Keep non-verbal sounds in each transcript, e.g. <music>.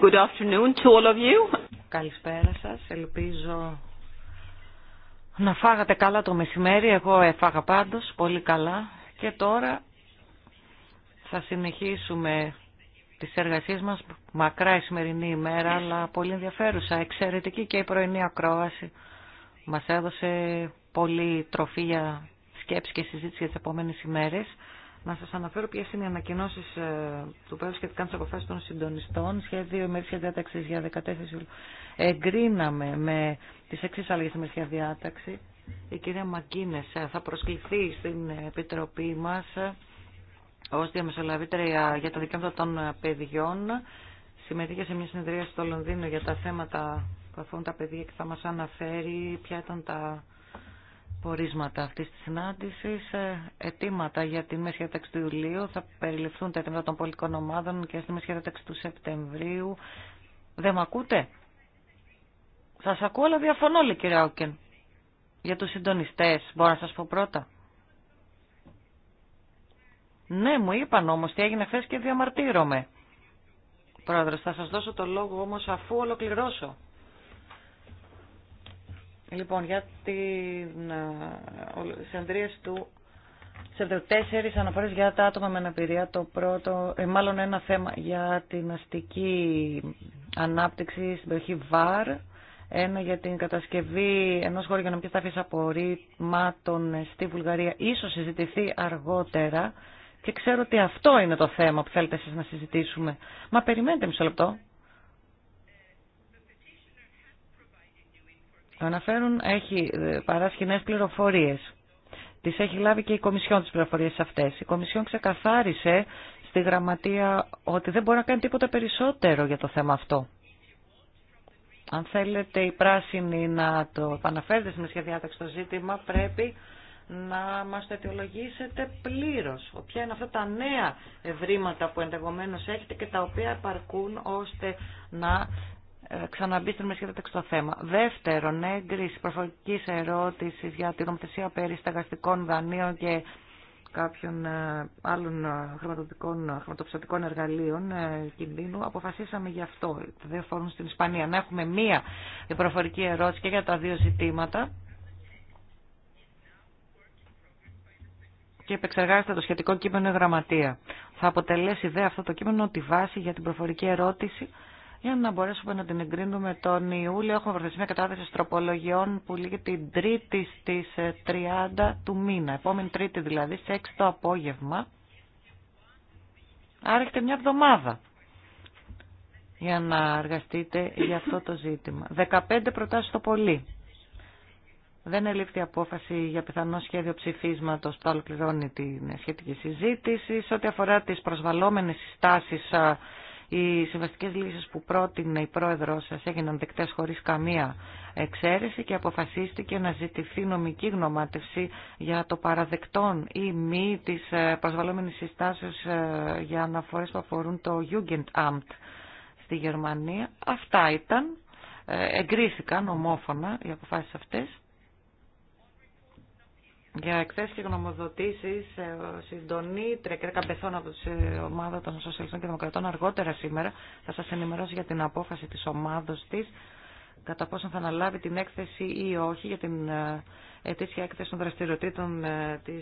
Good afternoon to all of you. Καλησπέρα σας. Ελπίζω να φάγατε καλά το μεσημέρι. Εγώ έφαγα πάντως πολύ καλά. Και τώρα θα συνεχίσουμε τις εργασίες μας. Μακρά η σημερινή ημέρα, αλλά πολύ ενδιαφέρουσα. Εξαιρετική και η πρωινή ακρόαση. Μας έδωσε πολύ τροφή για σκέψη και συζήτηση για τις επόμενες ημέρες. Να σα αναφέρω ποιε είναι οι ανακοινώσεις ε, του πρόεδρου σχετικά με τι αποφάσει των συντονιστών. Σχέδιο ημερήσια διάταξη για 14 Ιουλίου. Εγκρίναμε με τις εξή αλλαγέ στη ημερήσια διάταξη. Η κυρία Μακίνες ε, θα προσκληθεί στην Επιτροπή μα ε, ω διαμεσολαβήτρια για τα δικαιώματα των παιδιών. Συμμετείχε σε μια συνεδρία στο Λονδίνο για τα θέματα που αφορούν τα παιδιά και θα μα αναφέρει ποια ήταν τα πορίσματα αυτής της συνάντησης, ε, αιτήματα για τη μέση διάταξη του Ιουλίου, θα περιληφθούν τα αιτήματα των πολιτικών ομάδων και στη μέση διάταξη του Σεπτεμβρίου. Δεν με ακούτε? Σας ακούω, αλλά διαφωνώ, λέει κύριε Άουκεν. Για τους συντονιστές, μπορώ να σας πω πρώτα. Ναι, μου είπαν όμως τι έγινε χθε και διαμαρτύρομαι. Πρόεδρος, θα σας δώσω το λόγο όμως αφού ολοκληρώσω. Λοιπόν, για την σε του σε τέσσερι αναφορές για τα άτομα με αναπηρία. Το πρώτο, ε, μάλλον ένα θέμα για την αστική ανάπτυξη στην περιοχή ΒΑΡ. Ένα για την κατασκευή ενός χώρου μην τάφης απορρίμματων στη Βουλγαρία. Ίσως συζητηθεί αργότερα. Και ξέρω ότι αυτό είναι το θέμα που θέλετε εσείς να συζητήσουμε. Μα περιμένετε μισό λεπτό. αναφέρουν έχει ε, παράσχει νέες πληροφορίες. Τις έχει λάβει και η Κομισιόν τις πληροφορίες αυτές. Η Κομισιόν ξεκαθάρισε στη γραμματεία ότι δεν μπορεί να κάνει τίποτα περισσότερο για το θέμα αυτό. Αν θέλετε οι πράσινοι να το επαναφέρετε στην σχεδιάταξη το ζήτημα, πρέπει να μας το αιτιολογήσετε πλήρως. Ποια είναι αυτά τα νέα ευρήματα που ενδεχομένω έχετε και τα οποία επαρκούν ώστε να ε, με σχέδιο στο θέμα. Δεύτερον, έγκριση προφορική ερώτηση για την νομοθεσία περί στεγαστικών δανείων και κάποιων ε, άλλων ε, χρηματοπιστωτικών εργαλείων κινδύνου. Αποφασίσαμε γι' αυτό. δύο φορούν στην Ισπανία. Να έχουμε μία προφορική ερώτηση και για τα δύο ζητήματα. και επεξεργάζεται το σχετικό κείμενο γραμματεία. Θα αποτελέσει δε αυτό το κείμενο τη βάση για την προφορική ερώτηση για να μπορέσουμε να την εγκρίνουμε τον Ιούλιο. Έχουμε προθεσμία κατάθεση τροπολογιών που λύγει την Τρίτη στις 30 ε, του μήνα, επόμενη Τρίτη δηλαδή, σε 6 το απόγευμα. Άρα έχετε μια εβδομάδα για να εργαστείτε για αυτό το ζήτημα. 15 προτάσεις το πολύ. Δεν ελήφθη απόφαση για πιθανό σχέδιο ψηφίσματο που ολοκληρώνει την σχετική συζήτηση. Σε ό,τι αφορά τι προσβαλόμενε συστάσει οι συμβαστικές λύσεις που πρότεινε η πρόεδρος σας έγιναν δεκτές χωρίς καμία εξαίρεση και αποφασίστηκε να ζητηθεί νομική γνωμάτευση για το παραδεκτόν ή μη της ε, προσβαλόμενης συστάσεως ε, για αναφορές που αφορούν το Jugendamt στη Γερμανία. Αυτά ήταν. Ε, εγκρίθηκαν ομόφωνα οι αποφάσεις αυτές για εκθέσει και γνωμοδοτήσει ε, συντονίτρια και καμπεθών από τη ε, ομάδα των Σοσιαλιστών και Δημοκρατών αργότερα σήμερα. Θα σα ενημερώσει για την απόφαση τη ομάδα τη κατά πόσο θα αναλάβει την έκθεση ή όχι για την ε, ετήσια έκθεση των δραστηριοτήτων τη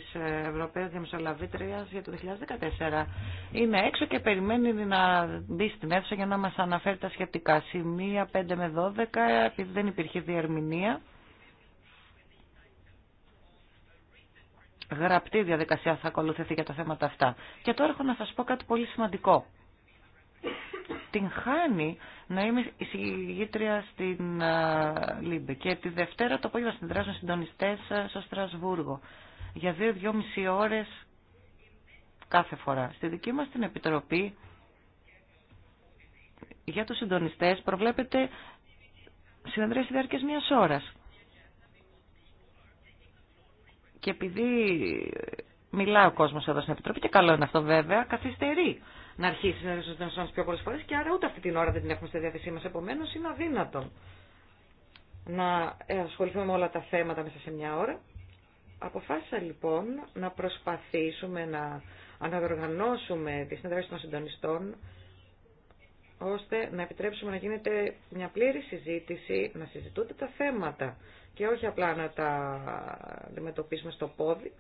Ευρωπαίας Διαμεσολαβήτρια για το 2014. Είναι έξω και περιμένει να μπει στην αίθουσα για να μα αναφέρει τα σχετικά σημεία 5 με 12 επειδή δεν υπήρχε διερμηνία. γραπτή διαδικασία θα ακολουθηθεί για τα θέματα αυτά. Και τώρα έχω να σας πω κάτι πολύ σημαντικό. Την χάνει να είμαι η εισηγήτρια στην ε, Λίμπε και τη Δευτέρα το απόγευμα συνδράζουν συντονιστές ε, στο Στρασβούργο για δύο-δυόμιση ώρες κάθε φορά. Στη δική μας την Επιτροπή για τους συντονιστές προβλέπεται συνεδρίαση διάρκειας μιας ώρας. Και επειδή μιλάει ο κόσμο εδώ στην Επιτροπή, και καλό είναι αυτό βέβαια, καθυστερεί να αρχίσει να συντονιστών πιο πολλέ φορέ και άρα ούτε αυτή την ώρα δεν την έχουμε στη διάθεσή μα. Επομένω είναι αδύνατο να ασχοληθούμε με όλα τα θέματα μέσα σε μια ώρα. Αποφάσισα λοιπόν να προσπαθήσουμε να αναδιοργανώσουμε τη συνέντευξη των συντονιστών ώστε να επιτρέψουμε να γίνεται μια πλήρη συζήτηση, να συζητούνται τα θέματα και όχι απλά να τα αντιμετωπίσουμε στο πόδι.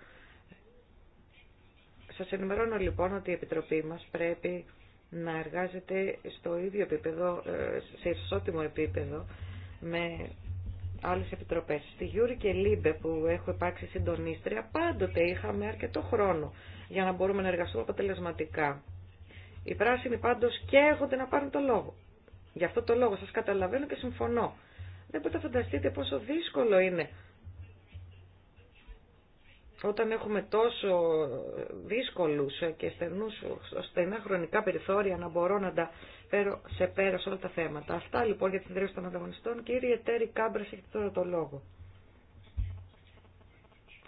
Σας ενημερώνω λοιπόν ότι η Επιτροπή μας πρέπει να εργάζεται στο ίδιο επίπεδο, ε, σε ισότιμο επίπεδο με άλλες επιτροπές. Στη Γιούρη και Λίμπε που έχω υπάρξει συντονίστρια πάντοτε είχαμε αρκετό χρόνο για να μπορούμε να εργαστούμε αποτελεσματικά. Οι πράσινοι πάντως καίγονται να πάρουν το λόγο. Γι' αυτό το λόγο σας καταλαβαίνω και συμφωνώ. Δεν μπορείτε να φανταστείτε πόσο δύσκολο είναι όταν έχουμε τόσο δύσκολους και στενούς, στενά χρονικά περιθώρια να μπορώ να τα φέρω σε πέρα όλα τα θέματα. Αυτά λοιπόν για την συνδρίωση των ανταγωνιστών. Κύριε Τέρη Κάμπρας, έχετε τώρα το λόγο.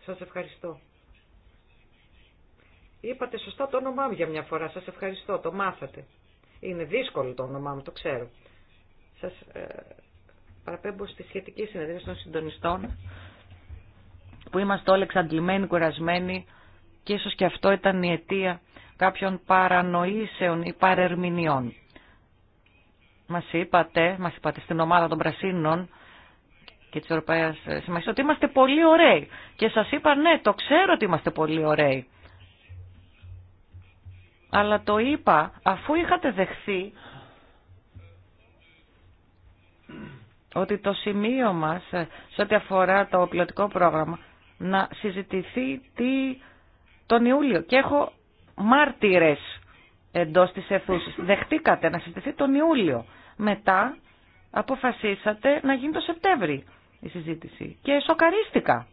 Σας ευχαριστώ. Είπατε σωστά το όνομά μου για μια φορά. Σας ευχαριστώ. Το μάθατε. Είναι δύσκολο το όνομά μου, το ξέρω. Σας ε, παραπέμπω στη σχετική συνεδρία των συντονιστών που είμαστε όλοι εξαντλημένοι, κουρασμένοι και ίσως και αυτό ήταν η αιτία κάποιων παρανοήσεων ή παρερμηνιών. Μας είπατε, μας είπατε στην ομάδα των Πρασίνων και της Ευρωπαϊκής Συμμαχίας ότι είμαστε πολύ ωραίοι. Και σας είπα ναι, το ξέρω ότι είμαστε πολύ ωραίοι αλλά το είπα αφού είχατε δεχθεί ότι το σημείο μας ε, σε ό,τι αφορά το πιλωτικό πρόγραμμα να συζητηθεί τι τον Ιούλιο. Και έχω μάρτυρες εντός της αιθούσης. Δεχτήκατε να συζητηθεί τον Ιούλιο. Μετά αποφασίσατε να γίνει το Σεπτέμβρη η συζήτηση. Και σοκαρίστηκα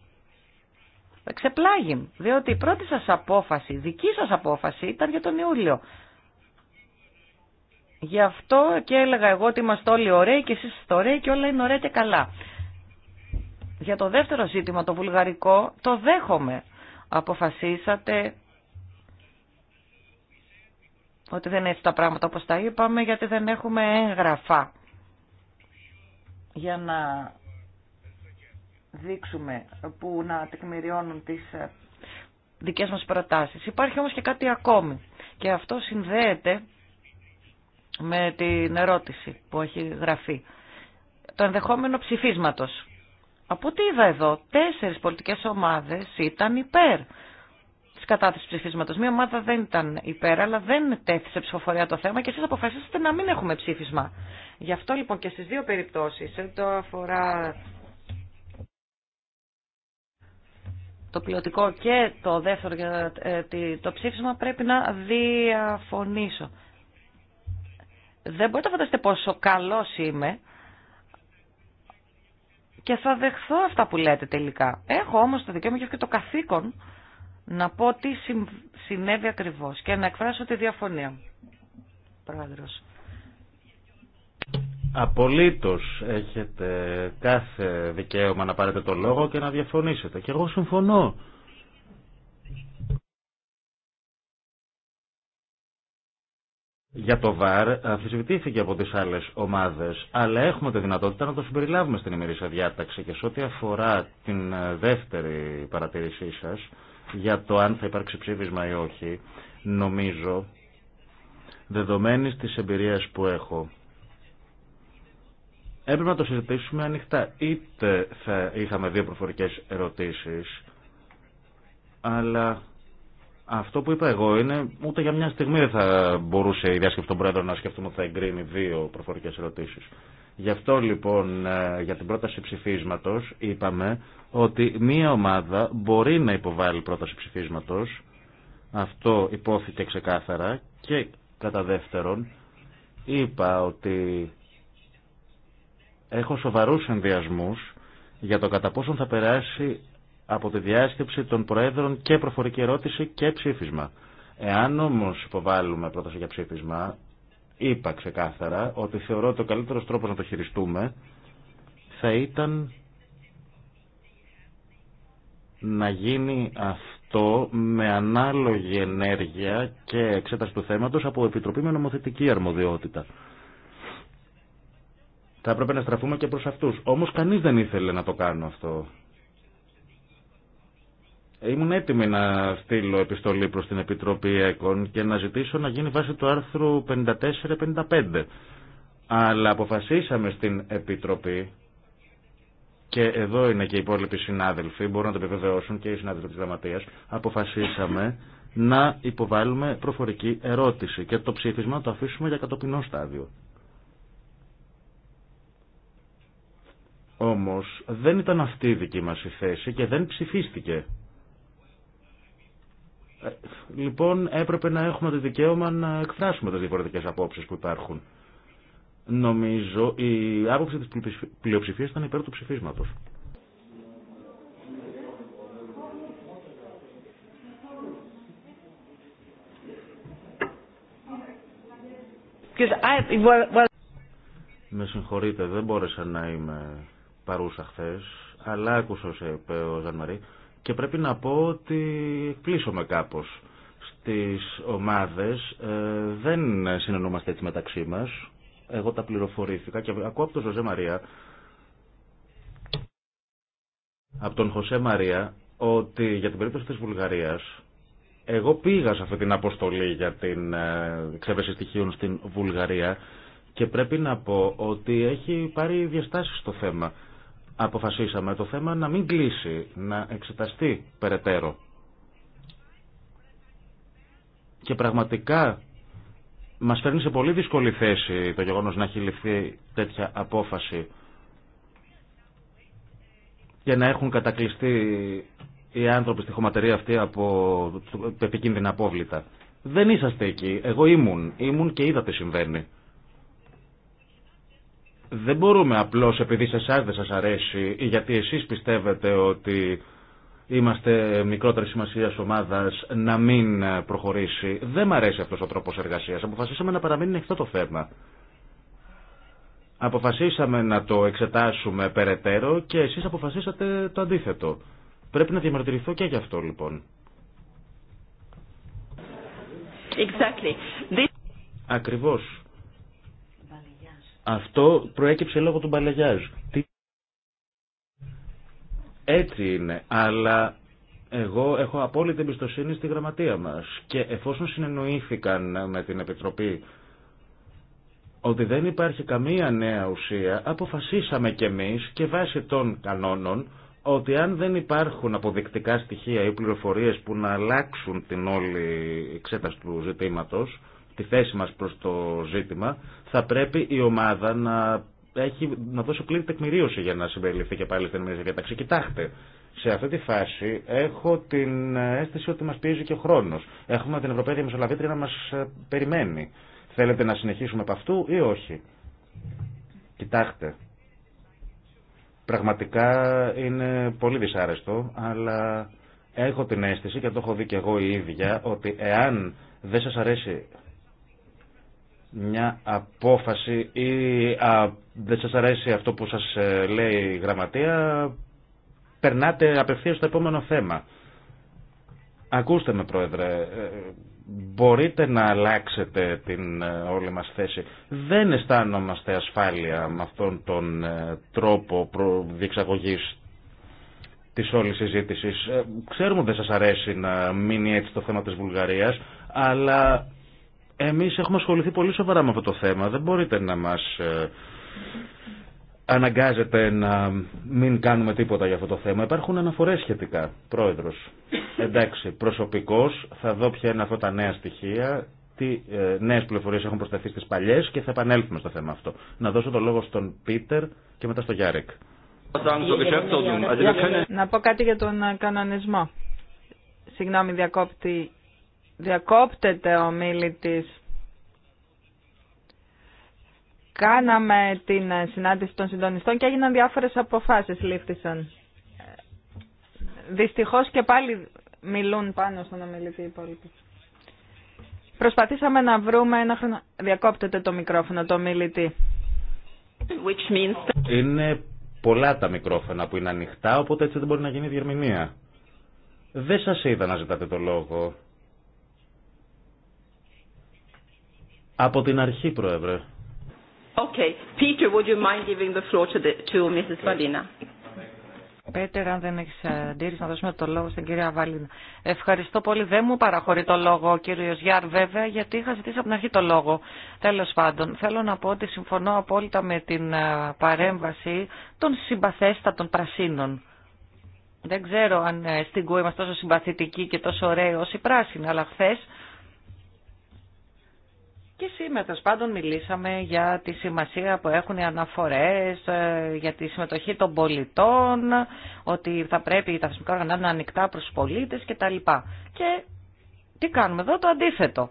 ξεπλάγει, διότι η πρώτη σας απόφαση, δική σας απόφαση ήταν για τον Ιούλιο. Γι' αυτό και έλεγα εγώ ότι είμαστε όλοι ωραίοι και εσείς είστε ωραίοι και όλα είναι ωραία και καλά. Για το δεύτερο ζήτημα, το βουλγαρικό, το δέχομαι. Αποφασίσατε ότι δεν είναι τα πράγματα όπως τα είπαμε γιατί δεν έχουμε έγγραφα για να δείξουμε που να τεκμηριώνουν τις ε, δικές μας προτάσεις. Υπάρχει όμως και κάτι ακόμη και αυτό συνδέεται με την ερώτηση που έχει γραφεί. Το ενδεχόμενο ψηφίσματος. Από τί είδα εδώ, τέσσερις πολιτικές ομάδες ήταν υπέρ της κατάθεσης ψηφίσματος. Μία ομάδα δεν ήταν υπέρ, αλλά δεν τέθησε ψηφοφορία το θέμα και εσείς αποφασίσατε να μην έχουμε ψήφισμα. Γι' αυτό λοιπόν και στις δύο περιπτώσεις, το αφορά το πλειοτικό και το δεύτερο για ε, το ψήφισμα πρέπει να διαφωνήσω. Δεν μπορείτε να φανταστείτε πόσο καλός είμαι και θα δεχθώ αυτά που λέτε τελικά. Έχω όμως το δικαίωμα και το καθήκον να πω τι συνέβη ακριβώς και να εκφράσω τη διαφωνία. Πρόεδρος. Απολύτως έχετε κάθε δικαίωμα να πάρετε το λόγο και να διαφωνήσετε. Και εγώ συμφωνώ. Για το ΒΑΡ ε, αφισβητήθηκε από τις άλλες ομάδες, αλλά έχουμε τη δυνατότητα να το συμπεριλάβουμε στην ημερήσια διάταξη και σε ό,τι αφορά την ε, δεύτερη παρατήρησή σας για το αν θα υπάρξει ψήφισμα ή όχι, νομίζω, δεδομένης της εμπειρίας που έχω, Έπρεπε να το συζητήσουμε ανοιχτά. Είτε θα είχαμε δύο προφορικές ερωτήσεις, αλλά αυτό που είπα εγώ είναι ούτε για μια στιγμή δεν θα μπορούσε η διάσκεψη των Πρόεδρων να σκεφτούμε ότι θα εγκρίνει δύο προφορικές ερωτήσεις. Γι' αυτό λοιπόν ε, για την πρόταση ψηφίσματος είπαμε ότι μία ομάδα μπορεί να υποβάλει πρόταση ψηφίσματος. Αυτό υπόθηκε ξεκάθαρα και κατά δεύτερον είπα ότι έχω σοβαρούς ενδιασμούς για το κατά πόσον θα περάσει από τη διάσκεψη των Προέδρων και προφορική ερώτηση και ψήφισμα. Εάν όμως υποβάλλουμε πρόταση για ψήφισμα, είπα ξεκάθαρα ότι θεωρώ ότι ο καλύτερος τρόπος να το χειριστούμε θα ήταν να γίνει αυτό με ανάλογη ενέργεια και εξέταση του θέματος από Επιτροπή με νομοθετική αρμοδιότητα. Θα έπρεπε να στραφούμε και προς αυτούς. Όμως κανείς δεν ήθελε να το κάνω αυτό. Ήμουν έτοιμη να στείλω επιστολή προς την Επιτροπή ΕΚΟΝ και να ζητήσω να γίνει βάση του άρθρου 54-55. Αλλά αποφασίσαμε στην Επιτροπή και εδώ είναι και οι υπόλοιποι συνάδελφοι, μπορούν να το επιβεβαιώσουν και οι συνάδελφοι της Γραμματείας, αποφασίσαμε να υποβάλουμε προφορική ερώτηση και το ψήφισμα να το αφήσουμε για κατοπινό στάδιο. Όμως δεν ήταν αυτή η δική μας η θέση και δεν ψηφίστηκε. Ε, λοιπόν έπρεπε να έχουμε το δικαίωμα να εκφράσουμε τις διαφορετικές απόψεις που υπάρχουν. Νομίζω η άποψη της πλειοψηφίας ήταν υπέρ του ψηφίσματος. Με συγχωρείτε, δεν μπόρεσα να είμαι παρούσα χθε, αλλά άκουσα όσο είπε ο Ζανμαρή και πρέπει να πω ότι κλείσωμε κάπως στι ομάδες. Ε, δεν συνεννόμαστε έτσι μεταξύ μα. Εγώ τα πληροφορήθηκα και ακούω από τον Ζωζέ Μαρία, από τον Χωσέ Μαρία, ότι για την περίπτωση της Βουλγαρίας, εγώ πήγα σε αυτή την αποστολή για την ε, εξέβεση στοιχείων στην Βουλγαρία και πρέπει να πω ότι έχει πάρει διαστάσεις στο θέμα αποφασίσαμε το θέμα να μην κλείσει, να εξεταστεί περαιτέρω. Και πραγματικά μας φέρνει σε πολύ δύσκολη θέση το γεγονός να έχει ληφθεί τέτοια απόφαση και να έχουν κατακλειστεί οι άνθρωποι στη χωματερία αυτή από επικίνδυνα απόβλητα. Δεν είσαστε εκεί. Εγώ ήμουν. Ήμουν και είδα τι συμβαίνει δεν μπορούμε απλώς επειδή σε εσά δεν σας αρέσει ή γιατί εσείς πιστεύετε ότι είμαστε μικρότερη σημασία ομάδα να μην προχωρήσει. Δεν μ' αρέσει αυτός ο τρόπος εργασίας. Αποφασίσαμε να παραμείνει ανοιχτό το θέμα. Αποφασίσαμε να το εξετάσουμε περαιτέρω και εσείς αποφασίσατε το αντίθετο. Πρέπει να διαμαρτυρηθώ και γι' αυτό λοιπόν. Exactly. Ακριβώς. Αυτό προέκυψε λόγω του μπαλαγιάζ. Έτσι είναι, αλλά εγώ έχω απόλυτη εμπιστοσύνη στη γραμματεία μας και εφόσον συνεννοήθηκαν με την Επιτροπή ότι δεν υπάρχει καμία νέα ουσία, αποφασίσαμε κι εμείς και βάσει των κανόνων ότι αν δεν υπάρχουν αποδεικτικά στοιχεία ή πληροφορίες που να αλλάξουν την όλη εξέταση του ζητήματος, τη θέση μας προς το ζήτημα, θα πρέπει η ομάδα να, έχει, να δώσει πλήρη τεκμηρίωση για να συμπεριληφθεί και πάλι στην ημερήσια διαταξή. Κοιτάξτε, σε αυτή τη φάση έχω την αίσθηση ότι μας πιέζει και ο χρόνος. Έχουμε την Ευρωπαϊκή Μεσολαβήτρια να μας ε, περιμένει. Θέλετε να συνεχίσουμε από αυτού ή όχι. Κοιτάξτε, πραγματικά είναι πολύ δυσάρεστο, αλλά έχω την αίσθηση και το έχω δει και εγώ η ίδια, ότι εάν δεν σας αρέσει μια απόφαση ή δεν σας αρέσει αυτό που σας ε, λέει η γραμματεία, περνάτε απευθείας στο επόμενο θέμα. Ακούστε με πρόεδρε, ε, μπορείτε να αλλάξετε την ε, όλη μας θέση. Δεν αισθάνομαστε ασφάλεια με αυτόν τον τρόπο διεξαγωγής της όλης συζήτησης. Ξέρουμε ότι δεν σας αρέσει να μείνει έτσι το θέμα της Βουλγαρίας, αλλά εμείς έχουμε ασχοληθεί πολύ σοβαρά με αυτό το θέμα. Δεν μπορείτε να μας ε, αναγκάζετε να μην κάνουμε τίποτα για αυτό το θέμα. Υπάρχουν αναφορές σχετικά, πρόεδρος. Εντάξει, προσωπικός, θα δω ποια είναι αυτά τα νέα στοιχεία, τι ε, νέες πληροφορίες έχουν προσταθεί στις παλιές και θα επανέλθουμε στο θέμα αυτό. Να δώσω το λόγο στον Πίτερ και μετά στον Γιάρεκ. Να πω κάτι για τον κανονισμό. Συγγνώμη, διακόπτη Διακόπτεται ο μίλητης. Κάναμε την συνάντηση των συντονιστών και έγιναν διάφορες αποφάσεις λήφθησαν. Δυστυχώς και πάλι μιλούν πάνω στον ομιλητή υπόλοιπη. Προσπαθήσαμε να βρούμε ένα χρόνο... Διακόπτεται το μικρόφωνο, το ομιλητή. Είναι πολλά τα μικρόφωνα που είναι ανοιχτά, οπότε έτσι δεν μπορεί να γίνει διερμηνία. Δεν σας είδα να ζητάτε το λόγο. Από την αρχή, Πρόεδρε. Okay. Peter, would you mind giving the floor to, to Mrs. Valina? Πέτερ, αν δεν έχει αντίρρηση, να δώσουμε το λόγο στην κυρία Βαλίνα. Ευχαριστώ πολύ. Δεν μου παραχωρεί το λόγο ο κύριο Γιάρ, βέβαια, γιατί είχα ζητήσει από την αρχή το λόγο. Τέλο πάντων, θέλω να πω ότι συμφωνώ απόλυτα με την ε, παρέμβαση των συμπαθέστατων πρασίνων. Δεν ξέρω αν ε, στην ΚΟΥ είμαστε τόσο συμπαθητικοί και τόσο ωραίοι όσοι πράσινοι, αλλά χθε και σήμερα, τέλο πάντων, μιλήσαμε για τη σημασία που έχουν οι αναφορέ, ε, για τη συμμετοχή των πολιτών, ότι θα πρέπει τα θεσμικά οργανά να είναι ανοιχτά προ του πολίτε κτλ. Και τι κάνουμε εδώ, το αντίθετο.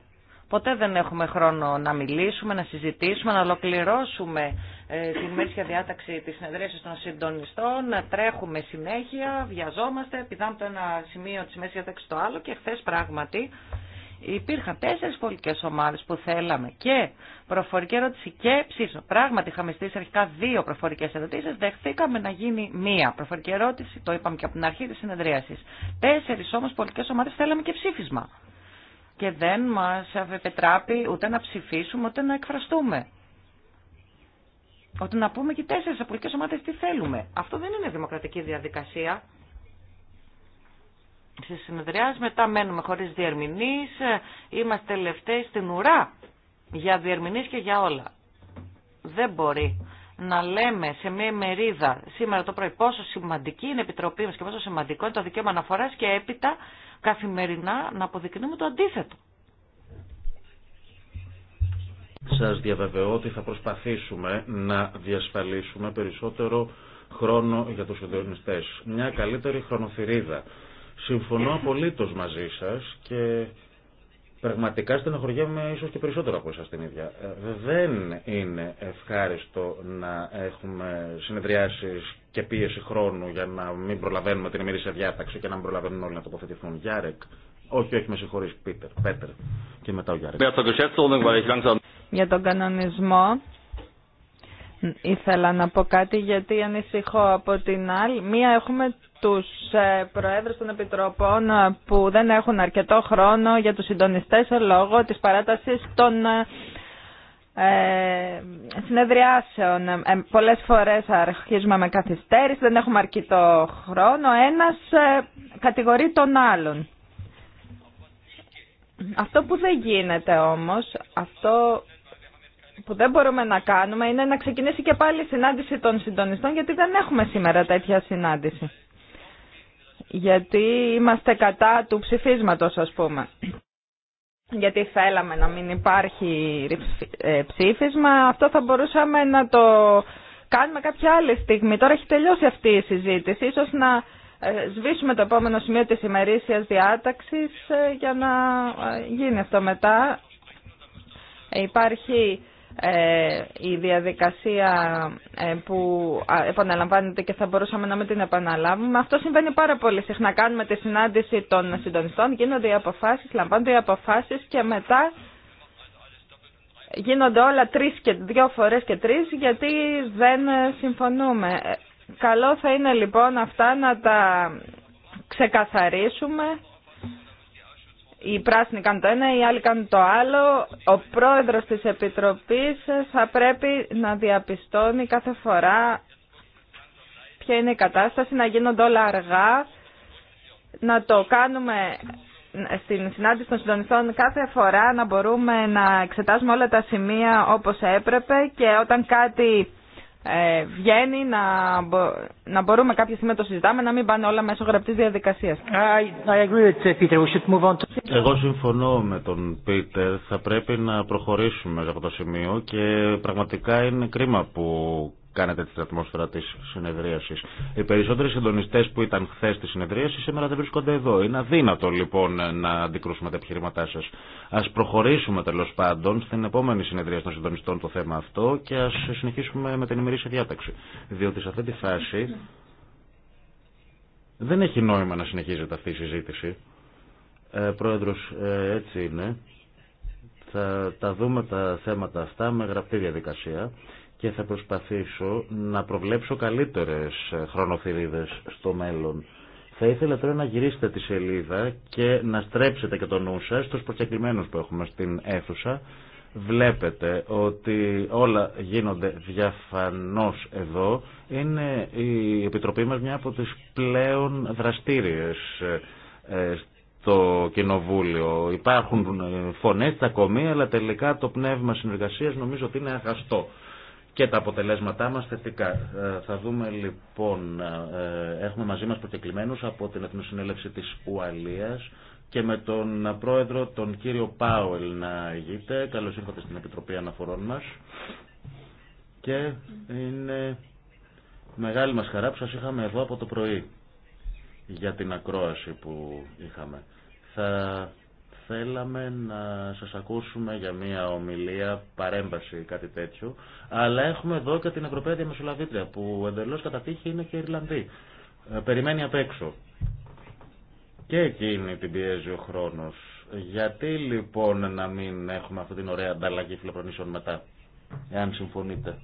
Ποτέ δεν έχουμε χρόνο να μιλήσουμε, να συζητήσουμε, να ολοκληρώσουμε ε, την μέσια διάταξη τη συνεδρίασης των συντονιστών, να τρέχουμε συνέχεια, βιαζόμαστε, πηδάμε το ένα σημείο της μέσης διάταξης στο άλλο και χθε πράγματι Υπήρχαν τέσσερι πολιτικέ ομάδε που θέλαμε και προφορική ερώτηση και ψήφισμα. Πράγματι, είχαμε στήσει αρχικά δύο προφορικέ ερωτήσει. Δεχθήκαμε να γίνει μία προφορική ερώτηση, το είπαμε και από την αρχή τη συνεδρίαση. Τέσσερι όμω πολιτικέ ομάδε θέλαμε και ψήφισμα. Και δεν μα επιτράπει ούτε να ψηφίσουμε ούτε να εκφραστούμε. Ότι να πούμε και τέσσερι πολιτικέ ομάδε τι θέλουμε. Αυτό δεν είναι δημοκρατική διαδικασία στις συνεδριάς. μετά μένουμε χωρίς διερμηνείς, ε, είμαστε τελευταίοι στην ουρά για διερμηνείς και για όλα. Δεν μπορεί να λέμε σε μια μερίδα σήμερα το πρωί πόσο σημαντική είναι η Επιτροπή μας και πόσο σημαντικό είναι το δικαίωμα αναφοράς και έπειτα καθημερινά να αποδεικνύουμε το αντίθετο. Σας διαβεβαιώ ότι θα προσπαθήσουμε να διασφαλίσουμε περισσότερο χρόνο για τους συντονιστές. Μια καλύτερη χρονοθυρίδα Συμφωνώ απολύτω μαζί σας και πραγματικά στενοχωριέμαι ίσως και περισσότερο από εσά την ίδια. Ε, δεν είναι ευχάριστο να έχουμε συνεδριάσεις και πίεση χρόνου για να μην προλαβαίνουμε την ημερήσια διάταξη και να μην προλαβαίνουν όλοι να τοποθετηθούν. Γιάρεκ. Όχι, όχι, με συγχωρεί, Και μετά ο Γιάρεκ. Για τον κανονισμό ήθελα να πω κάτι γιατί ανησυχώ από την άλλη. Μία έχουμε τους ε, προέδρους των επιτροπών ε, που δεν έχουν αρκετό χρόνο για τους συντονιστές λόγω της παράτασης των ε, συνεδριάσεων. Ε, πολλές φορές αρχίζουμε με καθυστέρηση, δεν έχουμε αρκετό χρόνο. Ένας κατηγορεί τον άλλον. Αυτό που δεν γίνεται όμως, αυτό που δεν μπορούμε να κάνουμε είναι να ξεκινήσει και πάλι η συνάντηση των συντονιστών γιατί δεν έχουμε σήμερα τέτοια συνάντηση. Γιατί είμαστε κατά του ψηφίσματος ας πούμε. Γιατί θέλαμε να μην υπάρχει ε, ψήφισμα. Αυτό θα μπορούσαμε να το κάνουμε κάποια άλλη στιγμή. Τώρα έχει τελειώσει αυτή η συζήτηση. Ίσως να ε, σβήσουμε το επόμενο σημείο της ημερήσιας διάταξης ε, για να γίνει αυτό μετά. Υπάρχει ε, η διαδικασία ε, που επαναλαμβάνεται και θα μπορούσαμε να με την επαναλάβουμε. Αυτό συμβαίνει πάρα πολύ συχνά. Κάνουμε τη συνάντηση των συντονιστών, γίνονται οι αποφάσει, λαμβάνονται οι αποφάσεις και μετά γίνονται όλα τρεις και δύο φορές και τρεις γιατί δεν συμφωνούμε. Ε, καλό θα είναι λοιπόν αυτά να τα ξεκαθαρίσουμε οι πράσινοι κάνουν το ένα, οι άλλοι κάνουν το άλλο. Ο πρόεδρος της Επιτροπής θα πρέπει να διαπιστώνει κάθε φορά ποια είναι η κατάσταση, να γίνονται όλα αργά, να το κάνουμε στην συνάντηση των συντονιστών κάθε φορά να μπορούμε να εξετάσουμε όλα τα σημεία όπως έπρεπε και όταν κάτι ε, βγαίνει να, να μπορούμε κάποια στιγμή να το συζητάμε, να μην πάνε όλα μέσω γραπτής διαδικασίας. I agree with Peter. We should move Εγώ συμφωνώ με τον Πίτερ, θα πρέπει να προχωρήσουμε από το σημείο και πραγματικά είναι κρίμα που κάνετε την ατμόσφαιρα τη συνεδρίαση. Οι περισσότεροι συντονιστέ που ήταν χθε στη συνεδρίαση σήμερα δεν βρίσκονται εδώ. Είναι αδύνατο λοιπόν να αντικρούσουμε τα επιχειρήματά σα. Α προχωρήσουμε τέλο πάντων στην επόμενη συνεδρία των συντονιστών το θέμα αυτό και α συνεχίσουμε με την ημερήσια διάταξη. Διότι σε αυτή τη φάση δεν έχει νόημα να συνεχίζεται αυτή η συζήτηση. Ε, πρόεδρος, ε, έτσι είναι. Θα τα δούμε τα θέματα αυτά με γραπτή διαδικασία και θα προσπαθήσω να προβλέψω καλύτερες χρονοθυρίδες στο μέλλον. Θα ήθελα τώρα να γυρίσετε τη σελίδα και να στρέψετε και το νου σας στους προκεκλημένους που έχουμε στην αίθουσα. Βλέπετε ότι όλα γίνονται διαφανώς εδώ. Είναι η Επιτροπή μας μια από τις πλέον δραστήριες ε, στο Κοινοβούλιο. Υπάρχουν ε, φωνές, κομμή, αλλά τελικά το πνεύμα συνεργασίας νομίζω ότι είναι αγαστό και τα αποτελέσματά μας θετικά. Ε, θα δούμε λοιπόν, ε, ε, έχουμε μαζί μας προκεκλημένους από την Εθνοσυνέλευση της Ουαλίας και με τον πρόεδρο τον κύριο Πάουελ να ηγείται. Καλώς ήρθατε στην Επιτροπή Αναφορών μας. Και είναι μεγάλη μας χαρά που σας είχαμε εδώ από το πρωί για την ακρόαση που είχαμε. Θα θέλαμε να σας ακούσουμε για μια ομιλία, παρέμβαση, κάτι τέτοιο, αλλά έχουμε εδώ και την Ευρωπαία Διαμεσολαβήτρια, που εντελώς κατά τύχη είναι και Ιρλανδή. Ε, περιμένει απ' έξω. Και εκείνη την πιέζει ο χρόνος. Γιατί λοιπόν να μην έχουμε αυτή την ωραία ανταλλαγή φιλοπρονήσεων μετά, εάν συμφωνείτε.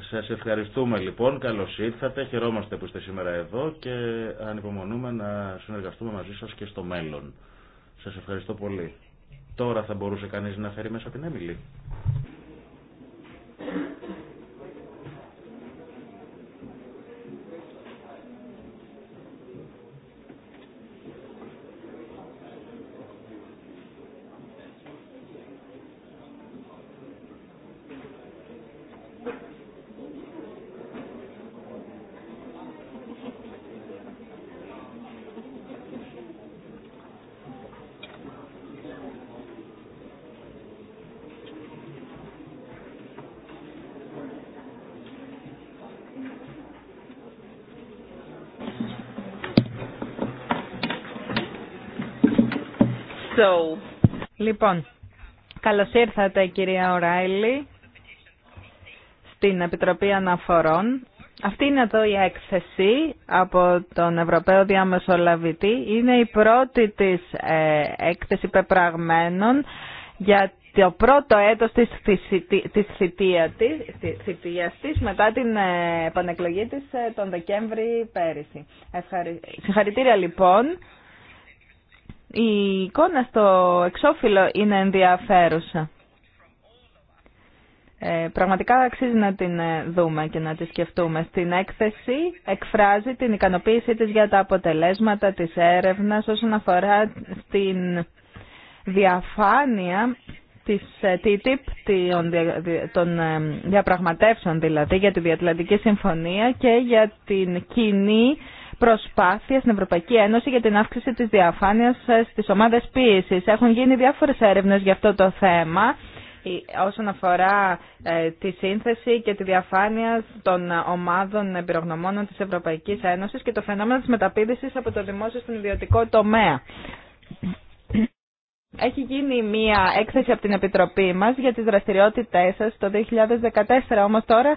Σας ευχαριστούμε λοιπόν, καλώς ήρθατε, χαιρόμαστε που είστε σήμερα εδώ και ανυπομονούμε να συνεργαστούμε μαζί σας και στο μέλλον. Σας ευχαριστώ πολύ. Τώρα θα μπορούσε κανείς να φέρει μέσα την Έμιλη. Λοιπόν, καλώς ήρθατε κυρία Οράιλη στην Επιτροπή Αναφορών. Αυτή είναι εδώ η έκθεση από τον Ευρωπαίο Διαμεσολαβητή. Είναι η πρώτη της ε, έκθεση πεπραγμένων για το πρώτο έτος της, της, θητεία της, της μετά την ε, επανεκλογή της ε, τον Δεκέμβρη πέρυσι. Συγχαρητήρια λοιπόν η εικόνα στο εξώφυλλο είναι ενδιαφέρουσα. Ε, πραγματικά αξίζει να την ε, δούμε και να τη σκεφτούμε. Στην έκθεση εκφράζει την ικανοποίησή της για τα αποτελέσματα της έρευνας όσον αφορά στην διαφάνεια της ε, TTIP, των ε, διαπραγματεύσεων δηλαδή για τη Διατλαντική Συμφωνία και για την κοινή προσπάθεια στην Ευρωπαϊκή Ένωση για την αύξηση της διαφάνειας ε, στις ομάδες πίεσης. Έχουν γίνει διάφορε έρευνε για αυτό το θέμα ε, όσον αφορά ε, τη σύνθεση και τη διαφάνεια των ομάδων εμπειρογνωμόνων τη Ευρωπαϊκή Ένωση και το φαινόμενο τη μεταπίδηση από το δημόσιο στον ιδιωτικό τομέα. Έχει γίνει μία έκθεση από την Επιτροπή μας για τις δραστηριότητές σας το 2014, όμως τώρα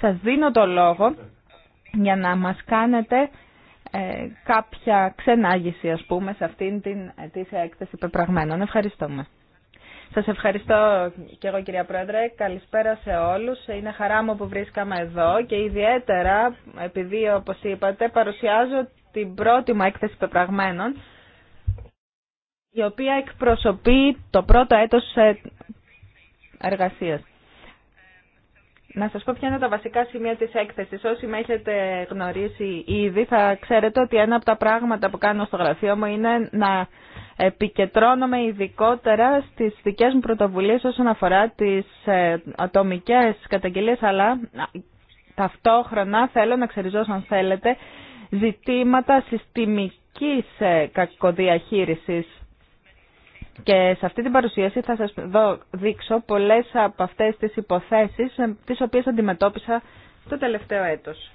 σας δίνω το λόγο για να μας κάνετε ε, κάποια ξενάγηση, ας πούμε, σε αυτήν την ετήσια έκθεση πεπραγμένων. Ευχαριστούμε. Σας ευχαριστώ και εγώ κυρία Πρόεδρε. Καλησπέρα σε όλους. Είναι χαρά μου που βρίσκαμε εδώ και ιδιαίτερα επειδή όπως είπατε παρουσιάζω την πρώτη μου έκθεση πεπραγμένων η οποία εκπροσωπεί το πρώτο έτος ε, εργασίας. Να σας πω ποια είναι τα βασικά σημεία της έκθεσης. Όσοι με έχετε γνωρίσει ήδη θα ξέρετε ότι ένα από τα πράγματα που κάνω στο γραφείο μου είναι να επικεντρώνομαι ειδικότερα στις δικές μου πρωτοβουλίες όσον αφορά τις ε, ατομικές καταγγελίες αλλά ταυτόχρονα θέλω να ξεριζώσω αν θέλετε ζητήματα συστημικής ε, κακοδιαχείρισης και σε αυτή την παρουσίαση θα σας δείξω πολλές από αυτές τις υποθέσεις ε, τις οποίες αντιμετώπισα το τελευταίο έτος.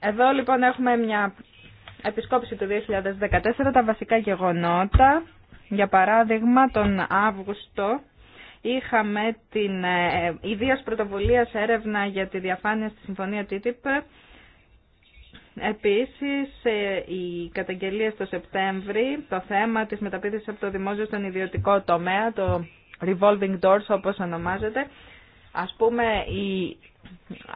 Εδώ λοιπόν έχουμε μια επισκόπηση του 2014, τα βασικά γεγονότα. Για παράδειγμα, τον Αύγουστο είχαμε την ε, ε, ιδίας πρωτοβουλίας έρευνα για τη διαφάνεια στη Συμφωνία TTIP Επίσης, ε, η καταγγελία στο Σεπτέμβρη, το θέμα της μεταπίδησης από το δημόσιο στον ιδιωτικό τομέα, το revolving doors όπως ονομάζεται, ας πούμε η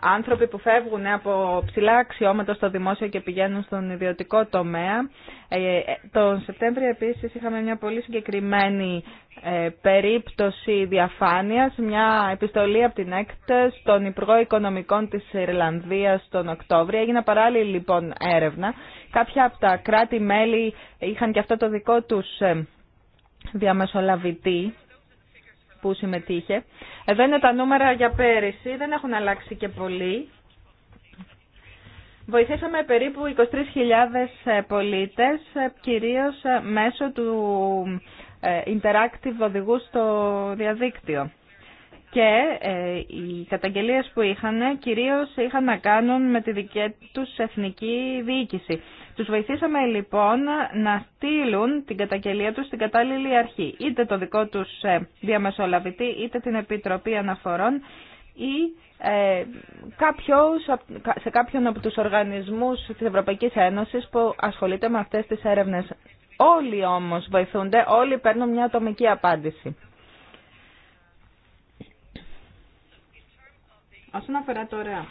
άνθρωποι που φεύγουν από ψηλά αξιώματα στο δημόσιο και πηγαίνουν στον ιδιωτικό τομέα. Ε, ε, τον Σεπτέμβριο επίσης είχαμε μια πολύ συγκεκριμένη ε, περίπτωση διαφάνειας, μια επιστολή από την ΕΚΤ στον Υπουργό Οικονομικών της Ιρλανδίας τον Οκτώβριο. Έγινε παράλληλη λοιπόν έρευνα. Κάποια από τα κράτη-μέλη είχαν και αυτό το δικό τους διαμεσολαβητή που συμμετείχε. Εδώ είναι τα νούμερα για πέρυσι, δεν έχουν αλλάξει και πολύ. Βοηθήσαμε περίπου 23.000 ε, πολίτες, ε, κυρίως ε, μέσω του interactive οδηγού στο διαδίκτυο. Και οι καταγγελίες που είχαν κυρίως είχαν να κάνουν με τη δική τους εθνική διοίκηση. Τους βοηθήσαμε λοιπόν να στείλουν την καταγγελία τους στην κατάλληλη αρχή, είτε το δικό τους ε, διαμεσολαβητή, είτε την Επιτροπή Αναφορών ή ε, σε κάποιον από τους οργανισμούς της Ευρωπαϊκής Ένωσης που ασχολείται με αυτές τις έρευνες. Όλοι όμως βοηθούνται, όλοι παίρνουν μια ατομική απάντηση. Όσον αφορά τώρα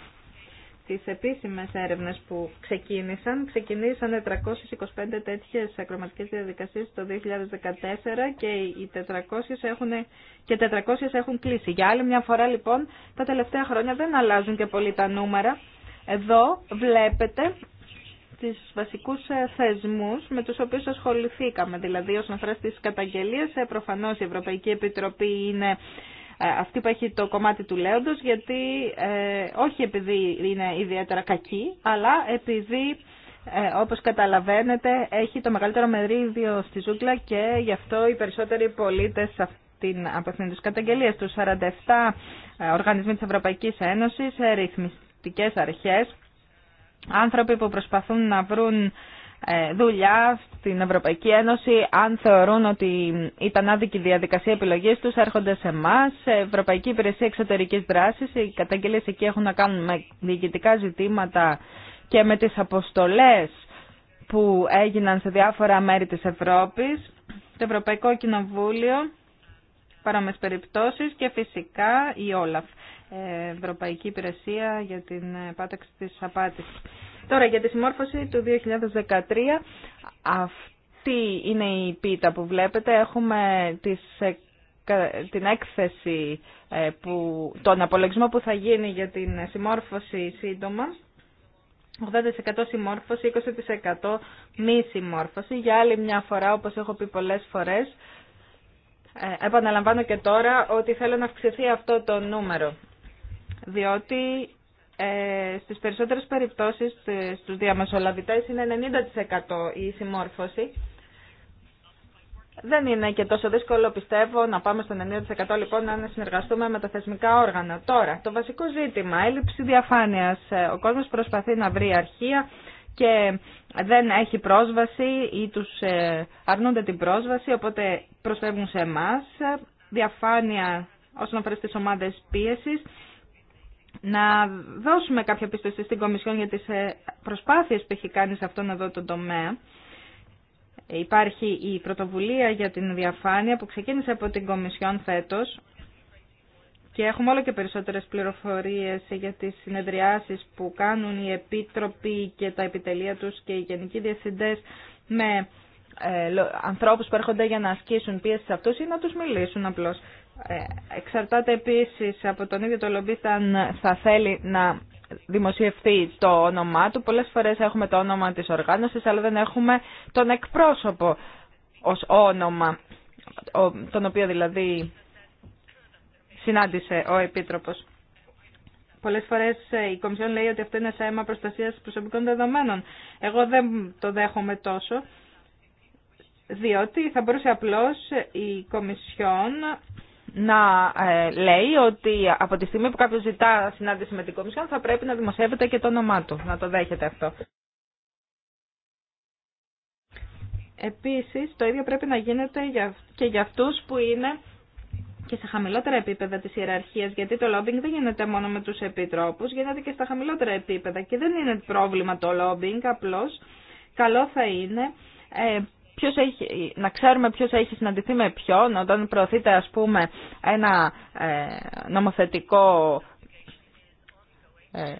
τις επίσημες έρευνες που ξεκίνησαν. Ξεκινήσαν 425 τέτοιες ακροματικές διαδικασίες το 2014 και, οι 400 έχουν, και 400 έχουν κλείσει. Για άλλη μια φορά λοιπόν τα τελευταία χρόνια δεν αλλάζουν και πολύ τα νούμερα. Εδώ βλέπετε τις βασικούς ε, θεσμούς με τους οποίους ασχοληθήκαμε. Δηλαδή όσον αφορά στις καταγγελίες, ε, προφανώς η Ευρωπαϊκή Επιτροπή είναι ε, αυτή που έχει το κομμάτι του λέοντος, γιατί ε, όχι επειδή είναι ιδιαίτερα κακή, αλλά επειδή ε, όπως καταλαβαίνετε έχει το μεγαλύτερο μερίδιο στη ζούγκλα και γι' αυτό οι περισσότεροι πολίτες την αυτήν τους καταγγελίες τους 47 οργανισμοί της Ευρωπαϊκής Ένωσης, ρυθμιστικές αρχές, άνθρωποι που προσπαθούν να βρουν δουλειά στην Ευρωπαϊκή Ένωση, αν θεωρούν ότι ήταν άδικη διαδικασία επιλογή του έρχονται σε εμά, ε, Ευρωπαϊκή Υπηρεσία Εξωτερική Δράση. οι καταγγελίε εκεί έχουν να κάνουν με διοικητικά ζητήματα και με τι αποστολέ που έγιναν σε διάφορα μέρη της Ευρώπης, το Ευρωπαϊκό Κοινοβούλιο, παρόμοιες περιπτώσεις και φυσικά η Όλαφ. Ε, Ευρωπαϊκή Υπηρεσία για την Πάταξη της Απάτης. Τώρα για τη συμμόρφωση του 2013 αυτή είναι η πίτα που βλέπετε. Έχουμε τις, ε, την έκθεση, ε, που, τον απολογισμό που θα γίνει για την συμμόρφωση σύντομα. 80% συμμόρφωση, 20% μη συμμόρφωση. Για άλλη μια φορά, όπως έχω πει πολλές φορές, ε, επαναλαμβάνω και τώρα ότι θέλω να αυξηθεί αυτό το νούμερο. Διότι ε, στις περισσότερες περιπτώσεις στους διαμεσολαβητές είναι 90% η συμμόρφωση. Δεν είναι και τόσο δύσκολο, πιστεύω, να πάμε στο 90% λοιπόν να συνεργαστούμε με τα θεσμικά όργανα. Τώρα, το βασικό ζήτημα, έλλειψη διαφάνειας. Ε, ο κόσμος προσπαθεί να βρει αρχεία και δεν έχει πρόσβαση ή τους ε, αρνούνται την πρόσβαση, οπότε προσφεύγουν σε εμά. Διαφάνεια όσον αφορά στις ομάδες πίεσης να δώσουμε κάποια πίστοση στην Κομισιόν για τις ε, προσπάθειες που έχει κάνει σε αυτόν εδώ τον τομέα. Υπάρχει η πρωτοβουλία για την διαφάνεια που ξεκίνησε από την Κομισιόν φέτος και έχουμε όλο και περισσότερες πληροφορίες για τις συνεδριάσεις που κάνουν οι επίτροποι και τα επιτελεία τους και οι γενικοί διευθυντές με ε, ανθρώπους που έρχονται για να ασκήσουν πίεση σε αυτούς ή να τους μιλήσουν απλώς. Ε, εξαρτάται επίσης από τον ίδιο το λομπίστα θα θέλει να δημοσιευτεί το όνομά του. Πολλές φορές έχουμε το όνομα της οργάνωσης, αλλά δεν έχουμε τον εκπρόσωπο ως όνομα, τον οποίο δηλαδή συνάντησε ο Επίτροπος. Πολλέ φορέ ε, η Κομισιόν λέει ότι αυτό είναι ένα αίμα προστασία προσωπικών δεδομένων. Εγώ δεν το δέχομαι τόσο, διότι θα μπορούσε απλώ η Κομισιόν να ε, λέει ότι από τη στιγμή που κάποιος ζητά συνάντηση με την Κομισιόν θα πρέπει να δημοσιεύεται και το όνομά του, να το δέχεται αυτό. Επίσης, το ίδιο πρέπει να γίνεται και για αυτούς που είναι και σε χαμηλότερα επίπεδα της ιεραρχίας, γιατί το lobbying δεν γίνεται μόνο με τους επιτρόπους, γίνεται και στα χαμηλότερα επίπεδα και δεν είναι πρόβλημα το λόμπινγκ, απλώς καλό θα είναι ε, ποιος έχει, να ξέρουμε ποιος έχει συναντηθεί με ποιον όταν προωθείται ας πούμε ένα ε, νομοθετικό ε,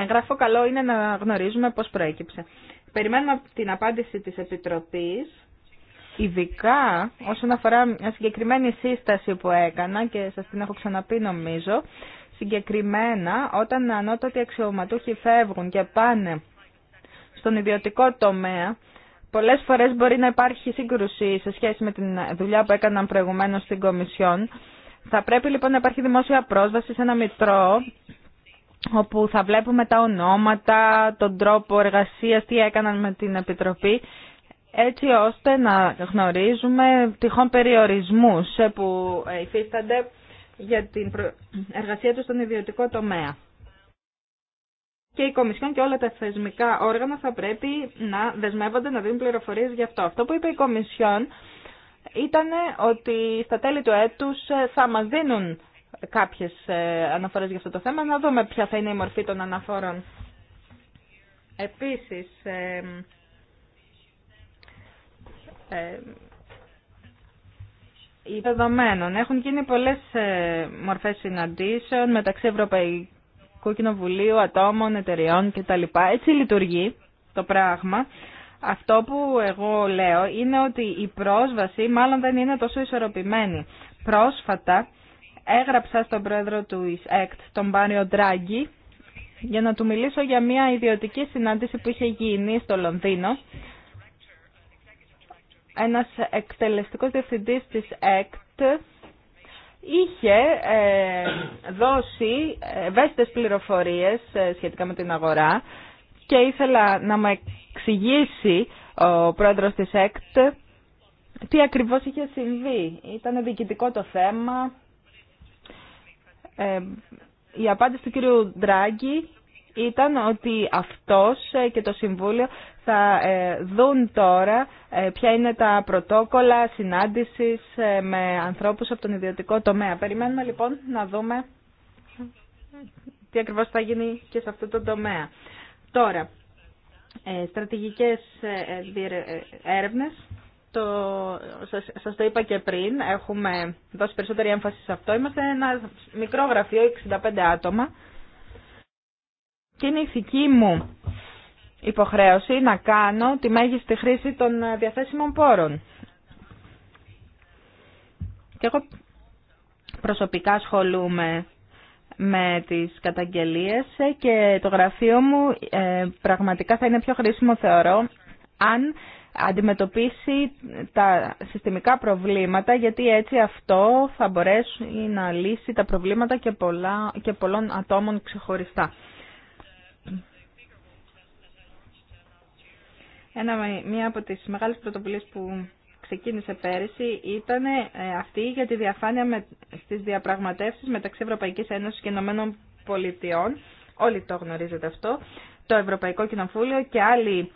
έγγραφο, καλό είναι να γνωρίζουμε πώς προέκυψε. Περιμένουμε την απάντηση της Επιτροπής, ειδικά όσον αφορά μια συγκεκριμένη σύσταση που έκανα και σας την έχω ξαναπεί νομίζω, συγκεκριμένα όταν ανώτατοι αξιωματούχοι φεύγουν και πάνε στον ιδιωτικό τομέα, Πολλές φορές μπορεί να υπάρχει σύγκρουση σε σχέση με τη δουλειά που έκαναν προηγουμένως στην Κομισιόν. Θα πρέπει λοιπόν να υπάρχει δημόσια πρόσβαση σε ένα μητρό όπου θα βλέπουμε τα ονόματα, τον τρόπο εργασίας, τι έκαναν με την Επιτροπή έτσι ώστε να γνωρίζουμε τυχόν περιορισμούς που υφίστανται για την εργασία τους στον ιδιωτικό τομέα και η Κομισιόν και όλα τα θεσμικά όργανα θα πρέπει να δεσμεύονται να δίνουν πληροφορίες γι' αυτό. Αυτό που είπε η Κομισιόν ήταν ότι στα τέλη του έτου ε, θα μα δίνουν κάποιες ε, αναφορές για αυτό το θέμα, να δούμε ποια θα είναι η μορφή των αναφορών. Επίσης, οι δεδομένων. Έχουν γίνει πολλές ε, μορφές συναντήσεων μεταξύ Ευρωπαϊκών Ευρωπαϊκού Κοινοβουλίου, ατόμων, εταιριών κτλ. Έτσι λειτουργεί το πράγμα. Αυτό που εγώ λέω είναι ότι η πρόσβαση μάλλον δεν είναι τόσο ισορροπημένη. Πρόσφατα έγραψα στον πρόεδρο του ΕΚΤ, τον Μπάριο Ντράγκη, για να του μιλήσω για μια ιδιωτική συνάντηση που είχε γίνει στο Λονδίνο. Ένας εκτελεστικός διευθυντής της ΕΚΤ είχε ε, δώσει ευαίσθητες πληροφορίες ε, σχετικά με την αγορά και ήθελα να μου εξηγήσει ο πρόεδρος της ΕΚΤ τι ακριβώς είχε συμβεί. Ήταν διοικητικό το θέμα. Ε, η απάντηση του κύριου Ντράγκη ήταν ότι αυτός ε, και το Συμβούλιο θα ε, δουν τώρα ε, ποια είναι τα πρωτόκολλα συνάντησης με ανθρώπους από τον ιδιωτικό τομέα. Περιμένουμε λοιπόν να δούμε τι ακριβώς θα γίνει και σε αυτό το τομέα. Τώρα, στρατηγικές έρευνες. Το, σας, σας το είπα και πριν, έχουμε δώσει περισσότερη έμφαση σε αυτό. Είμαστε ένα μικρό γραφείο, 65 άτομα και είναι ηθική μου υποχρέωση να κάνω τη μέγιστη χρήση των ε, διαθέσιμων πόρων. Και εγώ προσωπικά ασχολούμαι με τις καταγγελίες ε, και το γραφείο μου ε, πραγματικά θα είναι πιο χρήσιμο θεωρώ αν αντιμετωπίσει τα συστημικά προβλήματα γιατί έτσι αυτό θα μπορέσει να λύσει τα προβλήματα και, πολλά, και πολλών ατόμων ξεχωριστά. Ένα, μία από τις μεγάλες πρωτοβουλίες που ξεκίνησε πέρυσι ήταν ε, αυτή για τη διαφάνεια με, στις διαπραγματεύσεις μεταξύ Ευρωπαϊκής Ένωσης και Ηνωμένων Πολιτειών. Όλοι το γνωρίζετε αυτό. Το Ευρωπαϊκό Κοινοβούλιο και άλλοι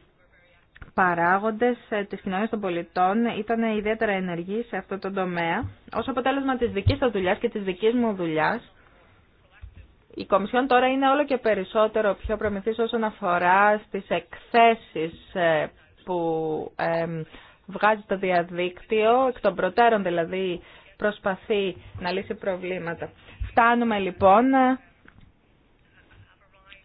παράγοντες ε, της κοινωνίας των πολιτών ήταν ιδιαίτερα ενεργοί σε αυτό το τομέα. Ως αποτέλεσμα της δικής σας δουλειάς και της δικής μου δουλειάς, η Κομισιόν τώρα είναι όλο και περισσότερο πιο προμηθής όσον αφορά στις εκθέσεις ε, που βγάζει το διαδίκτυο, εκ των προτέρων δηλαδή προσπαθεί να λύσει προβλήματα. Φτάνουμε λοιπόν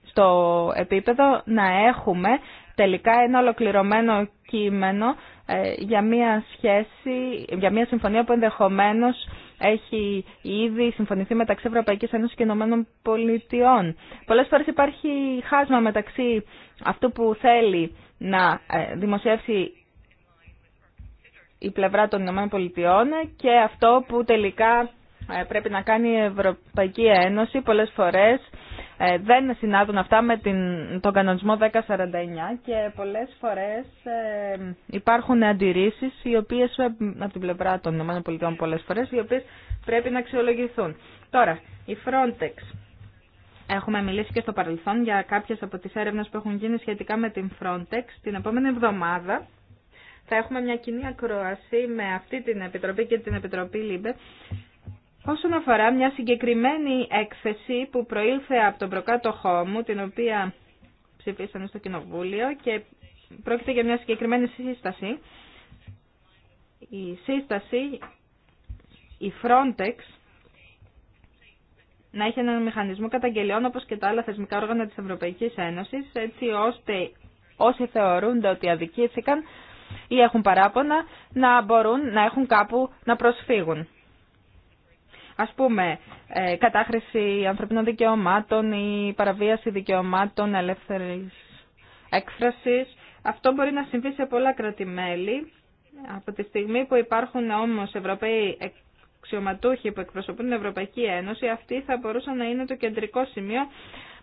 στο επίπεδο να έχουμε τελικά ένα ολοκληρωμένο κείμενο ε, για μια σχέση, για μια συμφωνία που ενδεχομένως έχει ήδη συμφωνηθεί μεταξύ Ευρωπαϊκή Ένωση και Ηνωμένων Πολιτειών. Πολλέ φορές υπάρχει χάσμα μεταξύ αυτού που θέλει να ε, δημοσιεύσει η πλευρά των Ηνωμένων Πολιτειών και αυτό που τελικά ε, πρέπει να κάνει η Ευρωπαϊκή Ένωση πολλές φορές ε, δεν συνάδουν αυτά με την, τον κανονισμό 1049 και πολλές φορές ε, υπάρχουν αντιρρήσεις οι οποίες ε, από την πλευρά των ΗΠΑ πολλές φορές οι οποίες πρέπει να αξιολογηθούν. Τώρα, η Frontex. Έχουμε μιλήσει και στο παρελθόν για κάποιες από τις έρευνες που έχουν γίνει σχετικά με την Frontex. Την επόμενη εβδομάδα θα έχουμε μια κοινή ακρόαση με αυτή την Επιτροπή και την Επιτροπή ΛΥΜΠΕ Όσον αφορά μια συγκεκριμένη έκθεση που προήλθε από τον προκάτοχό μου, την οποία ψηφίσαμε στο Κοινοβούλιο και πρόκειται για μια συγκεκριμένη σύσταση. Η σύσταση, η Frontex, να έχει έναν μηχανισμό καταγγελιών όπως και τα άλλα θεσμικά όργανα της Ευρωπαϊκής Ένωσης, έτσι ώστε όσοι θεωρούνται ότι αδικήθηκαν ή έχουν παράπονα, να μπορούν να έχουν κάπου να προσφύγουν. Ας πούμε, ε, κατάχρηση ανθρωπίνων δικαιωμάτων ή παραβίαση δικαιωμάτων ελεύθερης έκφρασης. Αυτό μπορεί να συμβεί σε πολλά κρατημέλη. Από τη στιγμή που υπάρχουν όμως Ευρωπαίοι αξιωματούχοι που εκπροσωπούν την Ευρωπαϊκή Ένωση, αυτοί θα μπορούσαν να είναι το κεντρικό σημείο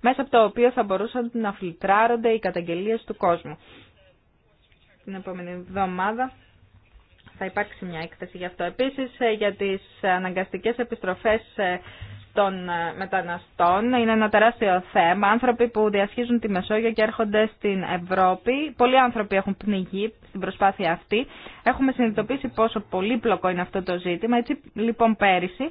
μέσα από το οποίο θα μπορούσαν να φιλτράρονται οι καταγγελίες του κόσμου. Την επόμενη εβδομάδα θα υπάρξει μια έκθεση γι' αυτό. Επίσης ε, για τις αναγκαστικές επιστροφές ε, των ε, μεταναστών είναι ένα τεράστιο θέμα. Άνθρωποι που διασχίζουν τη Μεσόγειο και έρχονται στην Ευρώπη. Πολλοί άνθρωποι έχουν πνιγεί στην προσπάθεια αυτή. Έχουμε συνειδητοποιήσει πόσο πολύπλοκο είναι αυτό το ζήτημα. Έτσι λοιπόν πέρυσι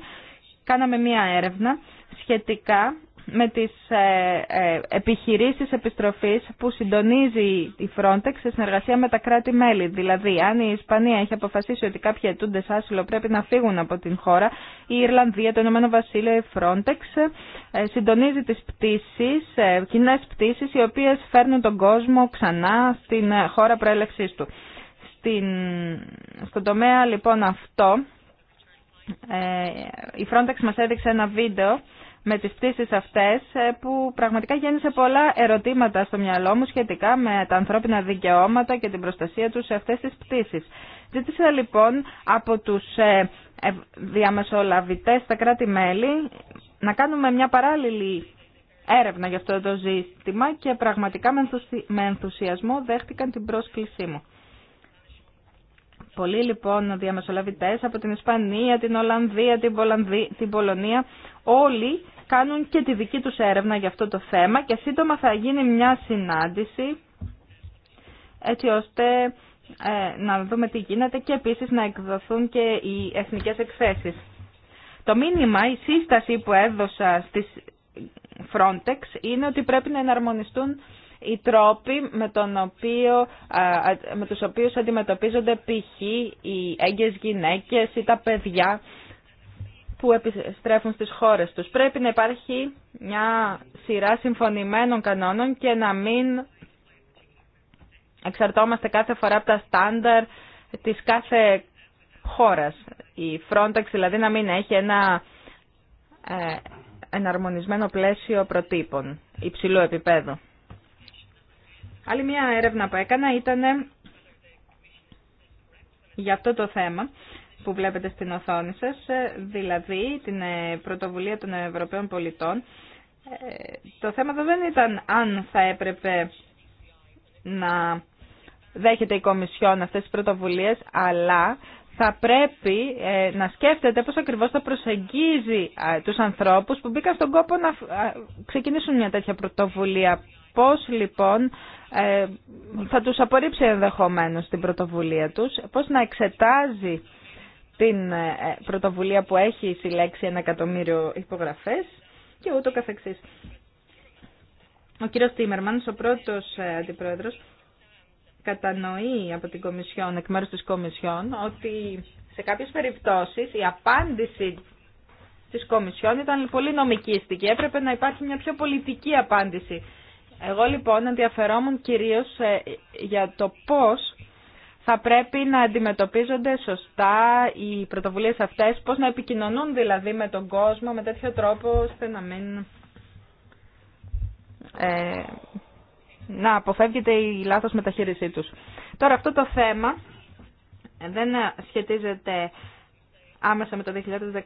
κάναμε μια έρευνα σχετικά με τις ε, ε, επιχειρήσεις επιστροφής που συντονίζει η Frontex σε συνεργασία με τα κράτη-μέλη. Δηλαδή, αν η Ισπανία έχει αποφασίσει ότι κάποιοι αιτούντες άσυλο πρέπει να φύγουν από την χώρα, η Ιρλανδία, το Ηνωμένο Βασίλειο, η Frontex ε, συντονίζει τις πτήσεις, κοινέ πτήσεις, οι οποίες φέρνουν τον κόσμο ξανά στην χώρα προέλευσής του. Στην... Στον τομέα λοιπόν αυτό, η Frontex μας έδειξε ένα βίντεο με τις πτήσεις αυτές ε, που πραγματικά γέννησε πολλά ερωτήματα στο μυαλό μου σχετικά με τα ανθρώπινα δικαιώματα και την προστασία τους σε αυτές τις πτήσεις. Ζήτησα λοιπόν από τους ε, ε, διαμεσολαβητές στα κράτη-μέλη να κάνουμε μια παράλληλη έρευνα για αυτό το ζήτημα και πραγματικά με ενθουσιασμό δέχτηκαν την πρόσκλησή μου. Πολλοί λοιπόν διαμεσολαβητές από την Ισπανία, την Ολλανδία, την, Πολωνία, όλοι κάνουν και τη δική τους έρευνα για αυτό το θέμα και σύντομα θα γίνει μια συνάντηση έτσι ώστε ε, να δούμε τι γίνεται και επίσης να εκδοθούν και οι εθνικές εκθέσεις. Το μήνυμα, η σύσταση που έδωσα στις Frontex είναι ότι πρέπει να εναρμονιστούν οι τρόποι με, τον οποίο, με τους οποίους αντιμετωπίζονται π.χ. οι έγκυες γυναίκες ή τα παιδιά που επιστρέφουν στις χώρες τους. Πρέπει να υπάρχει μια σειρά συμφωνημένων κανόνων και να μην εξαρτώμαστε κάθε φορά από τα στάνταρ της κάθε χώρας. Η Frontex δηλαδή να μην έχει ένα ε, εναρμονισμένο πλαίσιο προτύπων υψηλού επίπεδου. Άλλη μια έρευνα που έκανα ήταν για αυτό το θέμα που βλέπετε στην οθόνη σας, ε, δηλαδή την ε, πρωτοβουλία των Ευρωπαίων πολιτών. Ε, το θέμα δεν ήταν αν θα έπρεπε να δέχεται η Κομισιόν αυτές τις πρωτοβουλίες, αλλά θα πρέπει να σκέφτεται πώς ακριβώς θα προσεγγίζει τους ανθρώπους που μπήκαν στον κόπο να ξεκινήσουν μια τέτοια πρωτοβουλία. Πώς λοιπόν θα τους απορρίψει ενδεχομένως την πρωτοβουλία τους, πώς να εξετάζει την ε, πρωτοβουλία που έχει συλλέξει ένα εκατομμύριο υπογραφές και ούτω καθεξής. Ο κύριος Τίμερμαν, ο πρώτος ε, αντιπρόεδρος, κατανοεί από την Κομισιόν, εκ μέρους της Κομισιόν, ότι σε κάποιες περιπτώσεις η απάντηση της Κομισιόν ήταν πολύ νομικήστικη. Έπρεπε να υπάρχει μια πιο πολιτική απάντηση. Εγώ λοιπόν ενδιαφερόμουν κυρίως ε, για το πώς θα πρέπει να αντιμετωπίζονται σωστά οι πρωτοβουλίες αυτές, πώς να επικοινωνούν δηλαδή με τον κόσμο με τέτοιο τρόπο ώστε να ε, να αποφεύγεται η λάθος μεταχείρισή τους. Τώρα αυτό το θέμα δεν σχετίζεται άμεσα με το 2014.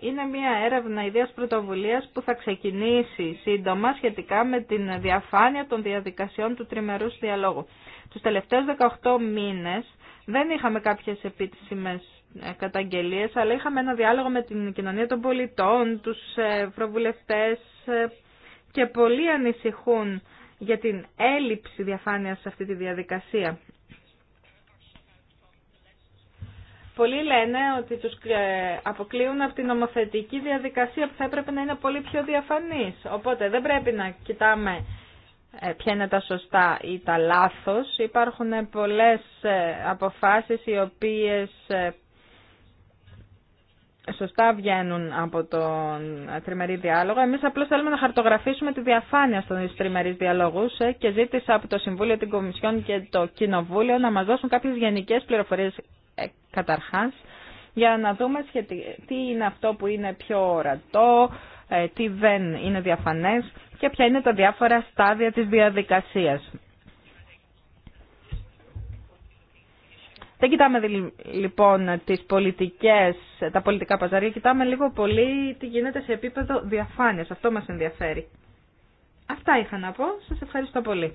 Είναι μια έρευνα ιδέας πρωτοβουλίας που θα ξεκινήσει σύντομα σχετικά με την διαφάνεια των διαδικασιών του τριμερούς διαλόγου. Τους τελευταίους 18 μήνες δεν είχαμε κάποιες επίσημες ε, καταγγελίες, αλλά είχαμε ένα διάλογο με την κοινωνία των πολιτών, τους ε, προβουλευτές ε, και πολλοί ανησυχούν για την έλλειψη διαφάνειας σε αυτή τη διαδικασία. Πολλοί λένε ότι τους αποκλείουν από την νομοθετική διαδικασία που θα έπρεπε να είναι πολύ πιο διαφανής. Οπότε δεν πρέπει να κοιτάμε ε, ποια είναι τα σωστά ή τα λάθος. Υπάρχουν ε, πολλές ε, αποφάσεις οι οποίες σωστά βγαίνουν από τον τριμερή διάλογο. Εμείς απλώς θέλουμε να χαρτογραφήσουμε τη διαφάνεια στον τριμερείς διαλόγους και ζήτησα από το Συμβούλιο, την Κομισιόν και το Κοινοβούλιο να μας δώσουν κάποιες γενικές πληροφορίες καταρχάς για να δούμε τι είναι αυτό που είναι πιο ορατό, τι δεν είναι διαφανές και ποια είναι τα διάφορα στάδια της διαδικασίας. Δεν κοιτάμε λοιπόν τις πολιτικές, τα πολιτικά παζαρία, κοιτάμε λίγο πολύ τι γίνεται σε επίπεδο διαφάνειας. Αυτό μας ενδιαφέρει. Αυτά είχα να πω. Σας ευχαριστώ πολύ.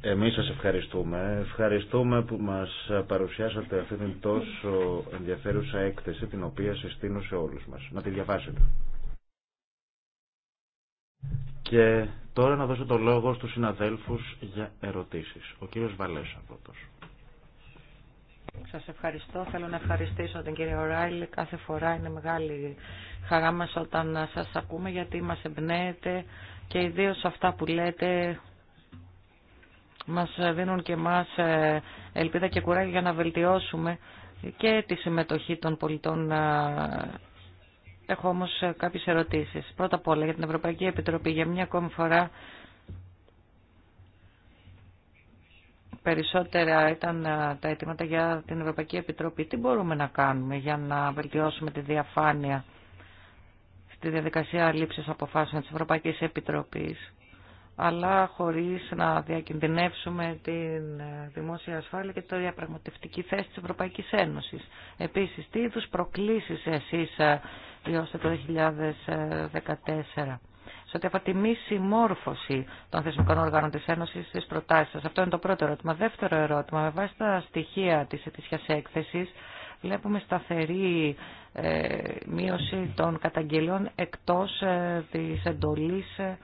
Εμείς σας ευχαριστούμε. Ευχαριστούμε που μας παρουσιάσατε αυτήν την τόσο ενδιαφέρουσα έκθεση την οποία συστήνω σε όλους μας. Να τη διαβάσετε. Και τώρα να δώσω το λόγο στους συναδέλφους για ερωτήσεις. Ο κύριος Βαλέσα πρώτος. Σας ευχαριστώ. Θέλω να ευχαριστήσω τον κύριο Ράιλ. Κάθε φορά είναι μεγάλη χαρά μας όταν σας ακούμε γιατί μας εμπνέεται και ιδίως αυτά που λέτε μας δίνουν και μας ε, ελπίδα και κουράγιο για να βελτιώσουμε και τη συμμετοχή των πολιτών ε, Έχω όμω ε, κάποιες ερωτήσεις. Πρώτα απ' όλα για την Ευρωπαϊκή Επιτροπή. Για μια ακόμη φορά περισσότερα ήταν ε, τα αιτήματα για την Ευρωπαϊκή Επιτροπή. Τι μπορούμε να κάνουμε για να βελτιώσουμε τη διαφάνεια στη διαδικασία λήψης αποφάσεων της Ευρωπαϊκής Επιτροπής αλλά χωρίς να διακινδυνεύσουμε την ε, δημόσια ασφάλεια και τη διαπραγματευτική θέση της Ευρωπαϊκής Ένωσης. Επίσης, τι είδου προκλήσεις εσεί έως το 2014. Σε ό,τι αφορά τη μη συμμόρφωση των θεσμικών οργάνων τη Ένωση στι προτάσει σα. Αυτό είναι το πρώτο ερώτημα. Δεύτερο ερώτημα. Με βάση τα στοιχεία τη ετήσια έκθεση, βλέπουμε σταθερή ε, μείωση των καταγγελιών εκτός ε, της εντολής ε,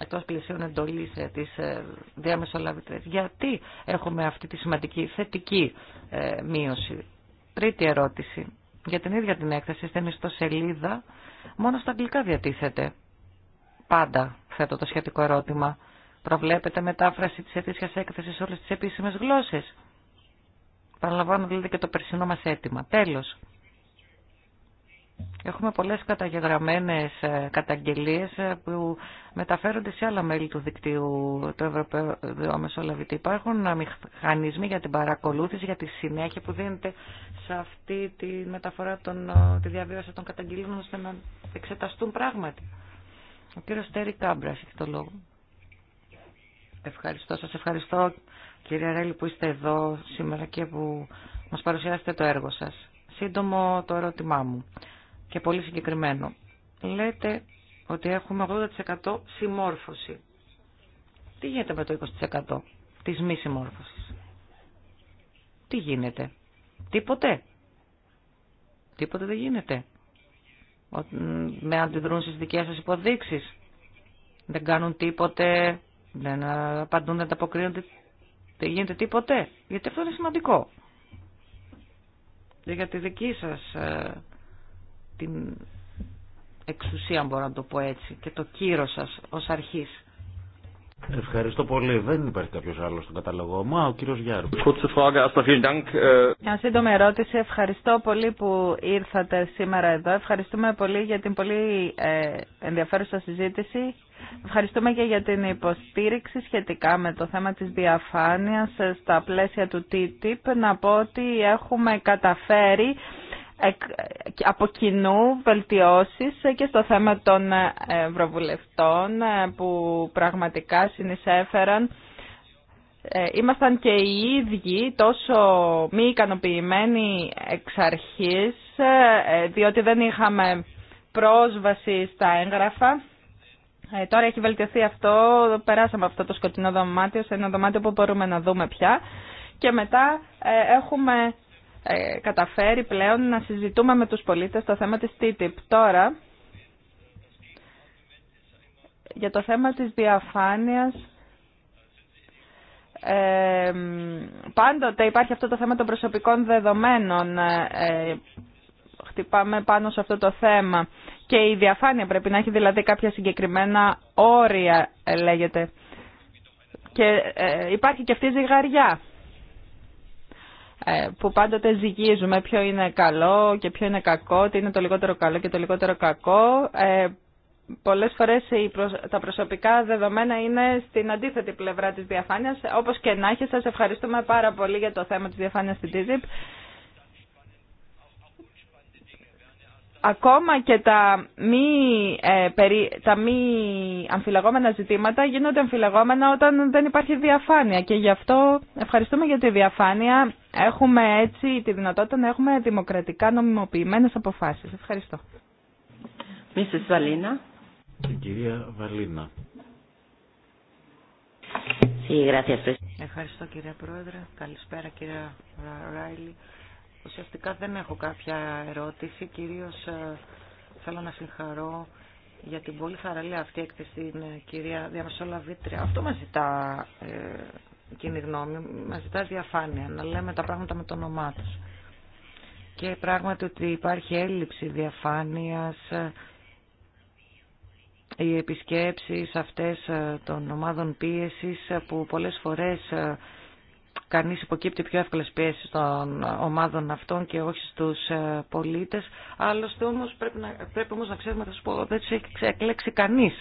εκτός πλαισίων εντολής ε, της διαμεσολαβητρίας. Γιατί έχουμε αυτή τη σημαντική θετική μείωση. Τρίτη ερώτηση για την ίδια την έκθεση στην ιστοσελίδα μόνο στα αγγλικά διατίθεται. Πάντα θέτω το σχετικό ερώτημα. Προβλέπετε μετάφραση της ετήσιας έκθεσης σε όλες τις επίσημες γλώσσες. Παραλαμβάνω δηλαδή και το περσινό μας αίτημα. Τέλος. Έχουμε πολλές καταγεγραμμένες ε, καταγγελίες ε, που μεταφέρονται σε άλλα μέλη του δικτύου του Ευρωπαίου Μεσολαβητή. Υπάρχουν μηχανισμοί για την παρακολούθηση, για τη συνέχεια που δίνεται σε αυτή τη μεταφορά, των, ε, τη διαβίωση των καταγγελίων, ώστε να εξεταστούν πράγματι. Ο κύριος Τέρι Κάμπρα έχει το λόγο. Ευχαριστώ. Σας ευχαριστώ κυρία Ρέλη που είστε εδώ σήμερα και που μας παρουσιάσετε το έργο σας. Σύντομο το ερώτημά μου και πολύ συγκεκριμένο. Λέτε ότι έχουμε 80% συμμόρφωση. Τι γίνεται με το 20% της μη συμμόρφωσης. Τι γίνεται. Τίποτε. Τίποτε δεν γίνεται. Με αντιδρούν στις δικές σας υποδείξεις. Δεν κάνουν τίποτε. Δεν απαντούν, δεν ανταποκρίνονται. Δεν γίνεται τίποτε. Γιατί αυτό είναι σημαντικό. Για τη δική σας ε, την εξουσία, μπορώ να το πω έτσι, και το κύρος σας ως αρχής. Ευχαριστώ πολύ. Δεν υπάρχει κάποιο άλλο στον καταλογό μου. ο κύριο Γιάννη. Äh, Μια σύντομη ερώτηση. Ευχαριστώ πολύ που ήρθατε σήμερα εδώ. Ευχαριστούμε πολύ για την πολύ ε, ενδιαφέρουσα συζήτηση. Ευχαριστούμε και για την υποστήριξη σχετικά με το θέμα της διαφάνειας ε, στα πλαίσια του TTIP. Να πω ότι έχουμε καταφέρει από κοινού βελτιώσεις και στο θέμα των ε, ευρωβουλευτών ε, που πραγματικά συνεισέφεραν. Ε, ήμασταν και οι ίδιοι τόσο μη ικανοποιημένοι εξ αρχής, διότι δεν είχαμε πρόσβαση στα έγγραφα. Τώρα έχει βελτιωθεί αυτό, περάσαμε αυτό το σκοτεινό δωμάτιο σε ένα δωμάτιο που μπορούμε να δούμε πια. Και μετά έχουμε ε, καταφέρει πλέον να συζητούμε με τους πολίτες το θέμα της TTIP. Τώρα, για το θέμα της διαφάνειας, ε, πάντοτε υπάρχει αυτό το θέμα των προσωπικών δεδομένων. Ε, χτυπάμε πάνω σε αυτό το θέμα. Και η διαφάνεια πρέπει να έχει δηλαδή κάποια συγκεκριμένα όρια, ε, λέγεται. Και ε, υπάρχει και αυτή η ζυγαριά. Ε, που πάντοτε ζυγίζουμε ποιο είναι καλό και ποιο είναι κακό, τι είναι το λιγότερο καλό και το λιγότερο κακό. Ε, πολλές φορές τα προσωπικά δεδομένα είναι στην αντίθετη πλευρά της διαφάνειας. Όπως και να έχει, σας ευχαριστούμε πάρα πολύ για το θέμα της διαφάνειας στην DZIP. ακόμα και τα μη, ε, περί, τα μη αμφιλεγόμενα ζητήματα γίνονται αμφιλεγόμενα όταν δεν υπάρχει διαφάνεια και γι' αυτό ευχαριστούμε για τη διαφάνεια. Έχουμε έτσι τη δυνατότητα να έχουμε δημοκρατικά νομιμοποιημένες αποφάσεις. Ευχαριστώ. Μίσης Βαλίνα. κυρία Βαλίνα. Ευχαριστώ κυρία Πρόεδρε. Καλησπέρα Ουσιαστικά δεν έχω κάποια ερώτηση, κυρίως ε, θέλω να συγχαρώ για την πολύ χαραλή αυτή έκθεση στην ε, κυρία βίτρια Αυτό μας ζητά ε, κοινή γνώμη, μα ζητά διαφάνεια, να λέμε τα πράγματα με το όνομά τους. Και πράγματι ότι υπάρχει έλλειψη διαφάνειας, ε, οι επισκέψεις αυτές των ομάδων πίεσης που πολλές φορές κανείς υποκύπτει πιο εύκολες πιέσεις των ομάδων αυτών και όχι στους ε, πολίτες. Άλλωστε όμως πρέπει, να, πρέπει όμως να ξέρουμε, θα σου πω, δεν τους έχει εκλέξει κανείς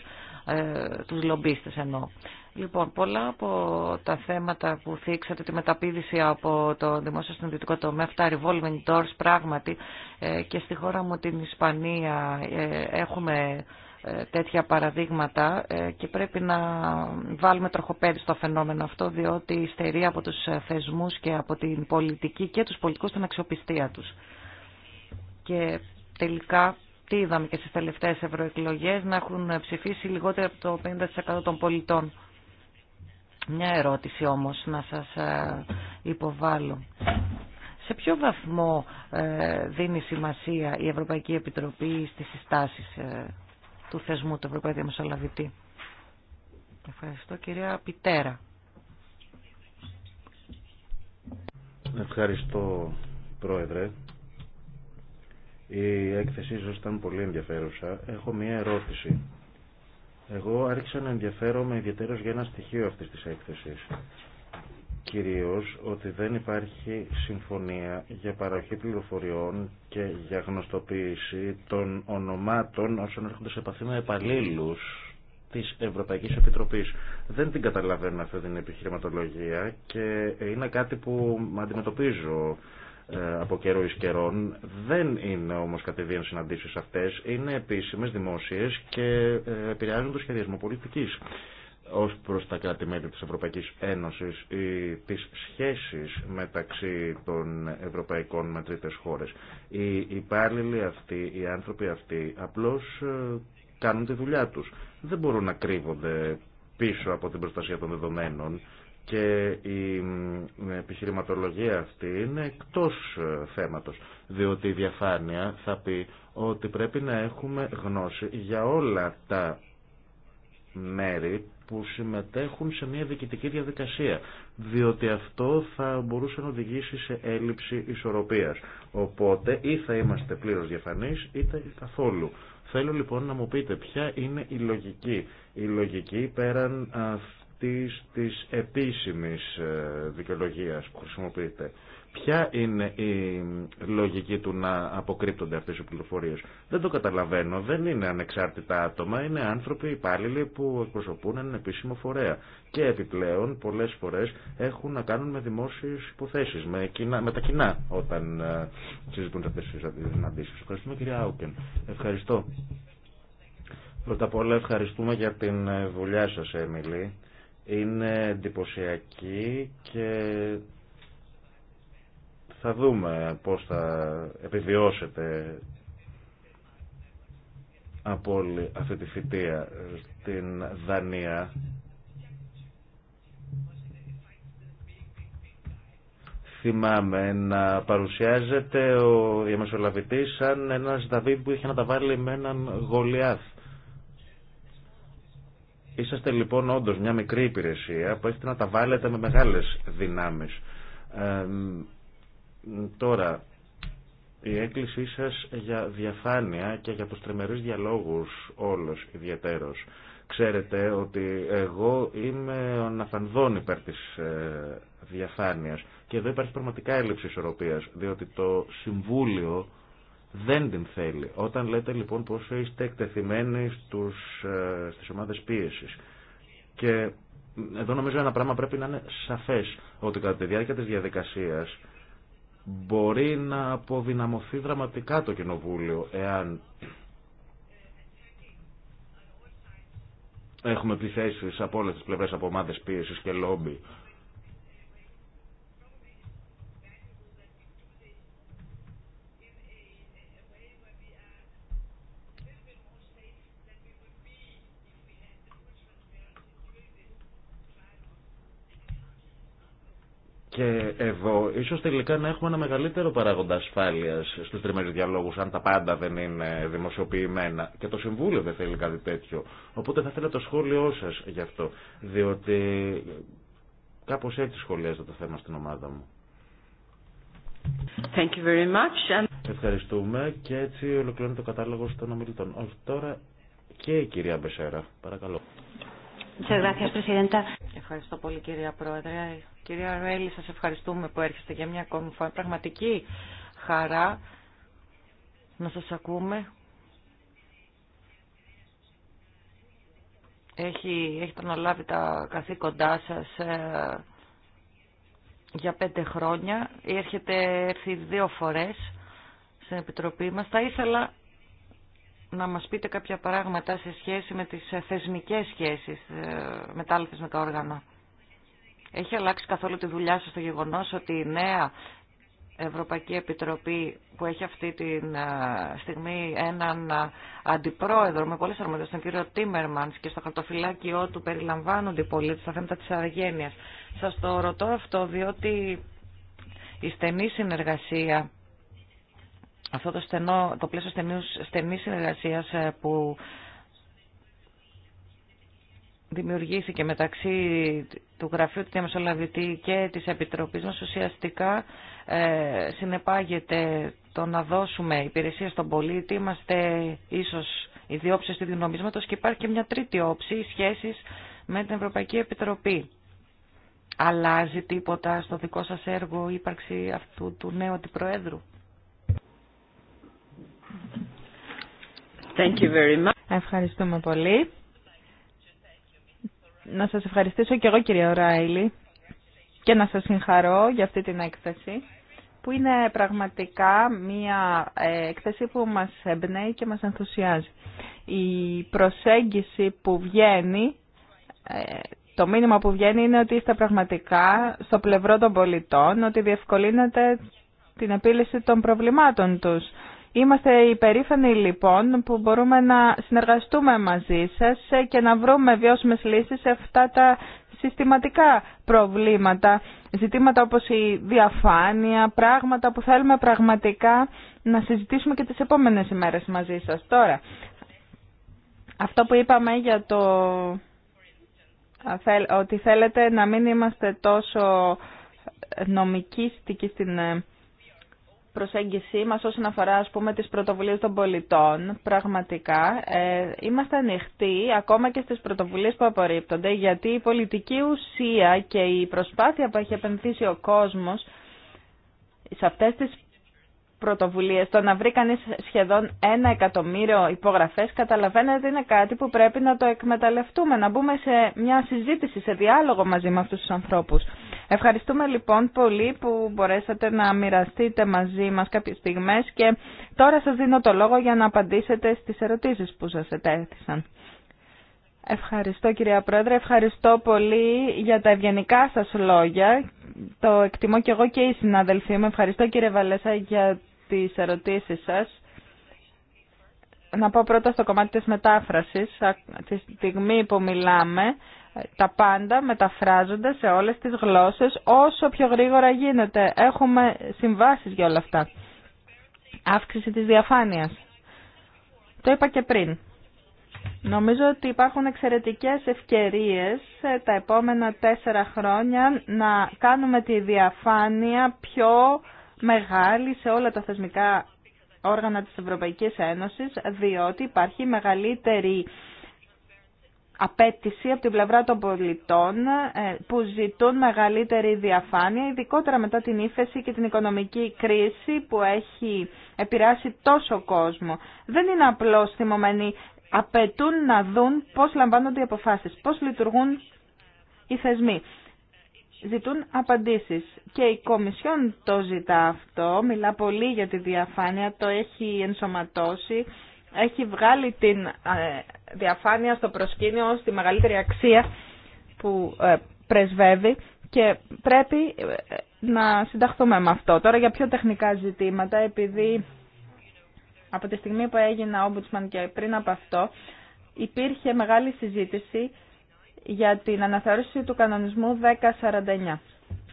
ε, τους λομπίστες εννοώ. Λοιπόν, πολλά από τα θέματα που θίξατε, τη μεταπίδηση από το δημόσιο στον τομέα, αυτά revolving doors πράγματι ε, και στη χώρα μου την Ισπανία ε, έχουμε ε, τέτοια παραδείγματα ε, και πρέπει να βάλουμε τροχοπέδι στο φαινόμενο αυτό διότι στερεί από τους θεσμούς και από την πολιτική και τους πολιτικούς την αξιοπιστία τους. Και τελικά τι είδαμε και στις τελευταίες ευρωεκλογές να έχουν ψηφίσει λιγότερο από το 50% των πολιτών. Μια ερώτηση όμως να σας ε, υποβάλω. Σε ποιο βαθμό δίνει σημασία η Ευρωπαϊκή Επιτροπή στις συστάσεις του θεσμού του Ευρωπαϊκού Διαμεσολαβητή. Ευχαριστώ κυρία Πιτέρα. Ευχαριστώ πρόεδρε. Η έκθεσή σας ήταν πολύ ενδιαφέρουσα. Έχω μία ερώτηση. Εγώ άρχισα να ενδιαφέρομαι ιδιαίτερως για ένα στοιχείο αυτής της έκθεσης κυρίως ότι δεν υπάρχει συμφωνία για παροχή πληροφοριών και για γνωστοποίηση των ονομάτων όσων έρχονται σε επαφή με επαλλήλους της Ευρωπαϊκής Επιτροπής. Δεν την καταλαβαίνω αυτή την επιχειρηματολογία και είναι κάτι που αντιμετωπίζω ε, από καιρό εις καιρών. Δεν είναι όμως κατηδίαν συναντήσεις αυτές. Είναι επίσημες, δημόσιες και ε, επηρεάζουν το σχεδιασμό πολιτικής ως προς τα κράτη-μέλη της Ευρωπαϊκής Ένωσης ή τις σχέσεις μεταξύ των ευρωπαϊκών με τρίτες χώρες. Οι υπάλληλοι αυτοί, οι άνθρωποι αυτοί απλώς ε, κάνουν τη δουλειά τους. Δεν μπορούν να κρύβονται πίσω από την προστασία των δεδομένων και η επιχειρηματολογία αυτή είναι εκτός ε, θέματος, διότι η διαφάνεια θα πει ότι πρέπει να έχουμε γνώση για όλα τα μέρη που συμμετέχουν σε μια διοικητική διαδικασία, διότι αυτό θα μπορούσε να οδηγήσει σε έλλειψη ισορροπίας. Οπότε ή θα είμαστε πλήρως διαφανείς είτε καθόλου. Θέλω λοιπόν να μου πείτε ποια είναι η λογική. Η λογική πέραν αυτής της επίσημης ε, δικαιολογίας που χρησιμοποιείται. Ποια είναι η λογική του να αποκρύπτονται αυτές οι πληροφορίες. Δεν το καταλαβαίνω. Δεν είναι ανεξάρτητα άτομα. Είναι άνθρωποι υπάλληλοι που εκπροσωπούν έναν επίσημο φορέα. Και επιπλέον πολλές φορές έχουν να κάνουν με δημόσιες υποθέσεις, με, κοινά, με τα κοινά όταν ε, συζητούν αυτές τις αντίστοιχες. Ευχαριστούμε κυρία Άουκεν. Ευχαριστώ. Πρώτα απ' όλα ευχαριστούμε για την ε, δουλειά σας, Έμιλη είναι εντυπωσιακή και θα δούμε πώς θα επιβιώσετε από όλη αυτή τη φοιτεία στην Δανία. θυμάμαι να παρουσιάζεται ο διαμεσολαβητής σαν ένας Δαβίδ που είχε να τα βάλει με έναν Γολιάθ. Είσαστε λοιπόν όντω μια μικρή υπηρεσία που έχετε να τα βάλετε με μεγάλε δυνάμει. Ε, τώρα, η έκκλησή σα για διαφάνεια και για του τρεμερεί διαλόγους όλος ιδιαίτερο. Ξέρετε ότι εγώ είμαι ο Ναφανδόν υπέρ της ε, διαφάνειας και εδώ υπάρχει πραγματικά έλλειψη ισορροπία, διότι το Συμβούλιο δεν την θέλει. Όταν λέτε λοιπόν πως είστε εκτεθειμένοι στους, ε, στις ομάδες πίεσης και εδώ νομίζω ένα πράγμα πρέπει να είναι σαφές ότι κατά τη διάρκεια της διαδικασίας μπορεί να αποδυναμωθεί δραματικά το κοινοβούλιο εάν έχουμε πληθέσεις από όλες τις πλευρές από ομάδες πίεσης και λόμπι Και εδώ ίσως τελικά να έχουμε ένα μεγαλύτερο παράγοντα ασφάλειας στους τριμμένους διαλόγους αν τα πάντα δεν είναι δημοσιοποιημένα. Και το Συμβούλιο δεν θέλει κάτι τέτοιο. Οπότε θα θέλω το σχόλιο σας γι' αυτό. Διότι κάπως έτσι σχολιάζεται το θέμα στην ομάδα μου. Thank you very much. Ευχαριστούμε και έτσι ολοκληρώνει το κατάλογο των ομιλητών. Όχι τώρα και η κυρία Μπεσέρα. Παρακαλώ. Ευχαριστώ πολύ κυρία Πρόεδρε. Κυρία Ρέλη, σας ευχαριστούμε που έρχεστε για μια ακόμη φορά. Πραγματική χαρά να σας ακούμε. Έχει, έχετε αναλάβει τα καθήκοντά σας ε, για πέντε χρόνια. Έρχεται έρθει δύο φορές στην Επιτροπή μας. Θα ήθελα να μας πείτε κάποια πράγματα σε σχέση με τις θεσμικές σχέσεις ε, με τα όργανα. Έχει αλλάξει καθόλου τη δουλειά σας το γεγονός ότι η νέα Ευρωπαϊκή Επιτροπή που έχει αυτή τη ε, στιγμή έναν ε, αντιπρόεδρο με πολλές αρμοδιότητες, τον κύριο Τίμερμανς και στο χαρτοφυλάκιό του περιλαμβάνονται οι πολίτες στα θέματα της αργένειας. Σας το ρωτώ αυτό διότι η στενή συνεργασία αυτό το, στενό, το πλαίσιο στενής, στενής συνεργασίας ε, που δημιουργήθηκε μεταξύ του Γραφείου του Διαμεσολαβητή και της Επιτροπής μας ουσιαστικά ε, συνεπάγεται το να δώσουμε υπηρεσία στον πολίτη. Είμαστε ίσως οι δύο όψεις του διονομίσματος και υπάρχει και μια τρίτη όψη, οι σχέσεις με την Ευρωπαϊκή Επιτροπή. Αλλάζει τίποτα στο δικό σας έργο ύπαρξη αυτού του νέου αντιπροέδρου. Thank you very much. Ευχαριστούμε πολύ. Να σας ευχαριστήσω και εγώ κυρία Ράιλι και να σας συγχαρώ για αυτή την έκθεση που είναι πραγματικά μία ε, έκθεση που μας εμπνέει και μας ενθουσιάζει. Η προσέγγιση που βγαίνει, ε, το μήνυμα που βγαίνει είναι ότι είστε πραγματικά στο πλευρό των πολιτών, ότι διευκολύνεται την επίλυση των προβλημάτων τους. Είμαστε υπερήφανοι λοιπόν που μπορούμε να συνεργαστούμε μαζί σας και να βρούμε βιώσιμες λύσεις σε αυτά τα συστηματικά προβλήματα, ζητήματα όπως η διαφάνεια, πράγματα που θέλουμε πραγματικά να συζητήσουμε και τις επόμενες ημέρες μαζί σας. Τώρα, αυτό που είπαμε για το ότι θέλετε να μην είμαστε τόσο νομικίστικοι στην ε, προσέγγιση μας όσον αφορά ας πούμε τις πρωτοβουλίες των πολιτών πραγματικά ε, είμαστε ανοιχτοί ακόμα και στις πρωτοβουλίες που απορρίπτονται γιατί η πολιτική ουσία και η προσπάθεια που έχει επενδύσει ο κόσμος σε αυτές τις πρωτοβουλίες το να βρει κανείς σχεδόν ένα εκατομμύριο υπογραφές καταλαβαίνετε είναι κάτι που πρέπει να το εκμεταλλευτούμε να μπούμε σε μια συζήτηση, σε διάλογο μαζί με αυτούς τους ανθρώπους Ευχαριστούμε λοιπόν πολύ που μπορέσατε να μοιραστείτε μαζί μας κάποιες στιγμές και τώρα σας δίνω το λόγο για να απαντήσετε στις ερωτήσεις που σας ετέθησαν. Ευχαριστώ κυρία Πρόεδρε, ευχαριστώ πολύ για τα ευγενικά σας λόγια. Το εκτιμώ και εγώ και οι συναδελφοί μου. Ευχαριστώ κύριε Βαλέσα για τις ερωτήσεις σας. Να πω πρώτα στο κομμάτι της μετάφρασης, τη στιγμή που μιλάμε, τα πάντα μεταφράζονται σε όλες τις γλώσσες όσο πιο γρήγορα γίνεται. Έχουμε συμβάσεις για όλα αυτά. Αύξηση της διαφάνειας. Το είπα και πριν. Νομίζω ότι υπάρχουν εξαιρετικές ευκαιρίες ε, τα επόμενα τέσσερα χρόνια να κάνουμε τη διαφάνεια πιο μεγάλη σε όλα τα θεσμικά όργανα της Ευρωπαϊκής Ένωσης, διότι υπάρχει μεγαλύτερη απέτηση από την πλευρά των πολιτών ε, που ζητούν μεγαλύτερη διαφάνεια, ειδικότερα μετά την ύφεση και την οικονομική κρίση που έχει επηρεάσει τόσο κόσμο. Δεν είναι απλώς θυμωμένοι. Απαιτούν να δουν πώς λαμβάνονται οι αποφάσεις, πώς λειτουργούν οι θεσμοί. Ζητούν απαντήσεις και η Κομισιόν το ζητά αυτό, μιλά πολύ για τη διαφάνεια, το έχει ενσωματώσει, έχει βγάλει την ε, διαφάνεια στο προσκήνιο, στη μεγαλύτερη αξία που ε, πρεσβεύει και πρέπει ε, να συνταχθούμε με αυτό. Τώρα για πιο τεχνικά ζητήματα, επειδή από τη στιγμή που έγινα ομπουτσμαν και πριν από αυτό, υπήρχε μεγάλη συζήτηση για την αναθεώρηση του κανονισμού 1049.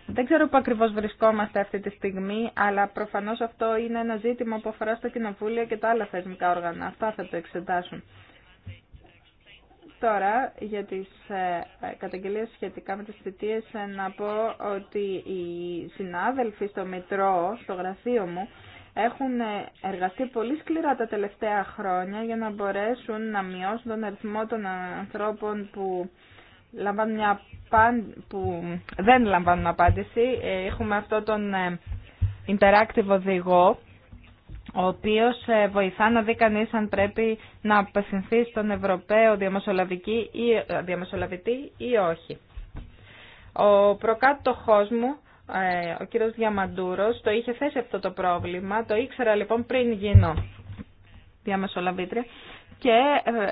Δεν ξέρω που ακριβώς βρισκόμαστε αυτή τη στιγμή, αλλά προφανώς αυτό είναι ένα ζήτημα που αφορά στο Κοινοβούλιο και τα άλλα θεσμικά όργανα. Αυτά θα το εξετάσουν. Τώρα, για τις ε, καταγγελίες σχετικά με τις θητείες, ε, να πω ότι οι συνάδελφοι στο Μητρό, στο γραφείο μου, έχουν ε, εργαστεί πολύ σκληρά τα τελευταία χρόνια για να μπορέσουν να μειώσουν τον αριθμό των ανθρώπων που, λαμβάνουν μια που δεν λαμβάνουν απάντηση. Έχουμε αυτό τον interactive οδηγό ο οποίος ε, βοηθά να δει κανείς αν πρέπει να απευθυνθεί στον Ευρωπαίο διαμεσολαβητή ή, ε, διαμεσολαβητή ή όχι. Ο προκάτοχός μου, ε, ο κύριος Διαμαντούρος, το είχε θέσει αυτό το πρόβλημα, το ήξερα λοιπόν πριν γίνω διαμεσολαβήτρια και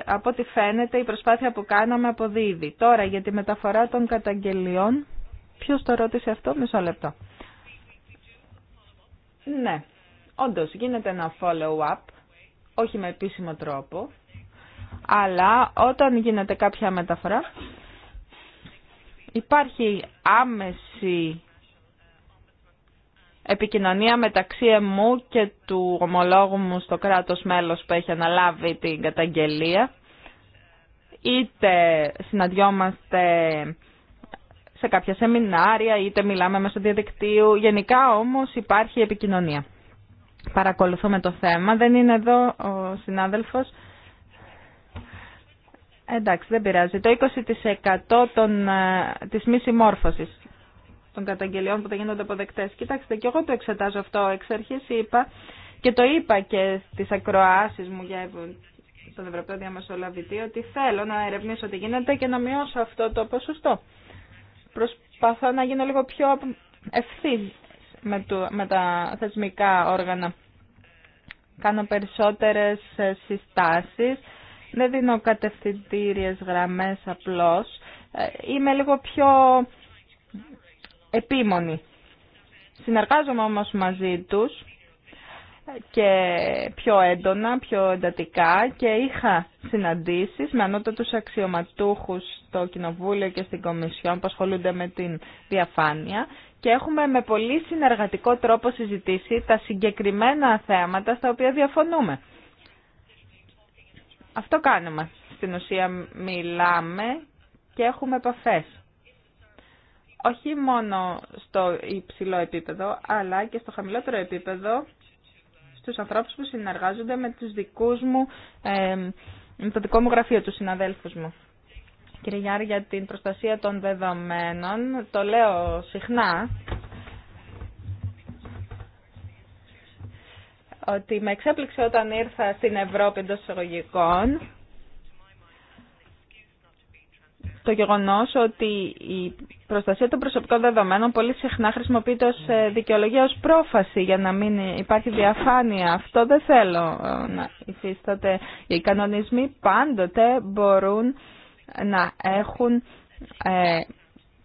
από ό,τι φαίνεται η προσπάθεια που κάναμε αποδίδει. Τώρα για τη μεταφορά των καταγγελιών, ποιος το ρώτησε αυτό, μισό λεπτό. Ναι, Όντως, γίνεται ένα follow-up, όχι με επίσημο τρόπο, αλλά όταν γίνεται κάποια μεταφορά, υπάρχει άμεση επικοινωνία μεταξύ εμού και του ομολόγου μου στο κράτος μέλος που έχει αναλάβει την καταγγελία. Είτε συναντιόμαστε σε κάποια σεμινάρια, είτε μιλάμε μέσω διαδικτύου. Γενικά όμως υπάρχει επικοινωνία παρακολουθούμε το θέμα. Δεν είναι εδώ ο συνάδελφος. Εντάξει, δεν πειράζει. Το 20% των, ε, της μη συμμόρφωσης των καταγγελιών που δεν γίνονται αποδεκτές. Κοιτάξτε, και εγώ το εξετάζω αυτό. Εξ αρχής είπα και το είπα και στις ακροάσεις μου για τον Ευρωπαίο Διαμεσολαβητή ότι θέλω να ερευνήσω τι γίνεται και να μειώσω αυτό το ποσοστό. Προσπαθώ να γίνω λίγο πιο ευθύνη με, το, με τα θεσμικά όργανα. Κάνω περισσότερες ε, συστάσεις, δεν δίνω κατευθυντήριες γραμμές απλώς. Ε, είμαι λίγο πιο επίμονη. Συνεργάζομαι όμως μαζί τους και πιο έντονα, πιο εντατικά και είχα συναντήσεις με ανώτατους αξιωματούχους στο Κοινοβούλιο και στην Κομισιόν που ασχολούνται με την διαφάνεια και έχουμε με πολύ συνεργατικό τρόπο συζητήσει τα συγκεκριμένα θέματα στα οποία διαφωνούμε. Αυτό κάνουμε. Στην ουσία μιλάμε και έχουμε επαφές. Όχι μόνο στο υψηλό επίπεδο, αλλά και στο χαμηλότερο επίπεδο στους ανθρώπους που συνεργάζονται με τους δικούς μου, ε, με το δικό μου γραφείο, του συναδέλφους μου κύριε Γιάννη, για την προστασία των δεδομένων. Το λέω συχνά ότι με εξέπληξε όταν ήρθα στην Ευρώπη εντό εισαγωγικών το γεγονός ότι η προστασία των προσωπικών δεδομένων πολύ συχνά χρησιμοποιείται ως ε, δικαιολογία, ως πρόφαση για να μην υπάρχει διαφάνεια. Αυτό δεν θέλω να υφίσταται. Οι κανονισμοί πάντοτε μπορούν να έχουν ε,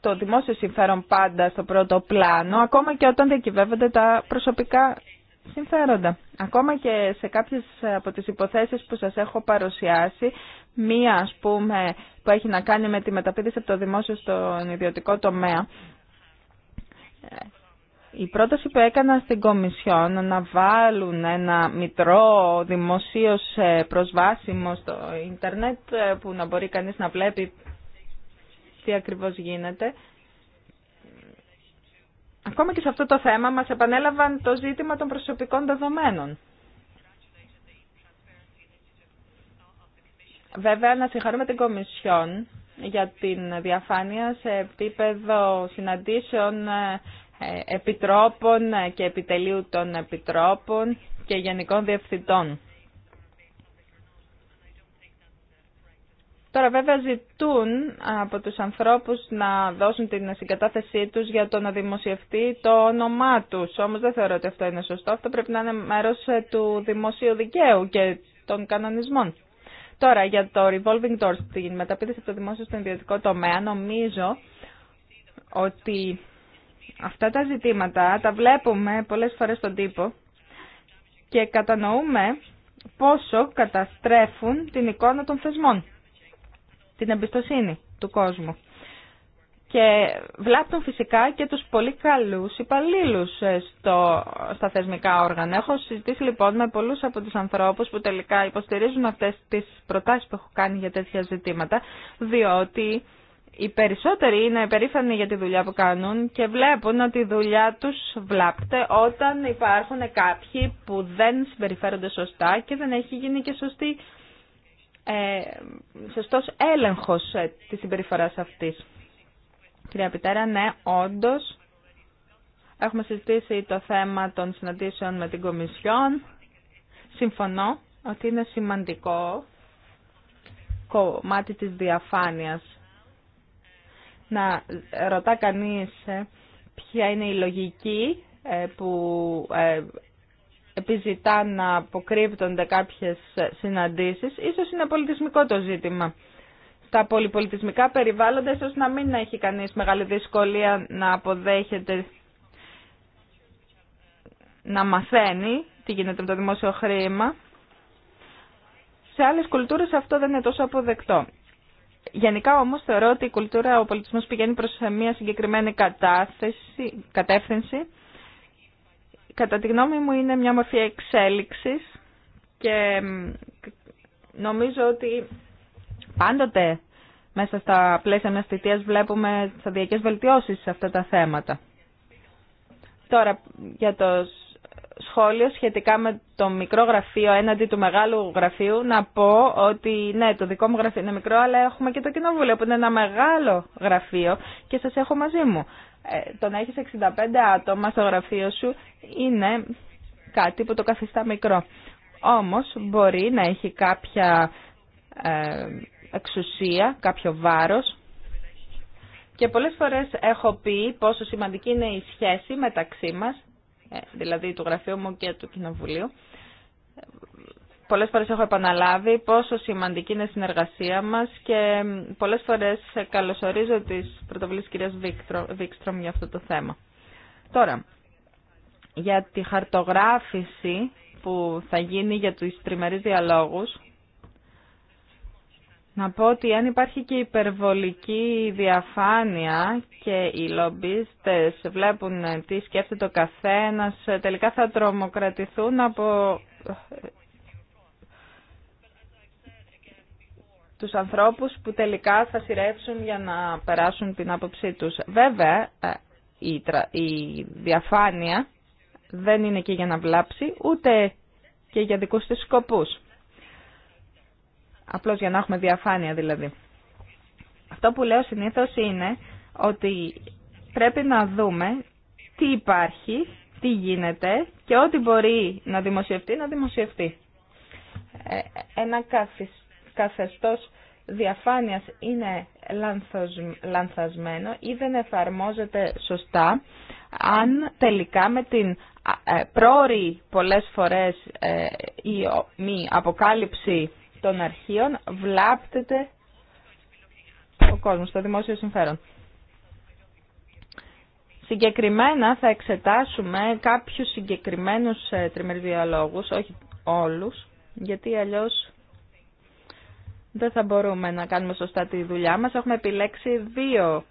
το δημόσιο συμφέρον πάντα στο πρώτο πλάνο, ακόμα και όταν διακυβεύονται τα προσωπικά συμφέροντα. Ακόμα και σε κάποιες από τις υποθέσεις που σας έχω παρουσιάσει, μία ας πούμε που έχει να κάνει με τη μεταπίδηση από το δημόσιο στον ιδιωτικό τομέα, η πρόταση που έκανα στην Κομισιόν να βάλουν ένα μητρό δημοσίως ε, προσβάσιμο στο ίντερνετ ε, που να μπορεί κανείς να βλέπει τι ακριβώς γίνεται. Ακόμα και σε αυτό το θέμα μας επανέλαβαν το ζήτημα των προσωπικών δεδομένων. Βέβαια, να συγχαρούμε την Κομισιόν για την διαφάνεια σε επίπεδο συναντήσεων ε, ε, επιτρόπων και επιτελείου των επιτρόπων και γενικών διευθυντών. Τώρα βέβαια ζητούν από τους ανθρώπους να δώσουν την συγκατάθεσή τους για το να δημοσιευτεί το όνομά τους. Όμως δεν θεωρώ ότι αυτό είναι σωστό. Αυτό πρέπει να είναι μέρος ε, του δημοσίου δικαίου και των κανονισμών. Τώρα για το revolving doors, την μεταπίδευση από το δημόσιο στον ιδιωτικό τομέα, νομίζω ότι Αυτά τα ζητήματα τα βλέπουμε πολλές φορές στον τύπο και κατανοούμε πόσο καταστρέφουν την εικόνα των θεσμών, την εμπιστοσύνη του κόσμου. Και βλάπτουν φυσικά και τους πολύ καλούς υπαλλήλους ε, στο, στα θεσμικά όργανα. Έχω συζητήσει λοιπόν με πολλούς από τους ανθρώπους που τελικά υποστηρίζουν αυτές τις προτάσεις που έχω κάνει για τέτοια ζητήματα, διότι οι περισσότεροι είναι περήφανοι για τη δουλειά που κάνουν και βλέπουν ότι η δουλειά τους βλάπτε όταν υπάρχουν κάποιοι που δεν συμπεριφέρονται σωστά και δεν έχει γίνει και σωστή, ε, σωστός έλεγχος ε, της συμπεριφοράς αυτής. Κυρία Πιτέρα, ναι, όντως έχουμε συζητήσει το θέμα των συναντήσεων με την Κομισιόν. Συμφωνώ ότι είναι σημαντικό κομμάτι της διαφάνειας να ρωτά κανείς ε, ποια είναι η λογική ε, που ε, επιζητά να αποκρύπτονται κάποιες συναντήσεις. Ίσως είναι πολιτισμικό το ζήτημα. Στα πολυπολιτισμικά περιβάλλοντα ίσως να μην έχει κανείς μεγάλη δυσκολία να αποδέχεται να μαθαίνει τι γίνεται με το δημόσιο χρήμα. Σε άλλες κουλτούρες αυτό δεν είναι τόσο αποδεκτό. Γενικά όμως θεωρώ ότι η κουλτούρα, ο πολιτισμός πηγαίνει προς μια συγκεκριμένη κατάθεση, κατεύθυνση. Κατά τη γνώμη μου είναι μια μορφή εξέλιξης και νομίζω ότι πάντοτε μέσα στα πλαίσια μιας θητείας βλέπουμε σταδιακές βελτιώσεις σε αυτά τα θέματα. Τώρα, για το σχόλιο σχετικά με το μικρό γραφείο έναντι του μεγάλου γραφείου να πω ότι ναι, το δικό μου γραφείο είναι μικρό, αλλά έχουμε και το κοινοβούλιο που είναι ένα μεγάλο γραφείο και σας έχω μαζί μου. Ε, το να έχεις 65 άτομα στο γραφείο σου είναι κάτι που το καθιστά μικρό. Όμως μπορεί να έχει κάποια ε, εξουσία, κάποιο βάρος και πολλές φορές έχω πει πόσο σημαντική είναι η σχέση μεταξύ μας ε, δηλαδή του γραφείου μου και του Κοινοβουλίου. Πολλές φορές έχω επαναλάβει πόσο σημαντική είναι η συνεργασία μας και πολλές φορές καλωσορίζω τις πρωτοβουλίες κυρίας Βίκστρομ για αυτό το θέμα. Τώρα, για τη χαρτογράφηση που θα γίνει για τους τριμερείς διαλόγους, να πω ότι αν υπάρχει και υπερβολική διαφάνεια και οι λομπίστες βλέπουν τι σκέφτεται ο καθένας, τελικά θα τρομοκρατηθούν από τους ανθρώπους που τελικά θα σειρεύσουν για να περάσουν την άποψή τους. Βέβαια, ε, η διαφάνεια δεν είναι και για να βλάψει, ούτε και για δικούς της σκοπούς. Απλώς για να έχουμε διαφάνεια δηλαδή. Αυτό που λέω συνήθως είναι ότι πρέπει να δούμε τι υπάρχει, τι γίνεται και ό,τι μπορεί να δημοσιευτεί, να δημοσιευτεί. Ε, ένα καθεστώς διαφάνειας είναι λανθασμένο ή δεν εφαρμόζεται σωστά αν τελικά με την ε, πρόορη πολλές φορές ε, ή μη αποκάλυψη των αρχείων βλάπτεται ο κόσμος, το δημόσιο συμφέρον. Συγκεκριμένα θα εξετάσουμε κάποιους συγκεκριμένους ε, τριμερείς διαλόγους, όχι όλους, γιατί αλλιώς δεν θα μπορούμε να κάνουμε σωστά τη δουλειά μας. Έχουμε επιλέξει δύο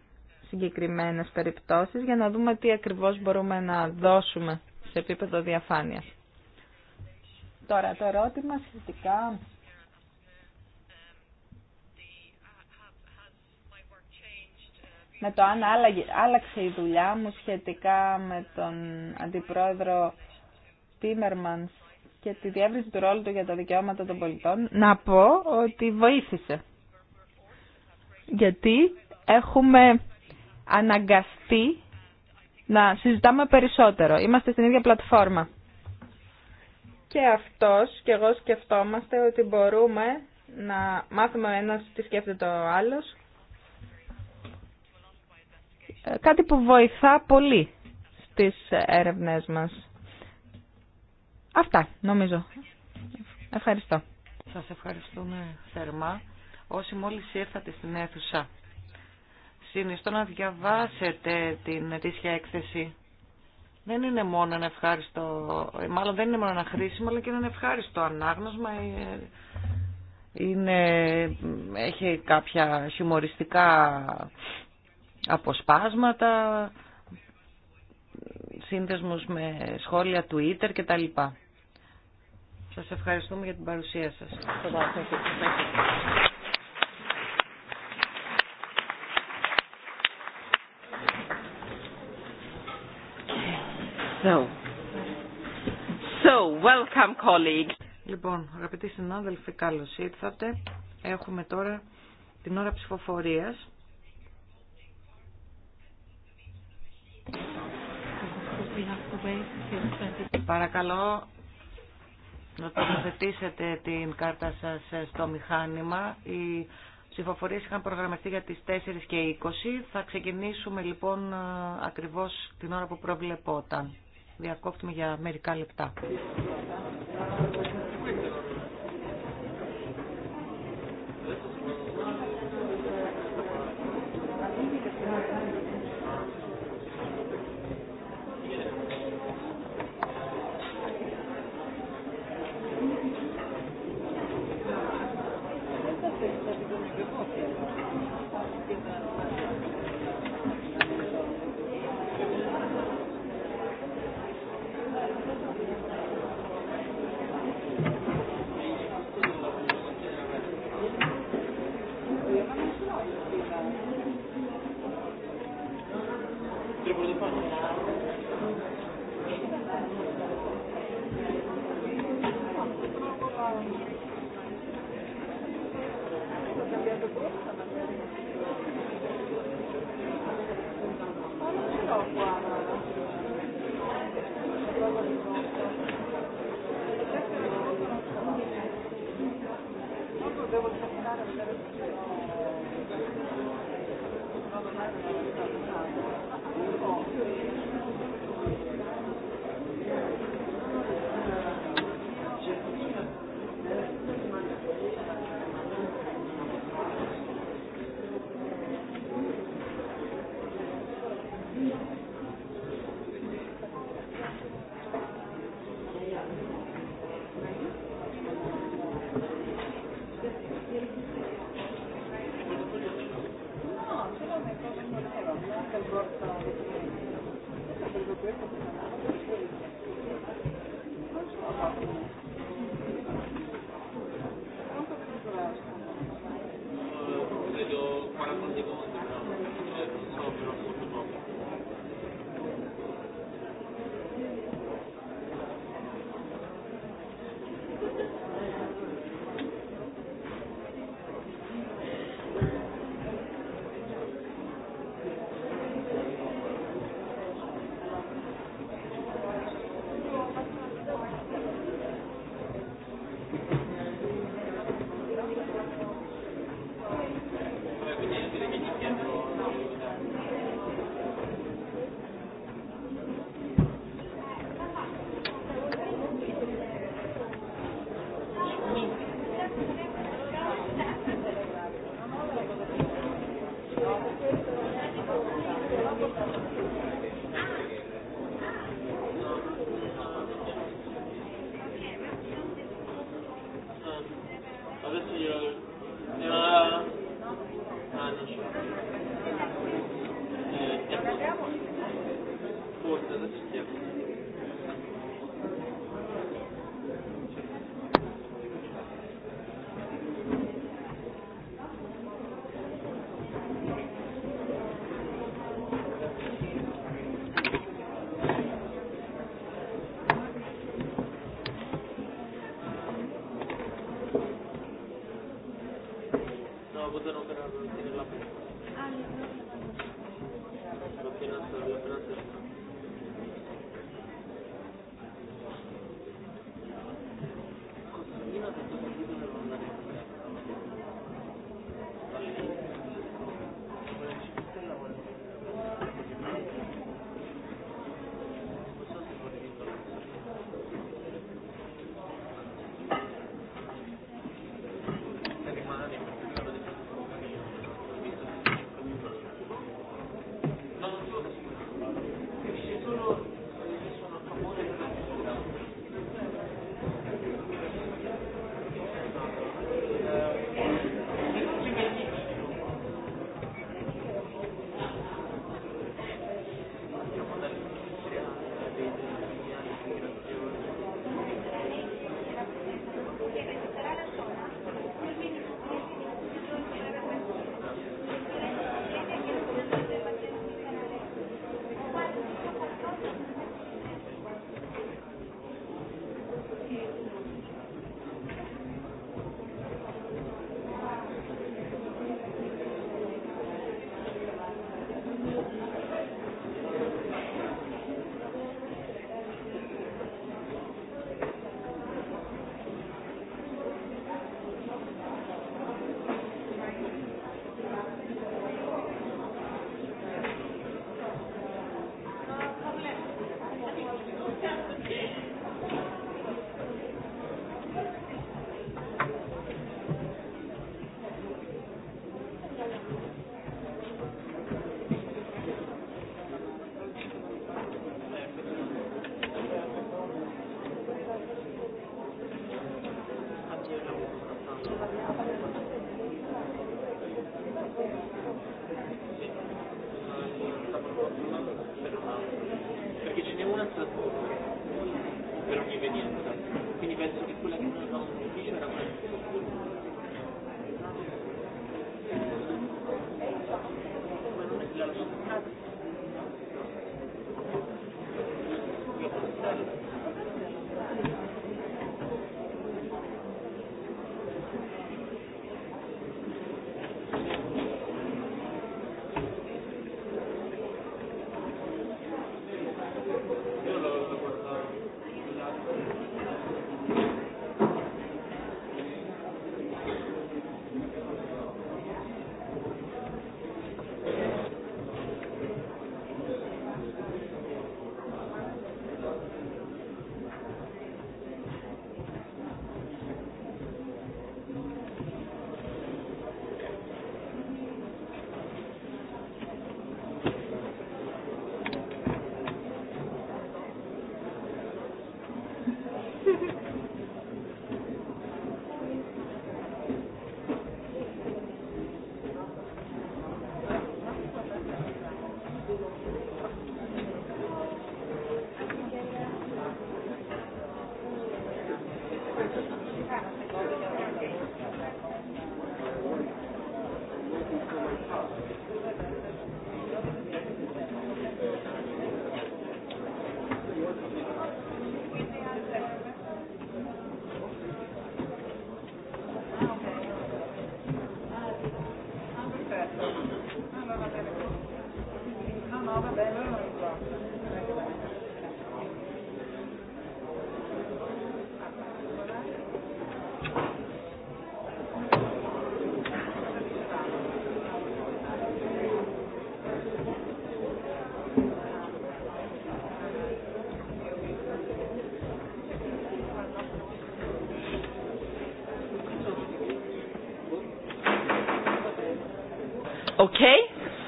συγκεκριμένες περιπτώσεις για να δούμε τι ακριβώς μπορούμε να δώσουμε σε επίπεδο διαφάνειας. Τώρα το ερώτημα σχετικά με το αν άλλαξε η δουλειά μου σχετικά με τον Αντιπρόεδρο Τίμερμανς και τη διεύρυνση του ρόλου του για τα δικαιώματα των πολιτών, να πω ότι βοήθησε. Γιατί έχουμε αναγκαστεί να συζητάμε περισσότερο. Είμαστε στην ίδια πλατφόρμα. Και αυτός και εγώ σκεφτόμαστε ότι μπορούμε να μάθουμε ο ένας τι σκέφτεται ο άλλος ε, κάτι που βοηθά πολύ στις έρευνές μας. Αυτά, νομίζω. Ευχαριστώ. Σας ευχαριστούμε θερμά όσοι μόλις ήρθατε στην αίθουσα. Συνιστώ να διαβάσετε την ετήσια έκθεση. Δεν είναι μόνο ένα ευχάριστο, μάλλον δεν είναι μόνο ένα χρήσιμο, αλλά και ένα ευχάριστο ανάγνωσμα. Ε, είναι, έχει κάποια χιουμοριστικά αποσπάσματα, σύνδεσμους με σχόλια Twitter κτλ. Σας ευχαριστούμε για την παρουσία σας. So, so welcome colleagues. Λοιπόν, αγαπητοί συνάδελφοι, καλώς ήρθατε. Έχουμε τώρα την ώρα ψηφοφορίας. Παρακαλώ να τοποθετήσετε την κάρτα σας στο μηχάνημα. Οι ψηφοφορίες είχαν προγραμματιστεί για τις 4 και 20. Θα ξεκινήσουμε λοιπόν ακριβώς την ώρα που προβλεπόταν. Διακόπτουμε για μερικά λεπτά.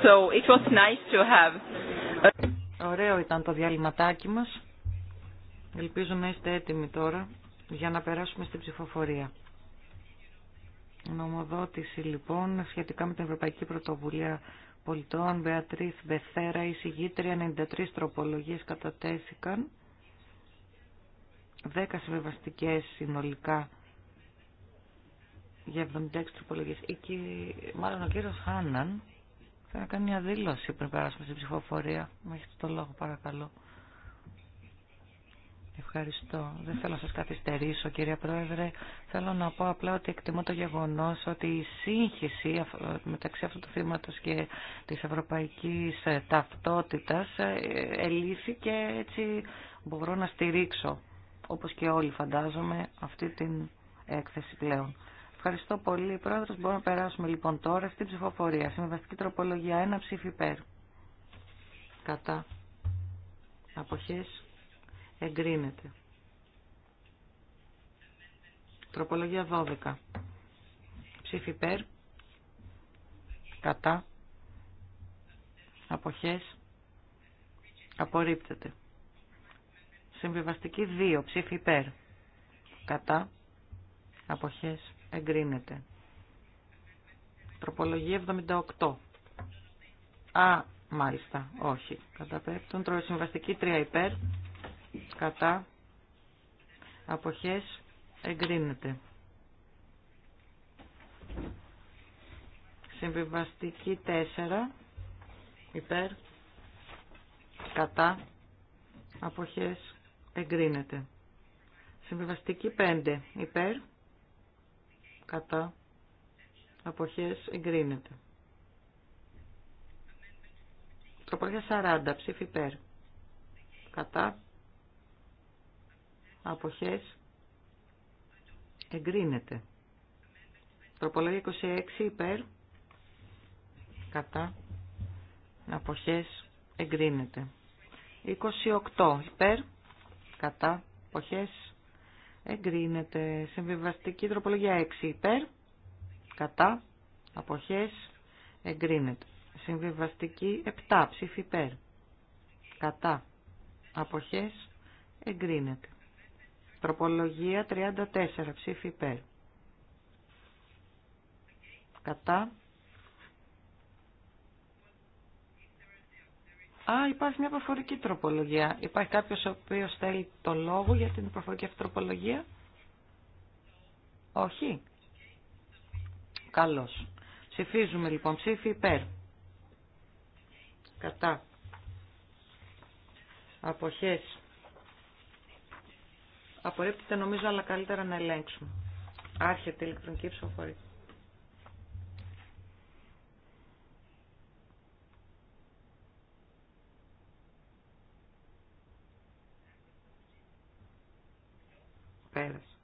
So it was nice to have. Ωραίο ήταν το διαλυματάκι μας. Ελπίζω να είστε έτοιμοι τώρα για να περάσουμε στην ψηφοφορία. Νομοδότηση λοιπόν σχετικά με την Ευρωπαϊκή Πρωτοβουλία Πολιτών Μπεατρίθ Μπεθέρα η συγγήτρια 93 τροπολογίες κατατέθηκαν 10 συμβεβαστικές συνολικά για 76 τροπολογίες. Εκεί, μάλλον ο κύριος Χάναν θα κάνω μια δήλωση πριν περάσουμε στην ψηφοφορία. Μου έχετε το λόγο, παρακαλώ. Ευχαριστώ. Δεν θέλω να σας καθυστερήσω, κυρία Πρόεδρε. Θέλω να πω απλά ότι εκτιμώ το γεγονός ότι η σύγχυση μεταξύ αυτού του θύματος και της ευρωπαϊκής ε, ταυτότητας ε, ελήφθη και έτσι μπορώ να στηρίξω, όπως και όλοι φαντάζομαι, αυτή την έκθεση πλέον. Ευχαριστώ πολύ, Πρόεδρο. Μπορούμε να περάσουμε λοιπόν τώρα στην ψηφοφορία. Συμβαστική τροπολογία 1 ψήφι υπέρ. Κατά. Αποχές. Εγκρίνεται. Τροπολογία 12. Ψήφι υπέρ. Κατά. Αποχές. Απορρίπτεται. Συμβιβαστική 2. Ψήφι υπέρ. Κατά. Αποχές εγκρίνεται. Τροπολογία 78. Α, μάλιστα, όχι. Καταπέπτουν. Τροσυμβαστική 3 υπέρ. Κατά. Αποχές εγκρίνεται. Συμβιβαστική 4 υπέρ. Κατά. Αποχές εγκρίνεται. Συμβιβαστική 5 υπέρ κατά αποχές εγκρίνεται. Τροπολογία 40, ψήφι υπέρ. Κατά αποχές εγκρίνεται. Τροπολογία 26 υπέρ. Κατά αποχές εγκρίνεται. 28 υπέρ. Κατά αποχές εγκρίνεται. Συμβιβαστική τροπολογία 6 υπέρ, κατά, αποχές, εγκρίνεται. Συμβιβαστική 7 ψήφι υπέρ, κατά, αποχές, εγκρίνεται. Τροπολογία 34 ψήφι υπέρ, κατά, Α, υπάρχει μια προφορική τροπολογία. Υπάρχει κάποιος ο οποίος θέλει το λόγο για την προφορική αυτή τροπολογία. Όχι. Καλώς. Ψηφίζουμε λοιπόν. Ψήφι υπέρ. Κατά. Αποχές. Απορρίπτεται νομίζω αλλά καλύτερα να ελέγξουμε. Άρχεται η ηλεκτρονική ψηφοφορία. Πέρας.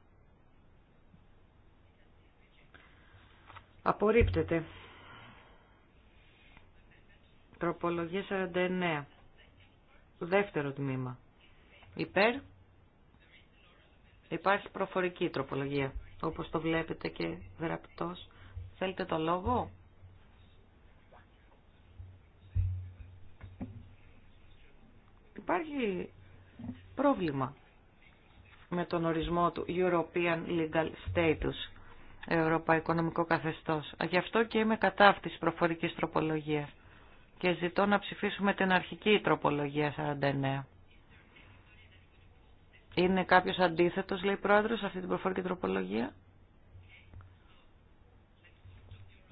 Απορρίπτεται. Τροπολογία 49. Δεύτερο τμήμα. Υπέρ. Υπάρχει προφορική τροπολογία. Όπως το βλέπετε και γραπτός. Θέλετε το λόγο. Υπάρχει πρόβλημα με τον ορισμό του European Legal Status, Ευρωπαϊκό Οικονομικό Καθεστώς. Γι' αυτό και είμαι κατά αυτής της προφορικής τροπολογίας και ζητώ να ψηφίσουμε την αρχική τροπολογία 49. Είναι κάποιος αντίθετος, λέει πρόεδρος, σε αυτή την προφορική τροπολογία.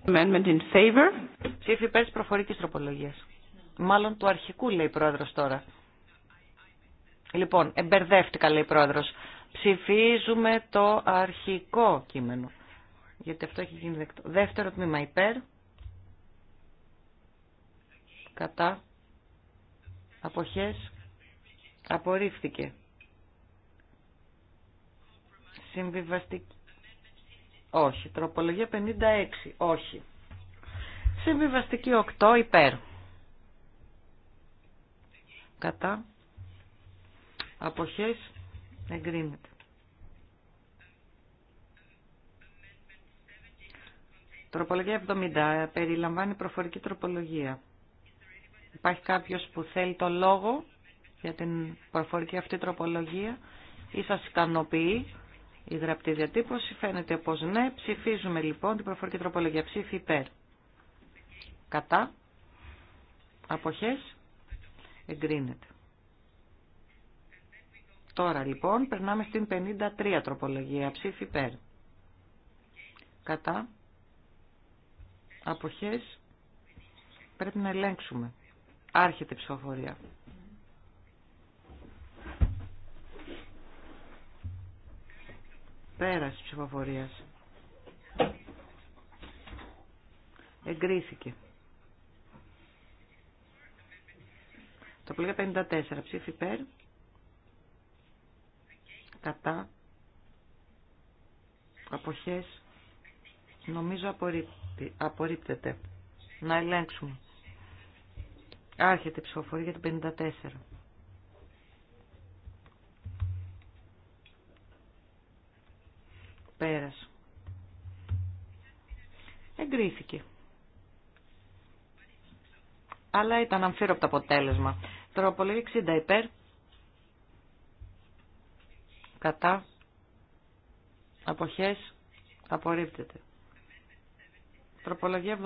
Amendment in favor. Ψήφι υπέρ της προφορικής τροπολογίας. Μάλλον του αρχικού, λέει πρόεδρος τώρα. Λοιπόν, εμπερδεύτηκα λέει η πρόεδρος. Ψηφίζουμε το αρχικό κείμενο. Γιατί αυτό έχει γίνει δεκτό. Δεύτερο τμήμα υπέρ. Κατά. Αποχές. Απορρίφθηκε. Συμβιβαστική. Όχι. Τροπολογία 56. Όχι. Συμβιβαστική 8 υπέρ. Κατά αποχές εγκρίνεται. Τροπολογία 70. Περιλαμβάνει προφορική τροπολογία. Υπάρχει κάποιος που θέλει το λόγο για την προφορική αυτή τροπολογία ή σας ικανοποιεί η γραπτή διατύπωση. Φαίνεται πως ναι. Ψηφίζουμε λοιπόν την προφορική τροπολογία. Ψήφι υπέρ. Κατά. Αποχές. Εγκρίνεται. Τώρα λοιπόν περνάμε στην 53 τροπολογία. Ψήφι υπέρ. Κατά. Αποχές. Πρέπει να ελέγξουμε. Άρχεται η ψηφοφορία. Πέρας ψηφοφορίας. Εγκρίθηκε. Το 54 ψήφι υπέρ κατά αποχές νομίζω απορρίπτεται να ελέγξουμε άρχεται η ψηφοφορία για το 54 πέρας εγκρίθηκε αλλά ήταν αμφίροπτο αποτέλεσμα τροπολογία 60 υπέρ κατά, αποχές, απορρίπτεται. Τροπολογία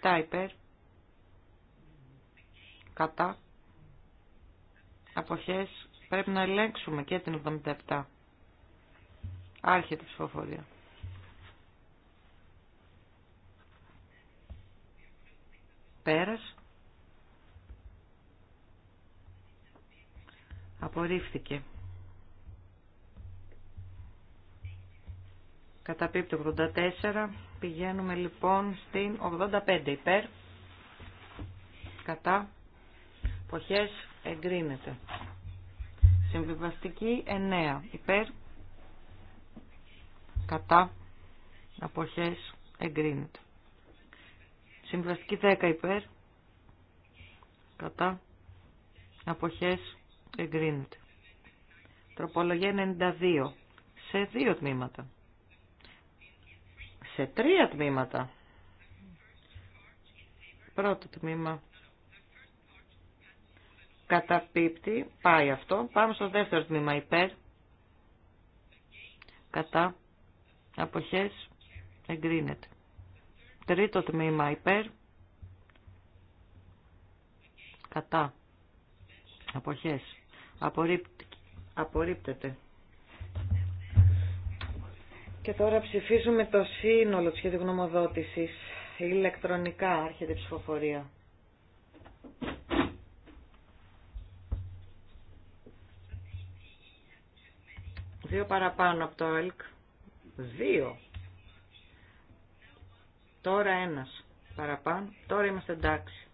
77 υπέρ, κατά, αποχές, πρέπει να ελέγξουμε και την 77. Άρχεται η ψηφοφορία. Πέρας. Απορρίφθηκε. Καταπίπτει 84. Πηγαίνουμε λοιπόν στην 85 υπέρ. Κατά. Ποχές εγκρίνεται. Συμβιβαστική 9 υπέρ. Κατά. Αποχές εγκρίνεται. Συμβιβαστική 10 υπέρ. Κατά. Αποχές εγκρίνεται. Τροπολογία 92. Σε δύο τμήματα σε τρία τμήματα. Πρώτο τμήμα καταπίπτει, πάει αυτό. Πάμε στο δεύτερο τμήμα υπέρ, κατά, αποχές, εγκρίνεται. Τρίτο τμήμα υπέρ, κατά, αποχές, απορρίπτεται. Και τώρα ψηφίζουμε το σύνολο της σχέδιου Ηλεκτρονικά άρχεται η ψηφοφορία. Δύο παραπάνω από το ΕΛΚ. Δύο. Τώρα ένας παραπάνω. Τώρα είμαστε εντάξει.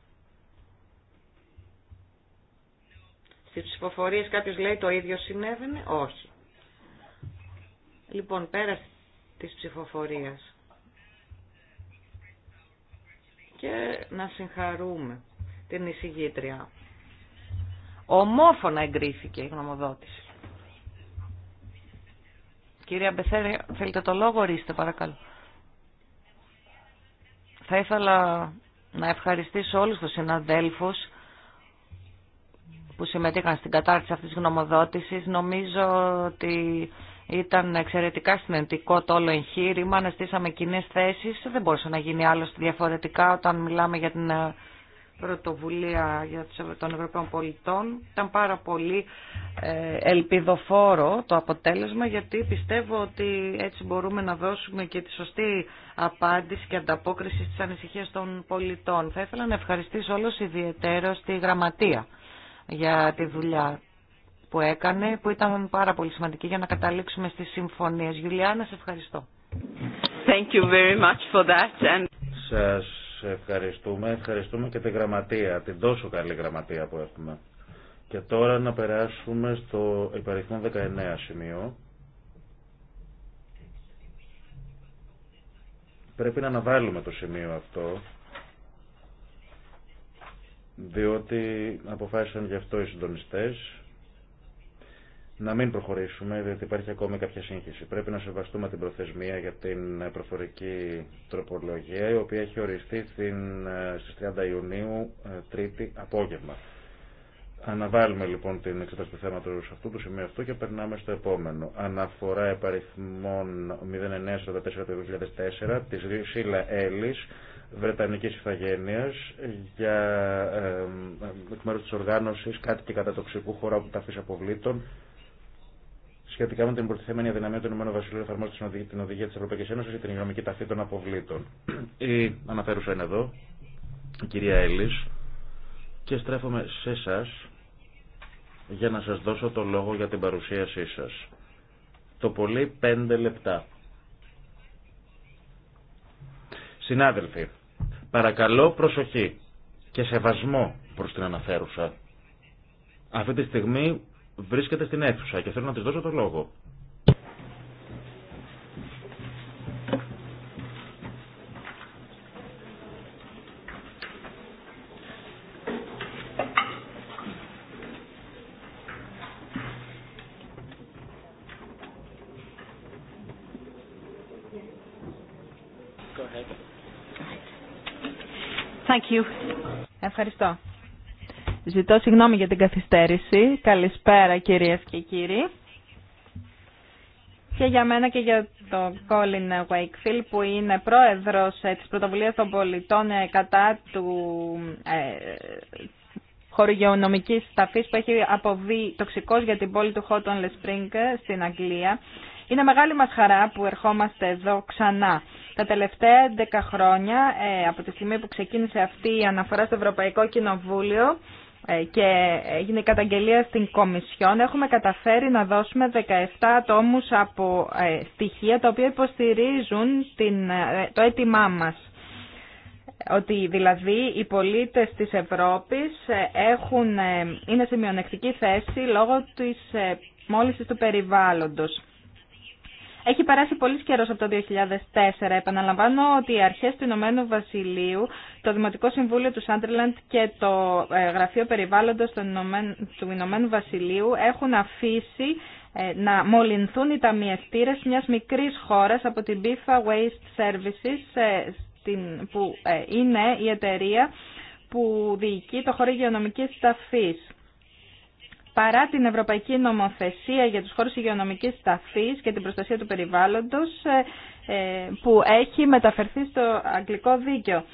Στις ψηφοφορίες κάποιος λέει το ίδιο συνέβαινε. Όχι. Λοιπόν, πέρασε της ψηφοφορίας. Και να συγχαρούμε την εισηγήτρια. Ομόφωνα εγκρίθηκε η γνωμοδότηση. Κυρία Μπεθέρη, θέλετε το λόγο, ορίστε παρακαλώ. Θα ήθελα να ευχαριστήσω όλους τους συναδέλφους που συμμετείχαν στην κατάρτιση αυτής της γνωμοδότησης. Νομίζω ότι ήταν εξαιρετικά συνεντικό το όλο εγχείρημα, αναστήσαμε κοινέ θέσεις, δεν μπορούσε να γίνει άλλο διαφορετικά όταν μιλάμε για την ε, πρωτοβουλία για των Ευρωπαίων πολιτών. Ήταν πάρα πολύ ε, ελπιδοφόρο το αποτέλεσμα γιατί πιστεύω ότι έτσι μπορούμε να δώσουμε και τη σωστή απάντηση και ανταπόκριση στις ανησυχίες των πολιτών. Θα ήθελα να ευχαριστήσω όλους ιδιαίτερα τη Γραμματεία για τη δουλειά που έκανε, που ήταν πάρα πολύ σημαντική για να καταλήξουμε στις συμφωνίες. Γιουλιάνα, σε ευχαριστώ. Thank Σας ευχαριστούμε. Ευχαριστούμε και τη γραμματεία, την τόσο καλή γραμματεία που έχουμε. Και τώρα να περάσουμε στο υπαριθμό 19 σημείο. Πρέπει να αναβάλουμε το σημείο αυτό, διότι αποφάσισαν γι' αυτό οι συντονιστές να μην προχωρήσουμε, διότι υπάρχει ακόμη κάποια σύγχυση. Πρέπει να σεβαστούμε την προθεσμία για την προφορική τροπολογία, η οποία έχει οριστεί ε, στις 30 Ιουνίου, ε, Τρίτη, απόγευμα. Αναβάλουμε λοιπόν την εξέταση του θέματο αυτού, του σημείου αυτού και περνάμε στο επόμενο. Αναφορά επαριθμών 0944 2004 τη Σίλα Έλλης Βρετανικής Ιθαγένεια, για ε, ε εκ μέρου τη οργάνωση κάτι και κατά τοξικού χώρα που τα αφήσει αποβλήτων σχετικά με την προτιθέμενη αδυναμία του ΗΠΑ εφαρμόζοντα την οδηγία, τη Ευρωπαϊκή Ένωση για την υγειονομική ταφή των αποβλήτων. <clears throat> Η αναφέρουσα είναι εδώ, η κυρία Έλλη, και στρέφομαι σε εσά για να σα δώσω το λόγο για την παρουσίασή σα. Το πολύ πέντε λεπτά. Συνάδελφοι, παρακαλώ προσοχή και σεβασμό προς την αναφέρουσα. Αυτή τη στιγμή βρίσκεται στην αίθουσα και θέλω να της δώσω το λόγο. Ευχαριστώ. Ζητώ συγγνώμη για την καθυστέρηση. Καλησπέρα κυρίες και κύριοι. Και για μένα και για τον Colin Wakefield που είναι πρόεδρο ε, της Πρωτοβουλία των Πολιτών ε, κατά του ε, ταφή, ταφής που έχει αποβεί τοξικός για την πόλη του Χότον Λεσπρίνγκ στην Αγγλία. Είναι μεγάλη μας χαρά που ερχόμαστε εδώ ξανά. Τα τελευταία 11 χρόνια, ε, από τη στιγμή που ξεκίνησε αυτή η αναφορά στο Ευρωπαϊκό Κοινοβούλιο, ε, και έγινε καταγγελία στην Κομισιόν, έχουμε καταφέρει να δώσουμε 17 ατόμους από ε, στοιχεία τα οποία υποστηρίζουν την, ε, το αίτημά μας. Ότι δηλαδή οι πολίτες της Ευρώπης έχουν, είναι σε μειονεκτική θέση λόγω της μόλυνσης του περιβάλλοντος. Έχει περάσει πολύ καιρό από το 2004. Επαναλαμβάνω ότι οι αρχέ του Ηνωμένου Βασιλείου, το Δημοτικό Συμβούλιο του Σάντριλαντ και το ε, Γραφείο Περιβάλλοντο του Ηνωμένου Βασιλείου έχουν αφήσει ε, να μολυνθούν οι ταμιευτήρε μια μικρή χώρα από την BIFA Waste Services, ε, που είναι η εταιρεία που διοικεί το χώρο υγειονομική ταφή παρά την Ευρωπαϊκή Νομοθεσία για τους χώρους υγειονομικής σταθής και την προστασία του περιβάλλοντος ε, ε, που έχει μεταφερθεί στο αγγλικό δίκαιο.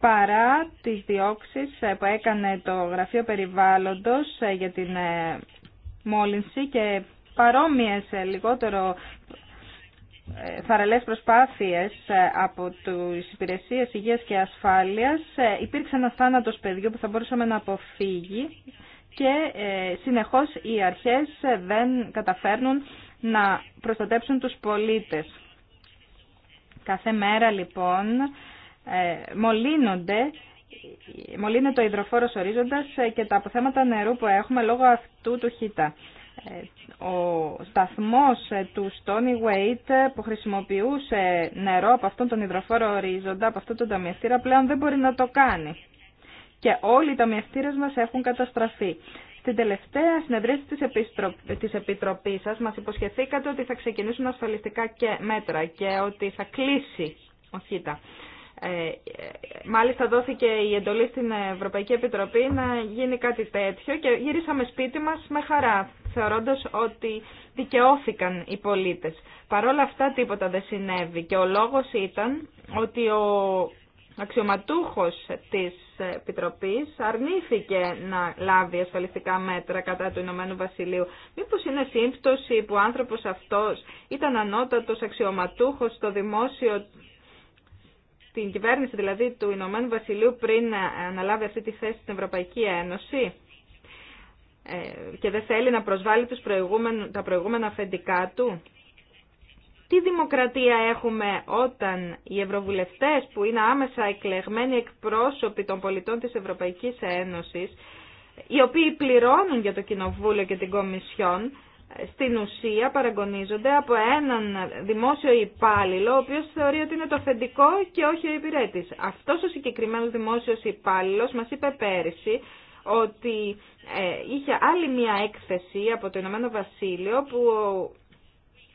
Παρά τις διώξεις ε, που έκανε το Γραφείο Περιβάλλοντος για την μόλυνση και παρόμοιες λιγότερο θαραλές προσπάθειες από τις υπηρεσίες υγείας και ασφάλειας υπήρξε ένα θάνατος παιδιού που θα μπορούσαμε να αποφύγει και ε, συνεχώς οι αρχές δεν καταφέρνουν να προστατέψουν τους πολίτες. Κάθε μέρα λοιπόν ε, μολύνονται μολύνεται το υδροφόρο ορίζοντα ε, και τα αποθέματα νερού που έχουμε λόγω αυτού του χίτα. Ο σταθμός του Stony Wait που χρησιμοποιούσε νερό από αυτόν τον υδροφόρο ορίζοντα, από αυτόν τον ταμιευτήρα πλέον δεν μπορεί να το κάνει και όλοι οι ταμιευτήρε μα έχουν καταστραφεί. Στην τελευταία συνεδρία της, Επιστρο... της Επιτροπής σας μας υποσχεθήκατε ότι θα ξεκινήσουν ασφαλιστικά και μέτρα και ότι θα κλείσει ο ΧΙΤΑ. Ε, μάλιστα δόθηκε η εντολή στην Ευρωπαϊκή Επιτροπή να γίνει κάτι τέτοιο και γυρίσαμε σπίτι μας με χαρά, θεωρώντας ότι δικαιώθηκαν οι πολίτες. Παρ' όλα αυτά τίποτα δεν συνέβη και ο λόγος ήταν ότι ο αξιωματούχος της Επιτροπή αρνήθηκε να λάβει ασφαλιστικά μέτρα κατά του Ηνωμένου Βασιλείου. μήπω είναι σύμπτωση που ο άνθρωπος αυτός ήταν ανώτατος αξιωματούχο στο δημόσιο, την κυβέρνηση δηλαδή του Ηνωμένου Βασιλείου πριν αναλάβει αυτή τη θέση στην Ευρωπαϊκή Ένωση ε, και δεν θέλει να προσβάλλει τους τα προηγούμενα αφεντικά του. Τι δημοκρατία έχουμε όταν οι ευρωβουλευτές που είναι άμεσα εκλεγμένοι εκπρόσωποι των πολιτών της Ευρωπαϊκής Ένωσης, οι οποίοι πληρώνουν για το Κοινοβούλιο και την Κομισιόν, στην ουσία παραγωνίζονται από έναν δημόσιο υπάλληλο, ο οποίος θεωρεί ότι είναι το αφεντικό και όχι ο υπηρέτης. Αυτός ο συγκεκριμένος δημόσιος υπάλληλος μας είπε πέρυσι ότι ε, είχε άλλη μία έκθεση από το Ηνωμένο Βασίλειο που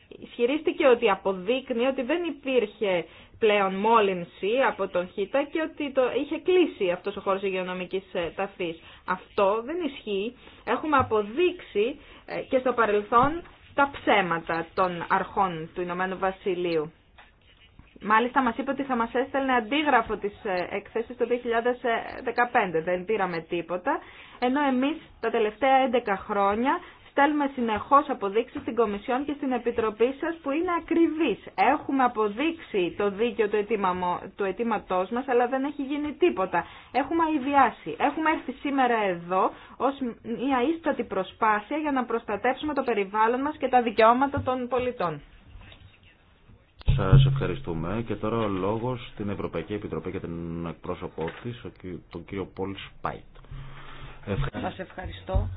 ισχυρίστηκε ότι αποδείκνει ότι δεν υπήρχε πλέον μόλυνση από τον Χίτα και ότι το είχε κλείσει αυτός ο χώρος υγειονομικής ε, ταφής. Αυτό δεν ισχύει. Έχουμε αποδείξει ε, και στο παρελθόν τα ψέματα των αρχών του Ηνωμένου Βασιλείου. Μάλιστα μας είπε ότι θα μας έστελνε αντίγραφο της ε, εκθέσης το 2015. Δεν πήραμε τίποτα. Ενώ εμείς τα τελευταία 11 χρόνια Θέλουμε συνεχώς αποδείξεις στην Κομισιόν και στην Επιτροπή σας που είναι ακριβής. Έχουμε αποδείξει το δίκαιο του αιτήματό μας, αλλά δεν έχει γίνει τίποτα. Έχουμε αειδιάσει. Έχουμε έρθει σήμερα εδώ ως μια ίστατη προσπάθεια για να προστατεύσουμε το περιβάλλον μας και τα δικαιώματα των πολιτών. Σας ευχαριστούμε και τώρα ο λόγος στην Ευρωπαϊκή Επιτροπή και την εκπρόσωπό της, τον κύριο Πολ Σπάιτ. Ευχαριστώ. Σας ευχαριστώ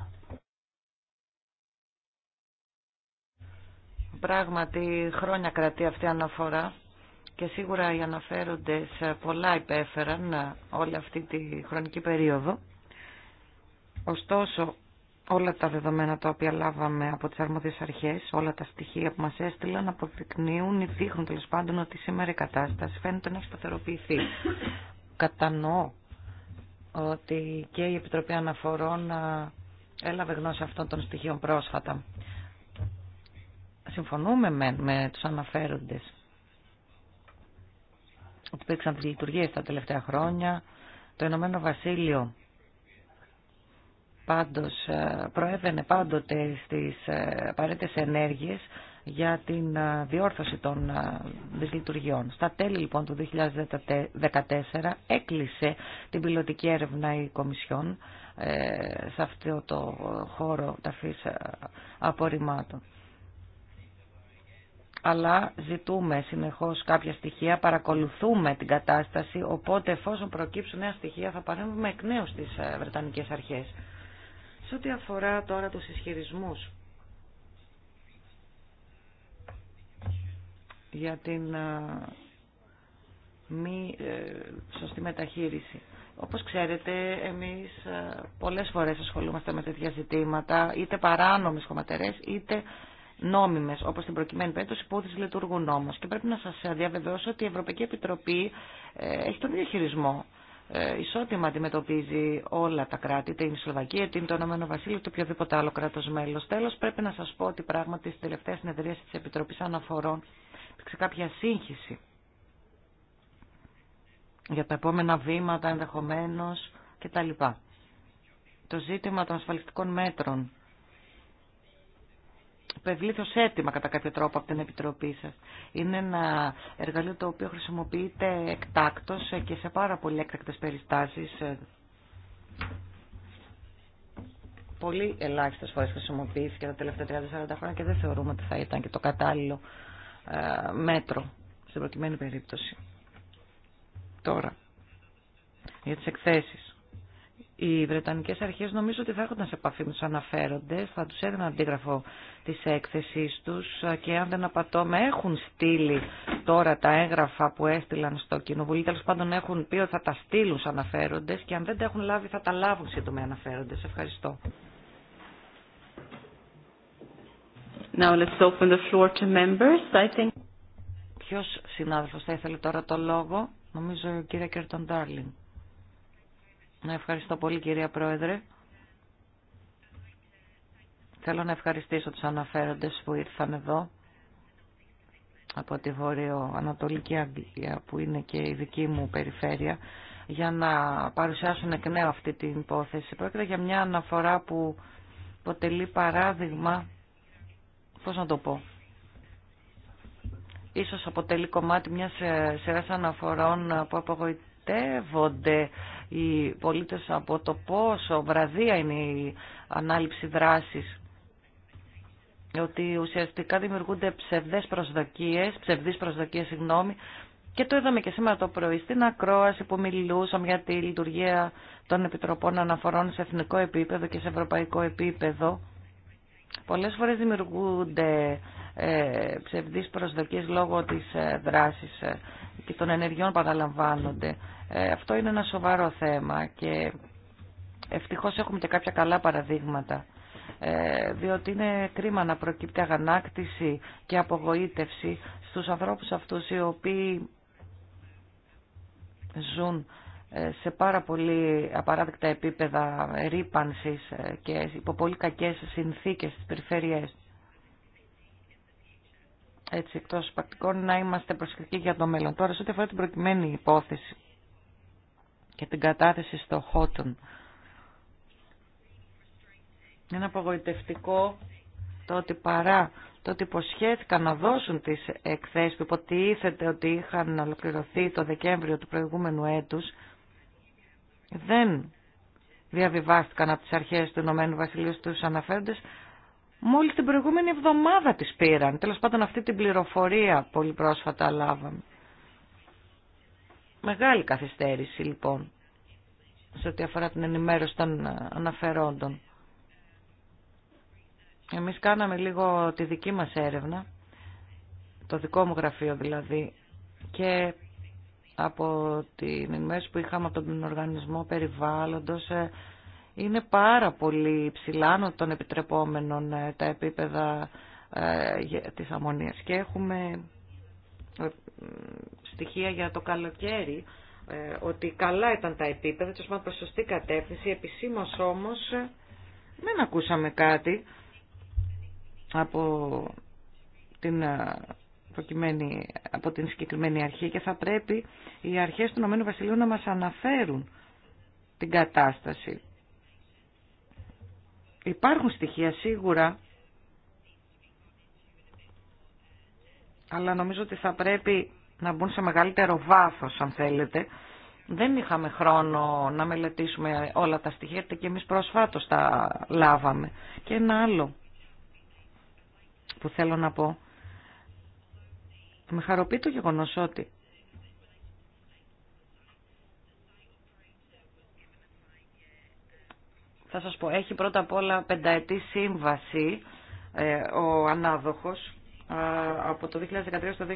Πράγματι χρόνια κρατεί αυτή η αναφορά και σίγουρα οι αναφέροντες πολλά υπέφεραν όλη αυτή τη χρονική περίοδο. Ωστόσο, όλα τα δεδομένα τα οποία λάβαμε από τις αρμόδιες αρχές, όλα τα στοιχεία που μας έστειλαν αποδεικνύουν ή δείχνουν τέλο πάντων ότι σήμερα η κατάσταση φαίνεται να έχει σταθεροποιηθεί. Κατανοώ ότι και η Επιτροπή Αναφορών έλαβε γνώση αυτών των στοιχείων πρόσφατα συμφωνούμε με, με τους αναφέροντες ότι υπήρξαν τις λειτουργίες τα τελευταία χρόνια. Το Ηνωμένο Βασίλειο πάντως ε, προέβαινε πάντοτε στις ε, απαραίτητες ενέργειες για την ε, διόρθωση των δυσλειτουργιών. Στα τέλη λοιπόν του 2014 έκλεισε την πιλωτική έρευνα η Κομισιόν σε αυτό το χώρο ταφής απορριμμάτων αλλά ζητούμε συνεχώς κάποια στοιχεία, παρακολουθούμε την κατάσταση, οπότε εφόσον προκύψουν νέα στοιχεία θα παρέμβουμε εκ νέου στις ε, Βρετανικές Αρχές. Σε ό,τι αφορά τώρα τους ισχυρισμούς για την ε, μη ε, σωστή μεταχείριση. Όπως ξέρετε, εμείς πολλές φορές ασχολούμαστε με τέτοια ζητήματα, είτε παράνομες χωματερές, είτε νόμιμε, όπω στην προκειμένη περίπτωση που λειτουργούν όμω. Και πρέπει να σα διαβεβαιώσω ότι η Ευρωπαϊκή Επιτροπή ε, έχει τον ίδιο χειρισμό. Ε, ισότιμα αντιμετωπίζει όλα τα κράτη, είτε είναι η Σλοβακία, είτε είναι το Βασίλειο, είτε οποιοδήποτε άλλο κράτο μέλο. Τέλο, πρέπει να σα πω ότι πράγματι στι τελευταία συνεδρία τη Επιτροπή Αναφορών υπήρξε κάποια σύγχυση για τα επόμενα βήματα ενδεχομένω κτλ. Το ζήτημα των ασφαλιστικών μέτρων υπευλήθη αίτημα κατά κάποιο τρόπο από την Επιτροπή σας. Είναι ένα εργαλείο το οποίο χρησιμοποιείται εκτάκτως και σε πάρα πολύ έκτακτες περιστάσεις. Πολύ ελάχιστες φορές χρησιμοποιήθηκε τα τελευταία 30-40 χρόνια και δεν θεωρούμε ότι θα ήταν και το κατάλληλο ε, μέτρο στην προκειμένη περίπτωση. Τώρα, για τις εκθέσεις οι Βρετανικές αρχές νομίζω ότι θα έρχονταν σε επαφή με τους αναφέροντες, θα τους έδιναν αντίγραφο της έκθεσής τους και αν δεν απατώμε έχουν στείλει τώρα τα έγγραφα που έστειλαν στο Κοινοβουλίο, τέλος πάντων έχουν πει ότι θα τα στείλουν στους αναφέροντες και αν δεν τα έχουν λάβει θα τα λάβουν σύντομα οι αναφέροντες. Ευχαριστώ. Now let's open the floor to members. I think... Ποιος συνάδελφος θα ήθελε τώρα το λόγο, νομίζω ο κυρία Κέρτον Ευχαριστώ πολύ κυρία Πρόεδρε. Θέλω να ευχαριστήσω τους αναφέροντες που ήρθαν εδώ από τη Ανατολική Αγγλία που είναι και η δική μου περιφέρεια για να παρουσιάσουν εκ νέου αυτή την υπόθεση. Πρόκειται για μια αναφορά που αποτελεί παράδειγμα, πώς να το πω, ίσως αποτελεί κομμάτι μιας ε, σειράς αναφορών που απογοητεύει προστατεύονται οι πολίτες από το πόσο βραδία είναι η ανάληψη δράσης ότι ουσιαστικά δημιουργούνται ψευδές προσδοκίες, ψευδείς προσδοκίες, συγγνώμη, και το είδαμε και σήμερα το πρωί στην ακρόαση που μιλούσαμε για τη λειτουργία των επιτροπών αναφορών σε εθνικό επίπεδο και σε ευρωπαϊκό επίπεδο. Πολλές φορές δημιουργούνται ε, ψευδείς προσδοκίες λόγω της ε, ε των ενεργειών που παραλαμβάνονται. Ε, αυτό είναι ένα σοβαρό θέμα και ευτυχώς έχουμε και κάποια καλά παραδείγματα. Ε, διότι είναι κρίμα να προκύπτει αγανάκτηση και απογοήτευση στους ανθρώπους αυτούς οι οποίοι ζουν ε, σε πάρα πολύ απαράδεκτα επίπεδα ρήπανσης και υπό πολύ κακές συνθήκες στις περιφέρειές έτσι εκτός πρακτικών να είμαστε προσεκτικοί για το μέλλον. Τώρα, σε ό,τι αφορά την προκειμένη υπόθεση και την κατάθεση στο Χότον, είναι απογοητευτικό το ότι παρά το ότι υποσχέθηκαν να δώσουν τις εκθέσεις που υποτίθεται ότι είχαν ολοκληρωθεί το Δεκέμβριο του προηγούμενου έτους, δεν διαβιβάστηκαν από τις αρχές του Ηνωμένου Βασιλείου στους αναφέροντες Μόλις την προηγούμενη εβδομάδα τις πήραν. Τέλος πάντων αυτή την πληροφορία πολύ πρόσφατα λάβαμε. Μεγάλη καθυστέρηση λοιπόν σε ό,τι αφορά την ενημέρωση των αναφερόντων. Εμείς κάναμε λίγο τη δική μας έρευνα, το δικό μου γραφείο δηλαδή, και από την ενημέρωση που είχαμε από τον Οργανισμό Περιβάλλοντος ε, είναι πάρα πολύ ψηλά των επιτρεπόμενων ε, τα επίπεδα ε, της αμμονίας. Και έχουμε ε, στοιχεία για το καλοκαίρι ότι καλά ήταν τα επίπεδα, τόσο προς σωστή κατεύθυνση, επισήμως όμως δεν ακούσαμε κάτι από την από την συγκεκριμένη αρχή και θα πρέπει οι αρχές του Ηνωμένου Βασιλείου να μας αναφέρουν την κατάσταση Υπάρχουν στοιχεία σίγουρα, αλλά νομίζω ότι θα πρέπει να μπουν σε μεγαλύτερο βάθος, αν θέλετε. Δεν είχαμε χρόνο να μελετήσουμε όλα τα στοιχεία, γιατί και εμείς προσφάτως τα λάβαμε. Και ένα άλλο που θέλω να πω. Με χαροποιεί το γεγονός ότι θα σας πω, έχει πρώτα απ' όλα πενταετή σύμβαση ε, ο ανάδοχος ε, από το 2013 στο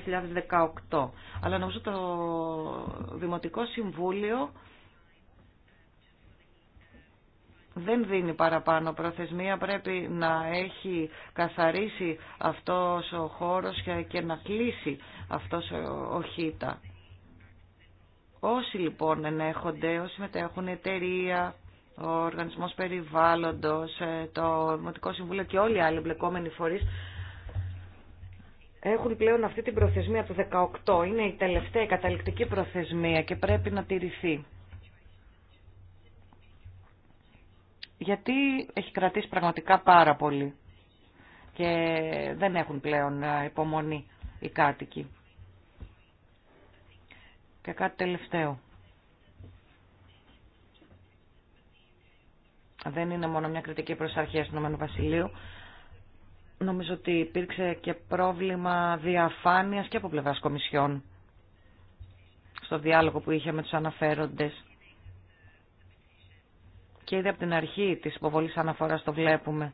2018. Αλλά νομίζω το Δημοτικό Συμβούλιο δεν δίνει παραπάνω προθεσμία. Πρέπει να έχει καθαρίσει αυτός ο χώρος και να κλείσει αυτός ο ΧΙΤΑ. Όσοι λοιπόν ενέχονται, όσοι μετέχουν εταιρεία, ο Οργανισμός Περιβάλλοντος, ε, το Δημοτικό Συμβούλιο και όλοι οι άλλοι εμπλεκόμενοι φορείς έχουν πλέον αυτή την προθεσμία του 18. Είναι η τελευταία η καταληκτική προθεσμία και πρέπει να τηρηθεί. Γιατί έχει κρατήσει πραγματικά πάρα πολύ και δεν έχουν πλέον ε, υπομονή οι κάτοικοι. Και κάτι τελευταίο. δεν είναι μόνο μια κριτική προς αρχές του Βασιλείου. Νομίζω ότι υπήρξε και πρόβλημα διαφάνειας και από πλευράς κομισιών στο διάλογο που είχε με τους αναφέροντες. Και ήδη από την αρχή της υποβολής αναφοράς το βλέπουμε.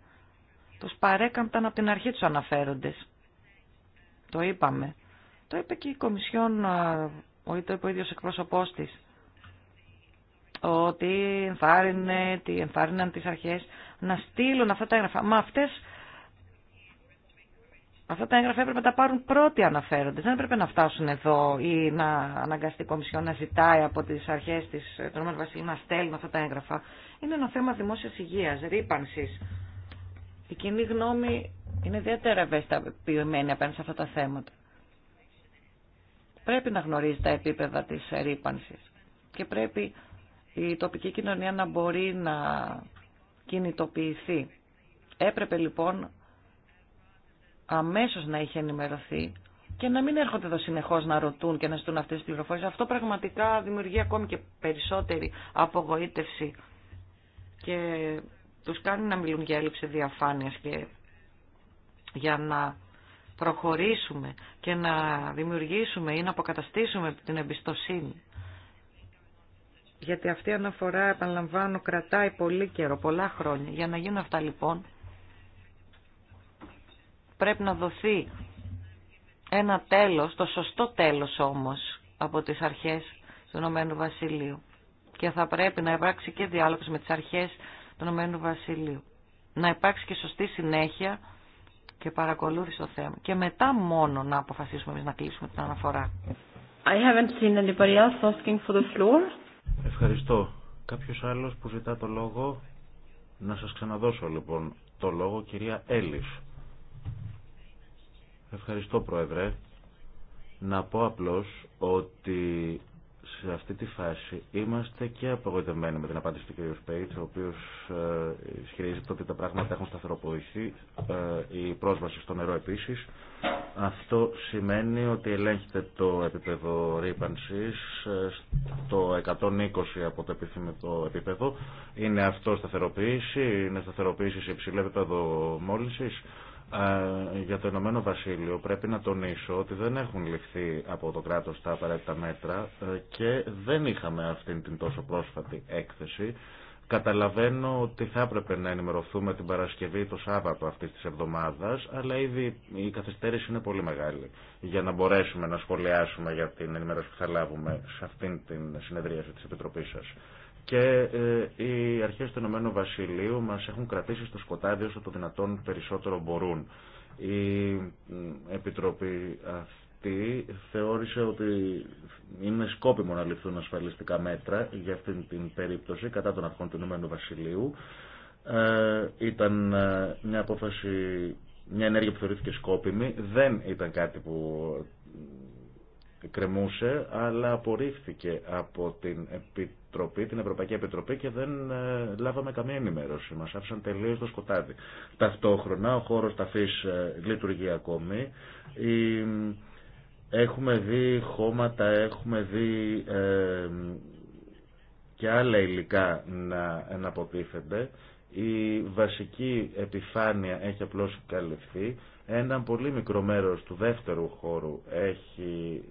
Τους παρέκαμπταν από την αρχή τους αναφέροντες. Το είπαμε. Το είπε και η Κομισιόν, ε, ο είπε ο ίδιος ότι ενθάρρυνε, τι ενθάρρυναν τις αρχές να στείλουν αυτά τα έγγραφα. Μα αυτές, αυτά τα έγγραφα έπρεπε να τα πάρουν πρώτοι αναφέροντες. Δεν έπρεπε να φτάσουν εδώ ή να αναγκαστεί η Κομισιόν να ζητάει από τις αρχές της Τρόμας Βασιλή να στέλνουν αυτά τα έγγραφα. Είναι ένα θέμα δημόσιας υγείας, ρήπανσης. Η κομισιο να γνωρίζει τα επίπεδα της ρήπανσης και πρέπει η τοπική κοινωνία να μπορεί να κινητοποιηθεί. Έπρεπε λοιπόν αμέσως να είχε ενημερωθεί και να μην έρχονται εδώ συνεχώς να ρωτούν και να ζητούν αυτές τις πληροφορίες. Αυτό πραγματικά δημιουργεί ακόμη και περισσότερη απογοήτευση και τους κάνει να μιλούν για έλλειψη διαφάνειας και για να προχωρήσουμε και να δημιουργήσουμε ή να αποκαταστήσουμε την εμπιστοσύνη γιατί αυτή η αναφορά, επαναλαμβάνω, κρατάει πολύ καιρό, πολλά χρόνια. Για να γίνουν αυτά λοιπόν, πρέπει να δοθεί ένα τέλος, το σωστό τέλος όμως, από τις αρχές του Ηνωμένου Βασιλείου. Και θα πρέπει να υπάρξει και διάλογος με τις αρχές του Ηνωμένου Βασιλείου. Να υπάρξει και σωστή συνέχεια και παρακολούθηση το θέμα. Και μετά μόνο να αποφασίσουμε εμείς να κλείσουμε την αναφορά. I haven't seen anybody else asking for the floor. Ευχαριστώ. Κάποιος άλλος που ζητά το λόγο. Να σας ξαναδώσω λοιπόν το λόγο, κυρία Έλλης. Ευχαριστώ, Πρόεδρε. Να πω απλώς ότι σε αυτή τη φάση είμαστε και απογοητευμένοι με την απάντηση του κ. Σπέιτ, ο οποίο ε, ισχυρίζεται ότι τα πράγματα έχουν σταθεροποιηθεί, ε, η πρόσβαση στο νερό επίση. Αυτό σημαίνει ότι ελέγχεται το επίπεδο ρήπανση ε, στο 120 από το επιθυμητό επίπεδο. Είναι αυτό σταθεροποίηση, είναι σταθεροποίηση σε υψηλό επίπεδο μόλυνση για το Ηνωμένο Βασίλειο πρέπει να τονίσω ότι δεν έχουν ληφθεί από το κράτος τα απαραίτητα μέτρα ε, και δεν είχαμε αυτήν την τόσο πρόσφατη έκθεση. Καταλαβαίνω ότι θα έπρεπε να ενημερωθούμε την Παρασκευή το Σάββατο αυτή τη εβδομάδα, αλλά ήδη η καθυστέρηση είναι πολύ μεγάλη για να μπορέσουμε να σχολιάσουμε για την ενημέρωση που θα λάβουμε σε αυτήν την συνεδρίαση τη Επιτροπή σα και ε, οι αρχές του Ηνωμένου Βασιλείου μας έχουν κρατήσει στο σκοτάδι όσο το δυνατόν περισσότερο μπορούν. Η Επιτροπή αυτή θεώρησε ότι είναι σκόπιμο να ληφθούν ασφαλιστικά μέτρα για αυτή την περίπτωση κατά των αρχών του Ηνωμένου Βασιλείου. Ε, ήταν ε, μια απόφαση, μια ενέργεια που θεωρήθηκε σκόπιμη, δεν ήταν κάτι που κρεμούσε, αλλά απορρίφθηκε από την Επιτροπή Επιτροπή, την Ευρωπαϊκή Επιτροπή και δεν ε, λάβαμε καμία ενημέρωση. Μας άφησαν τελείως το σκοτάδι. Ταυτόχρονα ο χώρος ταφής ε, λειτουργεί ακόμη. Έχουμε δει χώματα, έχουμε δει ε, και άλλα υλικά να εναποτίθενται. Η βασική επιφάνεια έχει απλώς καλυφθεί. Ένα πολύ μικρό μέρος του δεύτερου χώρου έχει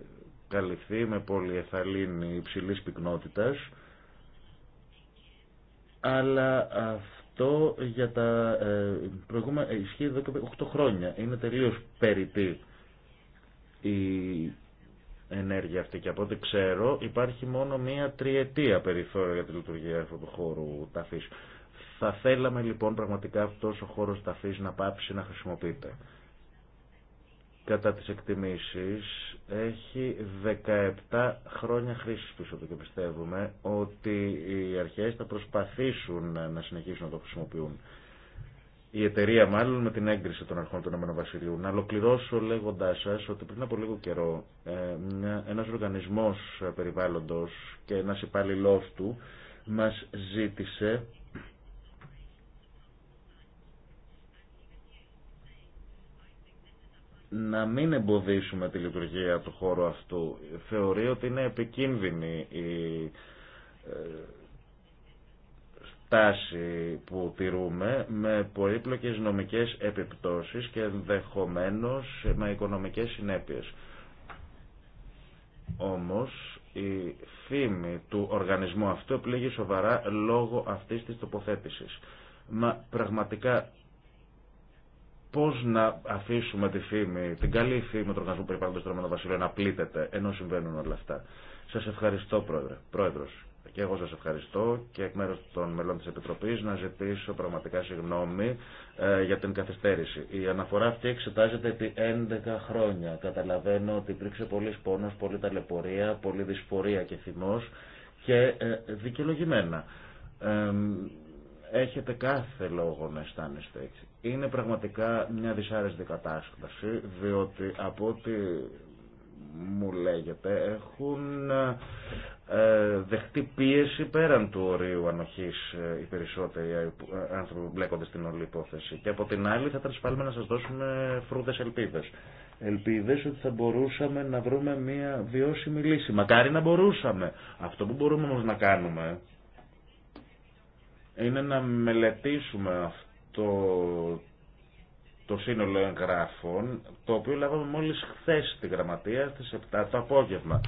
καλυφθεί με πολυεθαλήνη υψηλή πυκνότητας αλλά αυτό για τα ε, προηγούμενα ε, ισχύει εδώ 8 χρόνια. Είναι τελείως περιττή η ενέργεια αυτή και από ό,τι ξέρω υπάρχει μόνο μία τριετία περιθώριο για τη λειτουργία αυτού του χώρου ταφής. Θα θέλαμε λοιπόν πραγματικά αυτός ο χώρος ταφής να πάψει να χρησιμοποιείται κατά τις εκτιμήσεις έχει 17 χρόνια χρήσης πίσω του και πιστεύουμε ότι οι αρχές θα προσπαθήσουν να συνεχίσουν να το χρησιμοποιούν. Η εταιρεία μάλλον με την έγκριση των αρχών του ΕΒ. Βασιλείου. Να ολοκληρώσω λέγοντάς σας ότι πριν από λίγο καιρό ε, ένας οργανισμός ε, περιβάλλοντος και ένας υπάλληλός του μας ζήτησε να μην εμποδίσουμε τη λειτουργία του χώρου αυτού. Θεωρεί ότι είναι επικίνδυνη η ε, τάση που τηρούμε με πολύπλοκες νομικές επιπτώσεις και ενδεχομένω με οικονομικές συνέπειες. Όμως η φήμη του οργανισμού αυτού πλήγει σοβαρά λόγω αυτής της τοποθέτησης. Μα πραγματικά Πώ να αφήσουμε τη φήμη, την καλή φήμη του οργανισμού περιβάλλοντο του Ρωμανού Βασιλείου να πλήττεται ενώ συμβαίνουν όλα αυτά. Σα ευχαριστώ, Πρόεδρε. Πρόεδρο, και εγώ σα ευχαριστώ και εκ μέρου των μελών τη Επιτροπή να ζητήσω πραγματικά συγγνώμη ε, για την καθυστέρηση. Η αναφορά αυτή εξετάζεται επί 11 χρόνια. Καταλαβαίνω ότι υπήρξε πολύ πόνο, πολλή ταλαιπωρία, πολλή δυσφορία και θυμό και ε, δικαιολογημένα. Ε, έχετε κάθε λόγο να αισθάνεστε έτσι. Είναι πραγματικά μια δυσάρεστη κατάσταση, διότι από ό,τι μου λέγεται έχουν ε, δεχτεί πίεση πέραν του ορίου ανοχής ε, οι περισσότεροι ε, άνθρωποι που μπλέκονται στην όλη υπόθεση. Και από την άλλη θα τρασπάλουμε να σας δώσουμε φρούτες ελπίδες. Ελπίδες ότι θα μπορούσαμε να βρούμε μια βιώσιμη λύση. Μακάρι να μπορούσαμε. Αυτό που μπορούμε όμως να κάνουμε είναι να μελετήσουμε αυτό το σύνολο εγγράφων, το οποίο λάβαμε μόλις χθες στη γραμματεία στις 7 το απόγευμα.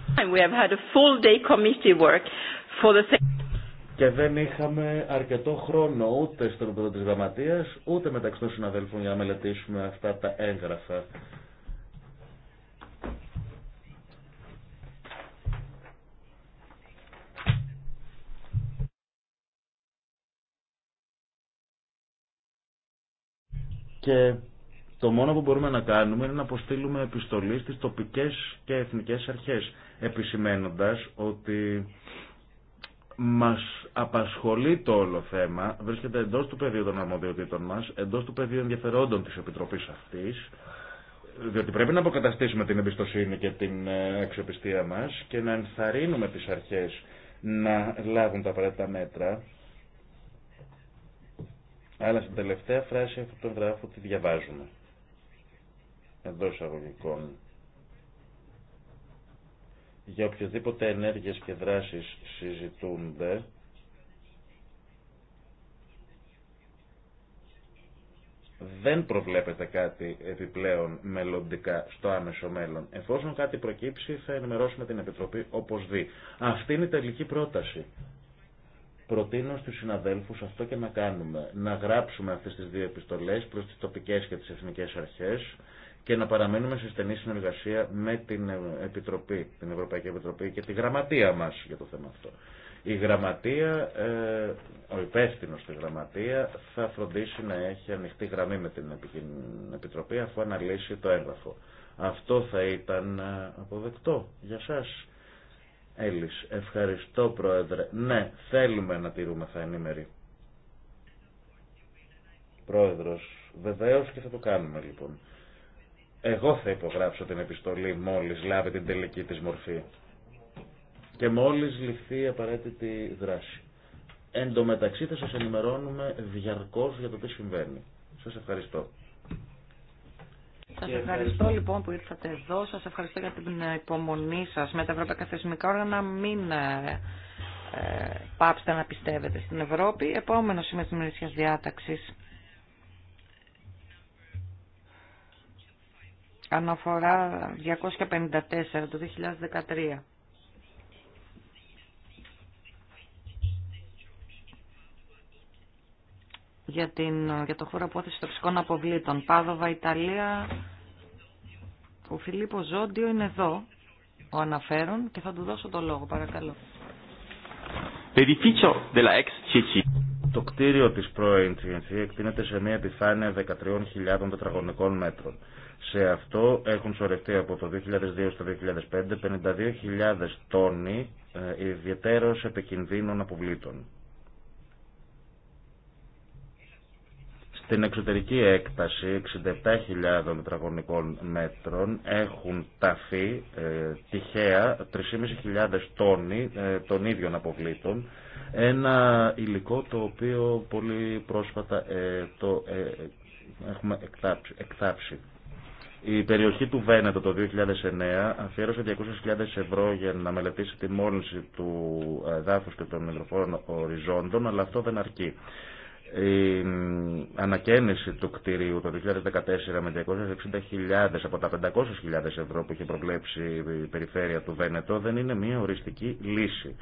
Και δεν είχαμε αρκετό χρόνο ούτε στον πρώτο της γραμματείας, ούτε μεταξύ των συναδέλφων για να μελετήσουμε αυτά τα έγγραφα. Και το μόνο που μπορούμε να κάνουμε είναι να αποστείλουμε επιστολή στις τοπικές και εθνικές αρχές, επισημένοντας ότι μας απασχολεί το όλο θέμα, βρίσκεται εντός του πεδίου των αρμοδιοτήτων μας, εντός του πεδίου ενδιαφερόντων της Επιτροπής αυτής, διότι πρέπει να αποκαταστήσουμε την εμπιστοσύνη και την ε, αξιοπιστία μας και να ενθαρρύνουμε τις αρχές να λάβουν τα απαραίτητα μέτρα αλλά στην τελευταία φράση αυτού του εγγράφου τη διαβάζουμε. Εντό εισαγωγικών. Για οποιοδήποτε ενέργειες και δράσεις συζητούνται, δεν προβλέπεται κάτι επιπλέον μελλοντικά στο άμεσο μέλλον. Εφόσον κάτι προκύψει θα ενημερώσουμε την Επιτροπή όπως δει. Αυτή είναι η τελική πρόταση. Προτείνω στους συναδέλφους αυτό και να κάνουμε. Να γράψουμε αυτές τις δύο επιστολές προς τις τοπικές και τις εθνικές αρχές και να παραμένουμε σε στενή συνεργασία με την Επιτροπή, την Ευρωπαϊκή Επιτροπή και τη γραμματεία μας για το θέμα αυτό. Η γραμματεία, ε, ο υπεύθυνο στη γραμματεία θα φροντίσει να έχει ανοιχτή γραμμή με την Επιτροπή αφού αναλύσει το έγγραφο. Αυτό θα ήταν ε, αποδεκτό για σας. Έλλης. Ευχαριστώ Πρόεδρε. Ναι, θέλουμε να τηρούμε θα ενήμεροι. Πρόεδρος, βεβαίως και θα το κάνουμε λοιπόν. Εγώ θα υπογράψω την επιστολή μόλις λάβει την τελική της μορφή και μόλις ληφθεί η απαραίτητη δράση. Εν τω μεταξύ θα σας ενημερώνουμε διαρκώς για το τι συμβαίνει. Σας ευχαριστώ. Σας ευχαριστώ λοιπόν που ήρθατε εδώ. σα ευχαριστώ για την υπομονή σας με τα ευρωπαϊκά θεσμικά όργανα. Μην ε, ε, πάψετε να πιστεύετε στην Ευρώπη. Επόμενο σήμερα τη μερικής διάταξης. Αναφορά 254 το 2013. για, την, για το χώρο απόθεση τοξικών αποβλήτων. Πάδοβα, Ιταλία. Ο Φιλίππο Ζόντιο είναι εδώ, ο αναφέρον, και θα του δώσω το λόγο, παρακαλώ. Το κτίριο της πρώην CNC εκτείνεται σε μια επιφάνεια 13.000 τετραγωνικών μέτρων. Σε αυτό έχουν σωρευτεί από το 2002 στο 2005 52.000 τόνοι ε, ιδιαίτερως επικινδύνων αποβλήτων. Στην εξωτερική έκταση 67.000 τετραγωνικών μέτρων έχουν ταφεί ε, τυχαία 3.500 τόνοι ε, των ίδιων αποβλήτων, ένα υλικό το οποίο πολύ πρόσφατα ε, το ε, έχουμε εκτάψει. Η περιοχή του Βένετο το 2009 αφιέρωσε 200.000 ευρώ για να μελετήσει τη μόλυνση του ε, δάφους και των υδροφόρων οριζόντων, αλλά αυτό δεν αρκεί. Η ανακαίνιση του κτηρίου το 2014 με 260.000 από τα 500.000 ευρώ που είχε προβλέψει η περιφέρεια του Βένετο δεν είναι μια οριστική λύση.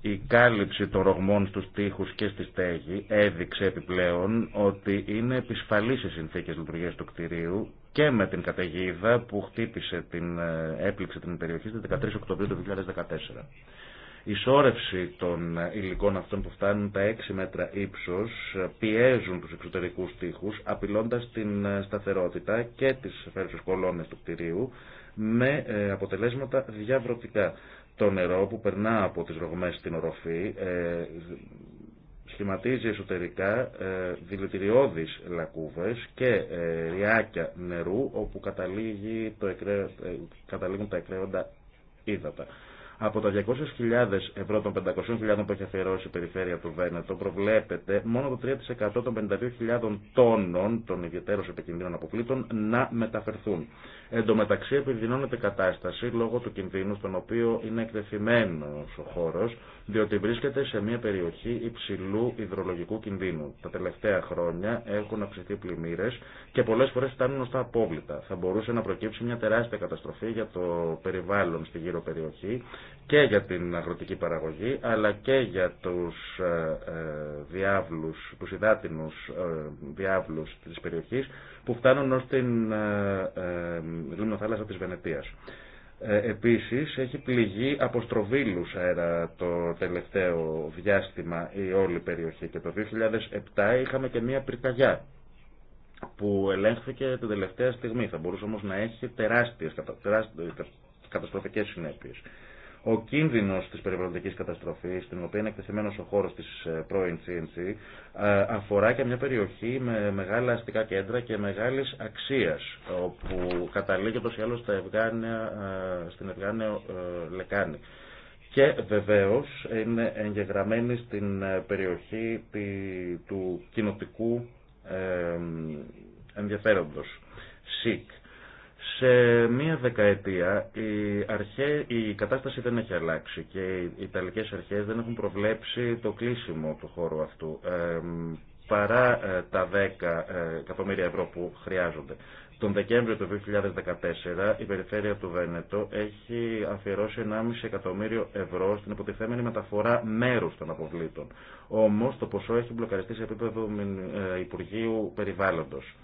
Η κάλυψη των ρογμών στους τείχους και στη στέγη έδειξε επιπλέον ότι είναι επισφαλής οι συνθήκες λειτουργίας του κτηρίου και με την καταιγίδα που χτύπησε την, ε, έπληξε την περιοχή στις 13 Οκτωβρίου του 2014. Η σώρευση των υλικών αυτών που φτάνουν τα 6 μέτρα ύψος πιέζουν τους εξωτερικούς τοίχους απειλώντας την ε, σταθερότητα και τις φέρουσες κολόνες του κτηρίου με ε, αποτελέσματα διαβροτικά. Το νερό που περνά από τις ρογμές στην οροφή ε, σχηματίζει εσωτερικά δηλητηριώδεις λακκούβες και ριάκια νερού όπου καταλήγουν τα εκραίοντα ύδατα. Από τα 200.000 ευρώ των 500.000 που έχει αφιερώσει η περιφέρεια του Βένετο προβλέπεται μόνο το 3% των 52.000 τόνων των ιδιαίτερως επικίνδυνων αποκλήτων να μεταφερθούν. Εν τω μεταξύ επιδεινώνεται κατάσταση λόγω του κινδύνου στον οποίο είναι εκτεθειμένος ο χώρος, διότι βρίσκεται σε μια περιοχή υψηλού υδρολογικού κινδύνου. Τα τελευταία χρόνια έχουν αυξηθεί πλημμύρες και πολλές φορές φτάνουν ως τα απόβλητα. Θα μπορούσε να προκύψει μια τεράστια καταστροφή για το περιβάλλον στη γύρω περιοχή και για την αγροτική παραγωγή, αλλά και για τους ε, ε, διάβλους, τους υδάτινους ε, διάβλους της περιοχής, που φτάνουν ως την ε, ε θάλασσα της Βενετίας. Ε, επίσης έχει πληγεί από στροβίλους αέρα το τελευταίο διάστημα η όλη περιοχή και το 2007 είχαμε και μία πυρκαγιά που ελέγχθηκε την τελευταία στιγμή. Θα μπορούσε όμως να έχει τεράστιες, τεράστιες καταστροφικές συνέπειες. Ο κίνδυνο τη περιβαλλοντική καταστροφή, στην οποία είναι εκτεθειμένο ο χώρο τη ε, πρώην CNC, ε, αφορά και μια περιοχή με μεγάλα αστικά κέντρα και μεγάλη αξία, όπου καταλήγει ούτω ή άλλω ε, στην Ευγάνια Λεκάνη. Και βεβαίω είναι εγγεγραμμένη στην περιοχή του κοινοτικού ενδιαφέροντος, ΣΥΚ. Σε μία δεκαετία η, αρχέ, η κατάσταση δεν έχει αλλάξει και οι Ιταλικές αρχές δεν έχουν προβλέψει το κλείσιμο του χώρου αυτού παρά ε, τα 10 ε, εκατομμύρια ευρώ που χρειάζονται. Τον Δεκέμβριο του 2014 η περιφέρεια του Βένετο έχει αφιερώσει 1,5 εκατομμύριο ευρώ στην υποτιθέμενη μεταφορά μέρους των αποβλήτων. Όμως το ποσό έχει μπλοκαριστεί σε επίπεδο ε, Υπουργείου Περιβάλλοντος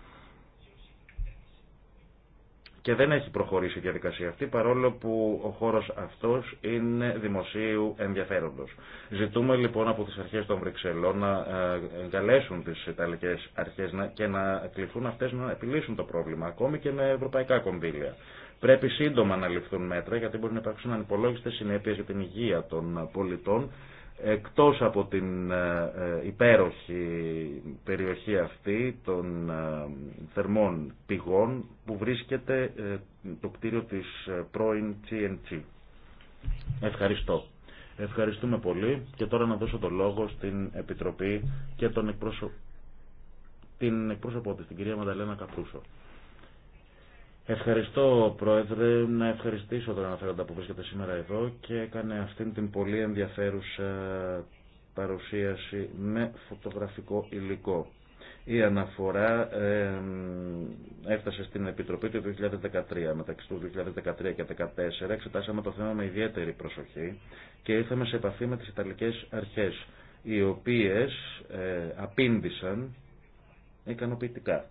και δεν έχει προχωρήσει η διαδικασία αυτή παρόλο που ο χώρος αυτός είναι δημοσίου ενδιαφέροντος. Ζητούμε λοιπόν από τις αρχές των Βρυξελών να ε, εγκαλέσουν τις Ιταλικές αρχές και να κληθούν αυτές να επιλύσουν το πρόβλημα ακόμη και με ευρωπαϊκά κονδύλια. Πρέπει σύντομα να ληφθούν μέτρα γιατί μπορεί να υπάρξουν ανυπολόγιστε συνέπειε για την υγεία των πολιτών εκτός από την ε, ε, υπέροχη περιοχή αυτή των ε, θερμών πηγών που βρίσκεται το κτίριο της πρώην TNT. Ευχαριστώ. Ευχαριστούμε πολύ και τώρα να δώσω το λόγο στην Επιτροπή και τον την εκπρόσωπό της, την κυρία Μανταλένα Καπρούσο. Ευχαριστώ Πρόεδρε, να ευχαριστήσω τον αναφέροντα που βρίσκεται σήμερα εδώ και έκανε αυτήν την πολύ ενδιαφέρουσα παρουσίαση με φωτογραφικό υλικό. Η αναφορά έφτασε στην Επιτροπή του 2013. Μεταξύ του 2013 και 2014 εξετάσαμε το θέμα με ιδιαίτερη προσοχή και ήρθαμε σε επαφή με τις Ιταλικές αρχές, οι οποίες ε, απήντησαν ικανοποιητικά.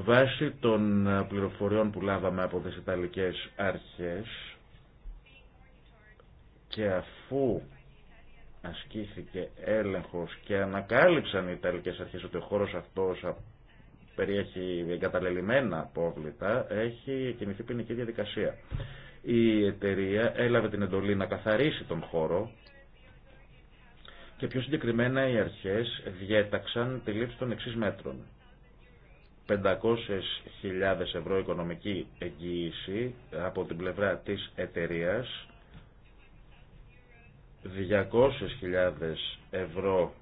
Βάσει των ε, πληροφοριών που λάβαμε από τις Ιταλικές αρχές και αφού ασκήθηκε έλεγχος και ανακάλυψαν οι Ιταλικές αρχές ότι ο χώρος αυτός περιέχει εγκαταλελειμμένα απόβλητα, έχει κινηθεί ποινική διαδικασία. Η εταιρεία έλαβε την εντολή να καθαρίσει τον χώρο και πιο συγκεκριμένα οι αρχές διέταξαν τη λήψη των εξής μέτρων. 500.000 ευρώ οικονομική εγγύηση από την πλευρά της εταιρείας, 200.000 ευρώ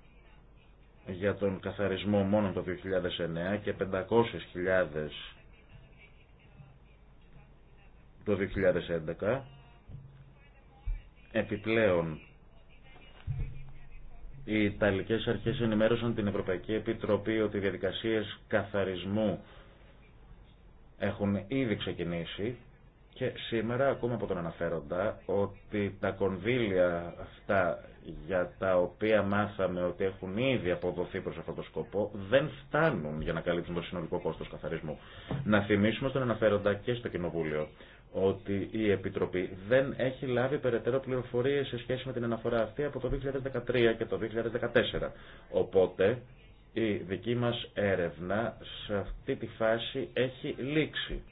για τον καθαρισμό μόνο το 2009 και 500.000 το 2011. Επιπλέον, οι Ιταλικές αρχές ενημέρωσαν την Ευρωπαϊκή Επιτροπή ότι οι διαδικασίες καθαρισμού έχουν ήδη ξεκινήσει και σήμερα ακούμε από τον αναφέροντα ότι τα κονδύλια αυτά για τα οποία μάθαμε ότι έχουν ήδη αποδοθεί προς αυτό το σκοπό δεν φτάνουν για να καλύψουν το συνολικό κόστος καθαρισμού. Να θυμίσουμε στον αναφέροντα και στο Κοινοβούλιο ότι η Επιτροπή δεν έχει λάβει περαιτέρω πληροφορίε σε σχέση με την αναφορά αυτή από το 2013 και το 2014. Οπότε η δική μας έρευνα σε αυτή τη φάση έχει λήξει.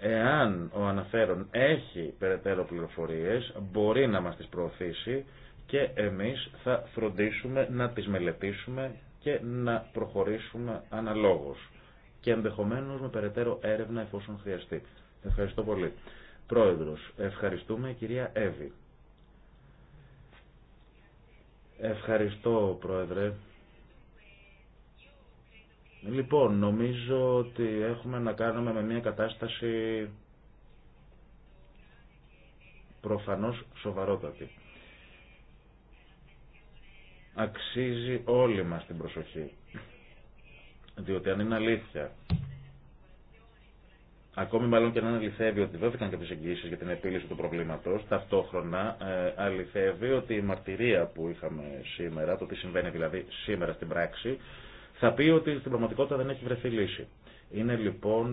Εάν ο αναφέρον έχει περαιτέρω πληροφορίες, μπορεί να μας τις προωθήσει και εμείς θα φροντίσουμε να τις μελετήσουμε και να προχωρήσουμε αναλόγως και ενδεχομένως με περαιτέρω έρευνα εφόσον χρειαστεί. Ευχαριστώ πολύ. Πρόεδρος, ευχαριστούμε κυρία Εύη. Ευχαριστώ, Πρόεδρε. Λοιπόν, νομίζω ότι έχουμε να κάνουμε με μια κατάσταση προφανώς σοβαρότατη. Αξίζει όλη μας την προσοχή. Διότι αν είναι αλήθεια Ακόμη μάλλον και να αληθεύει ότι δόθηκαν κάποιε εγγύσει για την επίλυση του προβλήματο, ταυτόχρονα ε, αληθεύει ότι η μαρτυρία που είχαμε σήμερα, το τι συμβαίνει δηλαδή σήμερα στην πράξη, θα πει ότι στην πραγματικότητα δεν έχει βρεθεί λύση. Είναι λοιπόν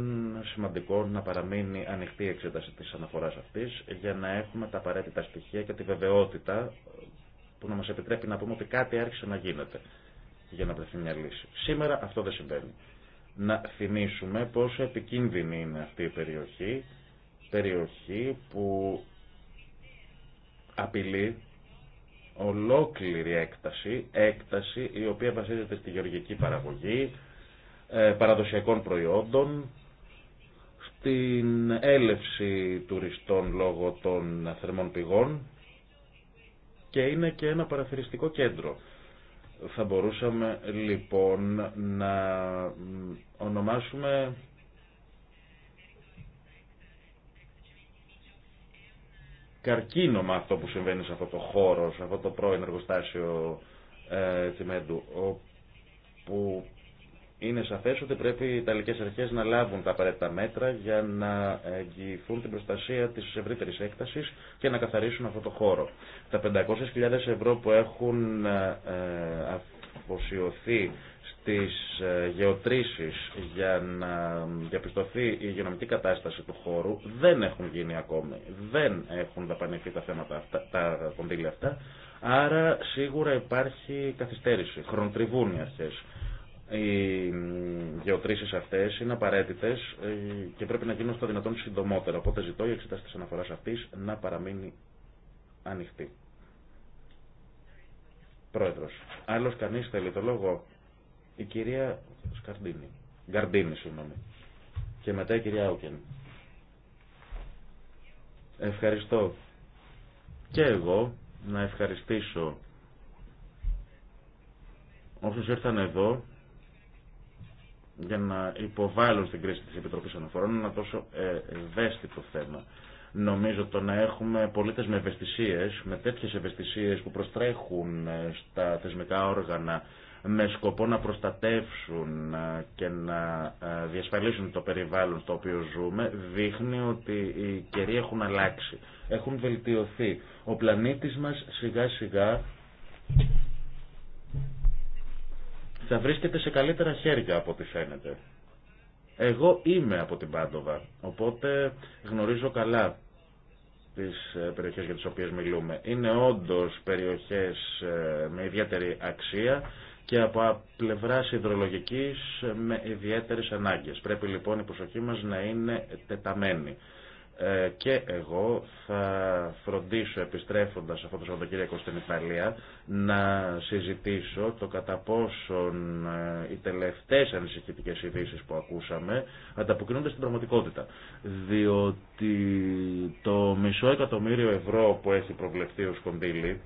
σημαντικό να παραμείνει ανοιχτή η εξέταση τη αναφορά αυτή για να έχουμε τα απαραίτητα στοιχεία και τη βεβαιότητα που να μα επιτρέπει να πούμε ότι κάτι άρχισε να γίνεται για να βρεθεί μια λύση. Σήμερα αυτό δεν συμβαίνει να θυμίσουμε πόσο επικίνδυνη είναι αυτή η περιοχή, περιοχή που απειλεί ολόκληρη έκταση, έκταση η οποία βασίζεται στη γεωργική παραγωγή, ε, παραδοσιακών προϊόντων, στην έλευση τουριστών λόγω των θερμών πηγών και είναι και ένα παραθυριστικό κέντρο. Θα μπορούσαμε λοιπόν να ονομάσουμε καρκίνωμα αυτό που συμβαίνει σε αυτό το χώρο, σε αυτό το πρώην εργοστάσιο ε, είναι σαφέ ότι πρέπει οι Ιταλικέ Αρχέ να λάβουν τα απαραίτητα μέτρα για να εγγυηθούν την προστασία τη ευρύτερη έκταση και να καθαρίσουν αυτό το χώρο. Τα 500.000 ευρώ που έχουν ε, αφοσιωθεί στι ε, γεωτρήσει για να διαπιστωθεί η υγειονομική κατάσταση του χώρου δεν έχουν γίνει ακόμη. Δεν έχουν δαπανηθεί τα θέματα αυτά, τα κονδύλια αυτά. Άρα σίγουρα υπάρχει καθυστέρηση. Χρονοτριβούν οι αρχές. Οι γεωτρήσεις αυτές είναι απαραίτητες ε, και πρέπει να γίνουν στο δυνατόν συντομότερα. Οπότε ζητώ η εξετάσταση της αναφοράς αυτής να παραμείνει ανοιχτή. Πρόεδρος. Άλλος κανείς θέλει το λόγο. Η κυρία Σκαρντίνη. Γκαρντίνη, συγγνώμη. Και μετά η κυρία Άουκεν. Ευχαριστώ. Και εγώ να ευχαριστήσω όσους ήρθαν εδώ για να υποβάλλουν στην κρίση της Επιτροπής Αναφορών ένα τόσο ε, ευαίσθητο θέμα. Νομίζω το να έχουμε πολίτες με ευαισθησίες, με τέτοιες ευαισθησίες που προστρέχουν ε, στα θεσμικά όργανα με σκοπό να προστατεύσουν ε, και να διασφαλίσουν το περιβάλλον στο οποίο ζούμε, δείχνει ότι οι καιροί έχουν αλλάξει, έχουν βελτιωθεί. Ο πλανήτης μας σιγά σιγά θα βρίσκεται σε καλύτερα χέρια από ό,τι φαίνεται. Εγώ είμαι από την Πάντοβα, οπότε γνωρίζω καλά τις ε, περιοχές για τις οποίες μιλούμε. Είναι όντως περιοχές ε, με ιδιαίτερη αξία και από πλευρά υδρολογικής ε, με ιδιαίτερες ανάγκες. Πρέπει λοιπόν η προσοχή μας να είναι τεταμένη. Ε, και εγώ θα φροντίσω επιστρέφοντας αυτό το Σαββατοκύριακο στην Ιταλία να συζητήσω το κατά πόσον ε, οι τελευταίες ανησυχητικές ειδήσει που ακούσαμε ανταποκρίνονται στην πραγματικότητα. Διότι το μισό εκατομμύριο ευρώ που έχει προβλεφθεί ο Σκοντήλη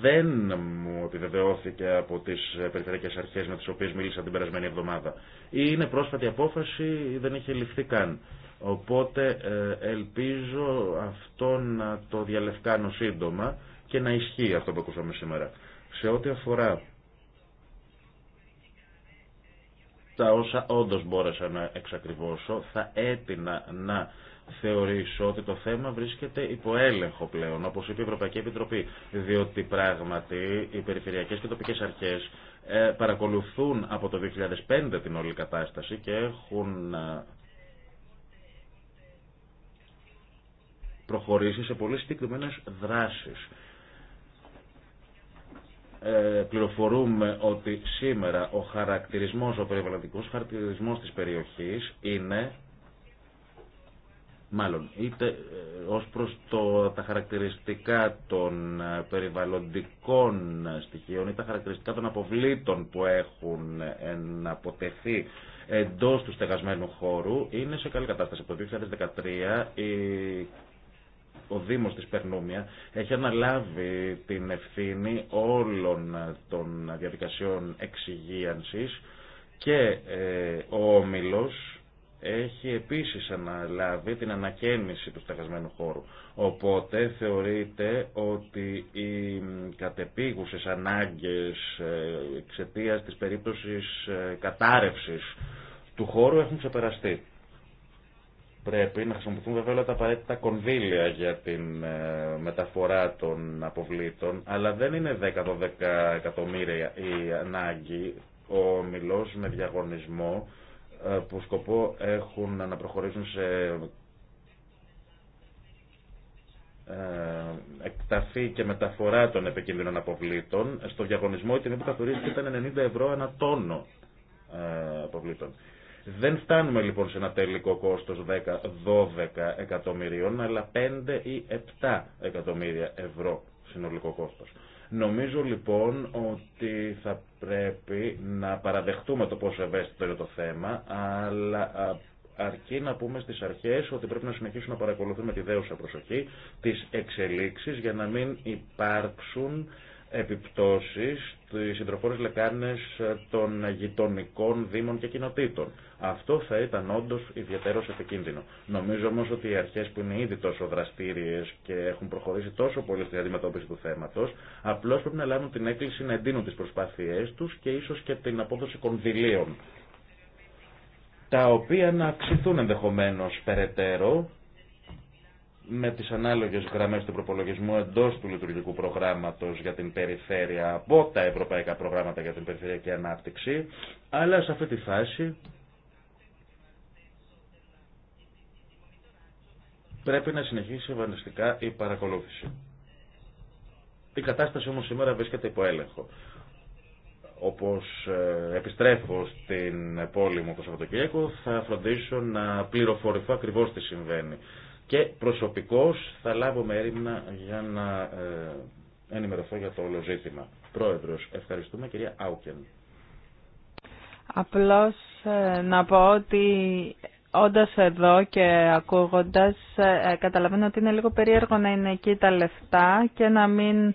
δεν μου επιβεβαιώθηκε από τις περιφερειακές αρχές με τις οποίες μίλησα την περασμένη εβδομάδα. Ή είναι πρόσφατη απόφαση ή δεν είχε ληφθεί καν. Οπότε ε, ελπίζω αυτό να το διαλευκάνω σύντομα και να ισχύει αυτό που ακούσαμε σήμερα. Σε ό,τι αφορά τα όσα όντως μπόρεσα να εξακριβώσω, θα έτεινα να θεωρήσω ότι το θέμα βρίσκεται υπό έλεγχο πλέον, όπως είπε η Ευρωπαϊκή Επιτροπή, διότι πράγματι οι περιφερειακές και τοπικές αρχές ε, παρακολουθούν από το 2005 την όλη κατάσταση και έχουν ε, προχωρήσει σε πολύ συγκεκριμένε δράσεις. Ε, πληροφορούμε ότι σήμερα ο χαρακτηρισμός, ο περιβαλλοντικός χαρακτηρισμός της περιοχής είναι Μάλλον, είτε ε, ως προς το, τα χαρακτηριστικά των ε, περιβαλλοντικών στοιχείων ή τα χαρακτηριστικά των αποβλήτων που έχουν ε, αποτεθεί εντός του στεγασμένου χώρου είναι σε καλή κατάσταση. Από το 2013 ο Δήμος της Περνούμια έχει αναλάβει την ευθύνη όλων των διαδικασιών εξυγίανσης και ο Όμιλος έχει επίσης αναλάβει την ανακαίνιση του στεγασμένου χώρου. Οπότε θεωρείται ότι οι κατεπίγουσες ανάγκες ε, εξαιτία της περίπτωσης ε, κατάρρευσης του χώρου έχουν ξεπεραστεί. Πρέπει να χρησιμοποιηθούν βέβαια τα απαραίτητα κονδύλια για την ε, μεταφορά των αποβλήτων, αλλά δεν είναι 10-12 εκατομμύρια η ανάγκη. Ο μιλός με διαγωνισμό ε, που σκοπό έχουν να προχωρήσουν σε ε, εκταφή και μεταφορά των επικίνδυνων αποβλήτων. Στο διαγωνισμό η τιμή που καθορίστηκε ήταν 90 ευρώ ένα τόνο ε, αποβλήτων. Δεν φτάνουμε λοιπόν σε ένα τελικό κόστος 10-12 εκατομμυρίων, αλλά 5 ή 7 εκατομμύρια ευρώ συνολικό κόστος. Νομίζω λοιπόν ότι θα πρέπει να παραδεχτούμε το πόσο ευαίσθητο είναι το θέμα, αλλά αρκεί να πούμε στις αρχές ότι πρέπει να συνεχίσουμε να παρακολουθούμε τη δέουσα προσοχή, τις εξελίξεις για να μην υπάρξουν επιπτώσεις στις συντροφόρες λεκάνες των γειτονικών δήμων και κοινοτήτων. Αυτό θα ήταν όντω ιδιαίτερο επικίνδυνο. Νομίζω όμω ότι οι αρχέ που είναι ήδη τόσο δραστήριε και έχουν προχωρήσει τόσο πολύ στην αντιμετώπιση του θέματο, απλώ πρέπει να λάβουν την έκκληση να εντείνουν τι προσπάθειέ του και ίσω και την απόδοση κονδυλίων τα οποία να αυξηθούν ενδεχομένως περαιτέρω με τις ανάλογες γραμμές του προπολογισμού εντός του λειτουργικού προγράμματος για την περιφέρεια από τα ευρωπαϊκά προγράμματα για την περιφερειακή ανάπτυξη, αλλά σε αυτή τη φάση πρέπει να συνεχίσει ευανιστικά η παρακολούθηση. Η κατάσταση όμως σήμερα βρίσκεται υπό έλεγχο. Όπως ε, επιστρέφω στην πόλη μου το Σαββατοκύριακο θα φροντίσω να πληροφορηθώ ακριβώς τι συμβαίνει και προσωπικώς θα λάβω μερίμνα για να ε, ενημερωθώ για το όλο ζήτημα. Πρόεδρος, ευχαριστούμε κυρία Άουκεν. Απλώς ε, να πω ότι όντας εδώ και ακούγοντας ε, καταλαβαίνω ότι είναι λίγο περίεργο να είναι εκεί τα λεφτά και να μην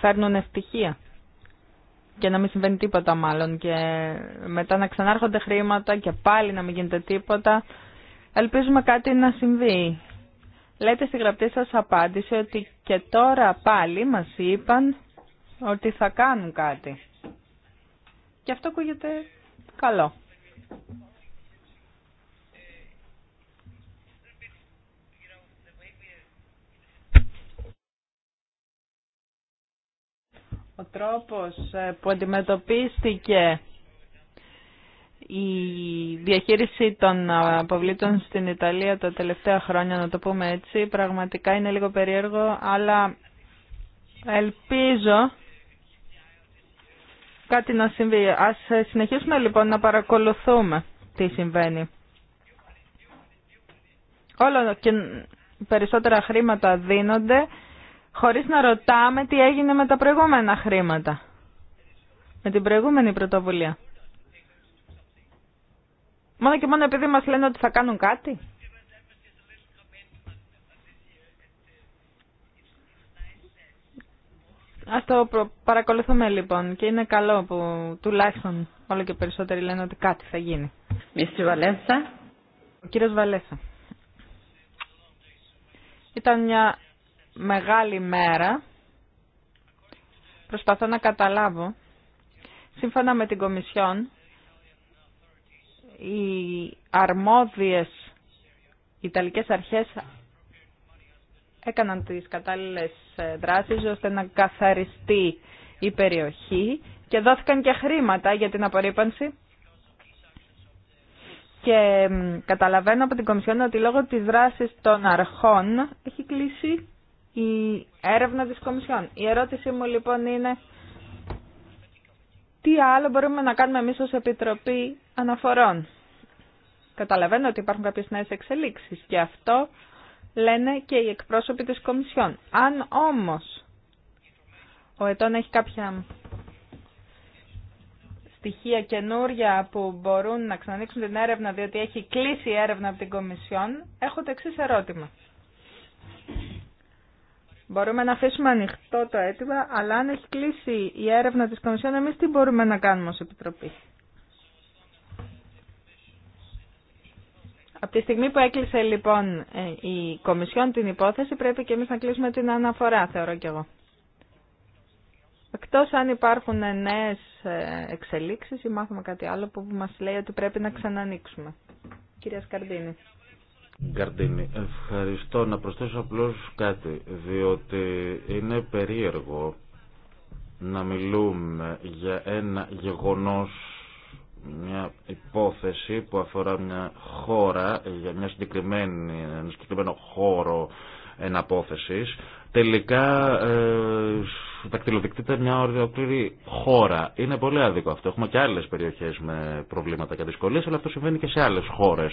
φέρνουν ευτυχία και να μην συμβαίνει τίποτα μάλλον και μετά να ξανάρχονται χρήματα και πάλι να μην γίνεται τίποτα. Ελπίζουμε κάτι να συμβεί. Λέτε στη γραπτή σας απάντηση ότι και τώρα πάλι μας είπαν ότι θα κάνουν κάτι. Και αυτό ακούγεται καλό. Ο τρόπος ε, που αντιμετωπίστηκε η διαχείριση των αποβλήτων στην Ιταλία τα τελευταία χρόνια, να το πούμε έτσι, πραγματικά είναι λίγο περίεργο, αλλά ελπίζω κάτι να συμβεί. Ας συνεχίσουμε λοιπόν να παρακολουθούμε τι συμβαίνει. Όλο και περισσότερα χρήματα δίνονται χωρίς να ρωτάμε τι έγινε με τα προηγούμενα χρήματα. Με την προηγούμενη πρωτοβουλία. Μόνο και μόνο επειδή μας λένε ότι θα κάνουν κάτι. Ας το παρακολουθούμε λοιπόν και είναι καλό που τουλάχιστον όλο και περισσότεροι λένε ότι κάτι θα γίνει. Μίστη Βαλέσσα. Ο κύριος Βαλέσα. Ήταν μια μεγάλη μέρα. Προσπαθώ να καταλάβω. Σύμφωνα με την Κομισιόν, οι αρμόδιες Ιταλικές αρχές έκαναν τις κατάλληλες ε, δράσεις ώστε να καθαριστεί η περιοχή και δόθηκαν και χρήματα για την απορρίπανση. Και καταλαβαίνω από την Κομισιόν ότι λόγω της δράσης των αρχών έχει κλείσει η έρευνα της Κομισιόν. Η ερώτησή μου λοιπόν είναι τι άλλο μπορούμε να κάνουμε εμείς ως Επιτροπή αναφορών. Καταλαβαίνω ότι υπάρχουν κάποιες νέες εξελίξεις και αυτό λένε και οι εκπρόσωποι της Κομισιόν. Αν όμως ο Ετών έχει κάποια στοιχεία καινούρια που μπορούν να ξανανοίξουν την έρευνα διότι έχει κλείσει η έρευνα από την Κομισιόν, έχω το εξή ερώτημα. Μπορούμε να αφήσουμε ανοιχτό το αίτημα, αλλά αν έχει κλείσει η έρευνα της Κομισιόν, εμείς τι μπορούμε να κάνουμε ως Επιτροπή. Από τη στιγμή που έκλεισε λοιπόν ε, η Κομισιόν την υπόθεση, πρέπει και εμείς να κλείσουμε την αναφορά, θεωρώ κι εγώ. Εκτός αν υπάρχουν νέες ε, εξελίξεις ή μάθουμε κάτι άλλο που μας λέει ότι πρέπει να ξανανοίξουμε. Κυρία Σκαρδίνη. Γκαρντίνη, ευχαριστώ. Να προσθέσω απλώς κάτι, διότι είναι περίεργο να μιλούμε για ένα γεγονός μια υπόθεση που αφορά μια χώρα για μια συγκεκριμένη, ένα συγκεκριμένο χώρο εναπόθεσης τελικά ε, δακτυλοδεικτείται μια ολόκληρη χώρα. Είναι πολύ άδικο αυτό. Έχουμε και άλλες περιοχές με προβλήματα και δυσκολίες, αλλά αυτό συμβαίνει και σε άλλες χώρες.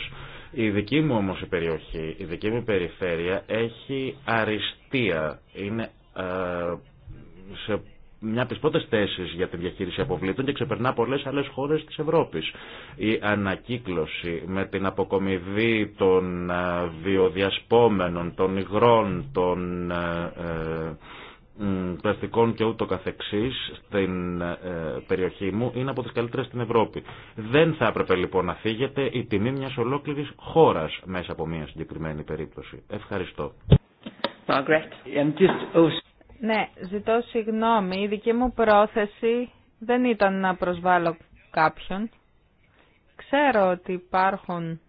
Η δική μου όμως η περιοχή, η δική μου περιφέρεια έχει αριστεία. Είναι ε, σε μια από τι πρώτε θέσει για τη διαχείριση αποβλήτων και ξεπερνά πολλέ άλλε χώρε τη Ευρώπη. Η ανακύκλωση με την αποκομιδή των ε, βιοδιασπόμενων, των υγρών, των ε, ε, πλαστικών και ούτω καθεξής στην περιοχή μου είναι από τι καλύτερες στην Ευρώπη. Δεν θα έπρεπε λοιπόν να φύγεται η τιμή μια ολόκληρη χώρα μέσα από μια συγκεκριμένη περίπτωση. Ευχαριστώ. Ναι, ζητώ συγγνώμη. Η δική μου πρόθεση δεν ήταν να προσβάλλω κάποιον. Ξέρω ότι υπάρχουν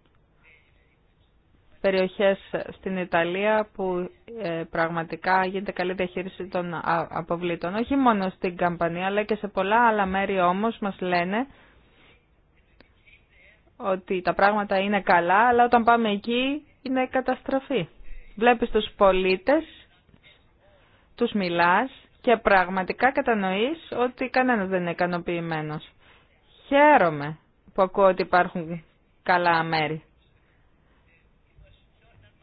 περιοχές στην Ιταλία που ε, πραγματικά γίνεται καλή διαχείριση των αποβλήτων. Όχι μόνο στην Καμπανία, αλλά και σε πολλά άλλα μέρη όμως μας λένε ότι τα πράγματα είναι καλά, αλλά όταν πάμε εκεί είναι καταστροφή. Βλέπεις τους πολίτες τους μιλάς και πραγματικά κατανοείς ότι κανένας δεν είναι ικανοποιημένο. Χαίρομαι που ακούω ότι υπάρχουν καλά μέρη.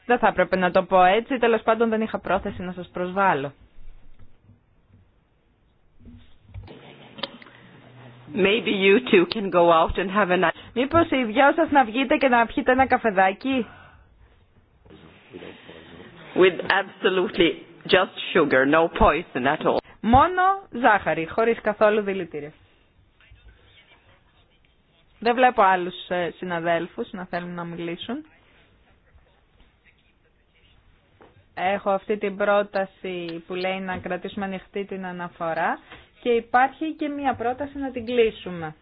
Δεν θα έπρεπε να το πω έτσι, τέλος πάντων δεν είχα πρόθεση να σας προσβάλλω. Maybe you two can go out and have a... Μήπως οι δυο σας να βγείτε και να πιείτε ένα καφεδάκι. With absolutely Μόνο ζάχαρη, χωρίς καθόλου δηλητήριο. Δεν βλέπω άλλους ε, συναδέλφους να θέλουν να μιλήσουν. Έχω αυτή την πρόταση που λέει να κρατήσουμε ανοιχτή την αναφορά και υπάρχει και μία πρόταση να την κλείσουμε.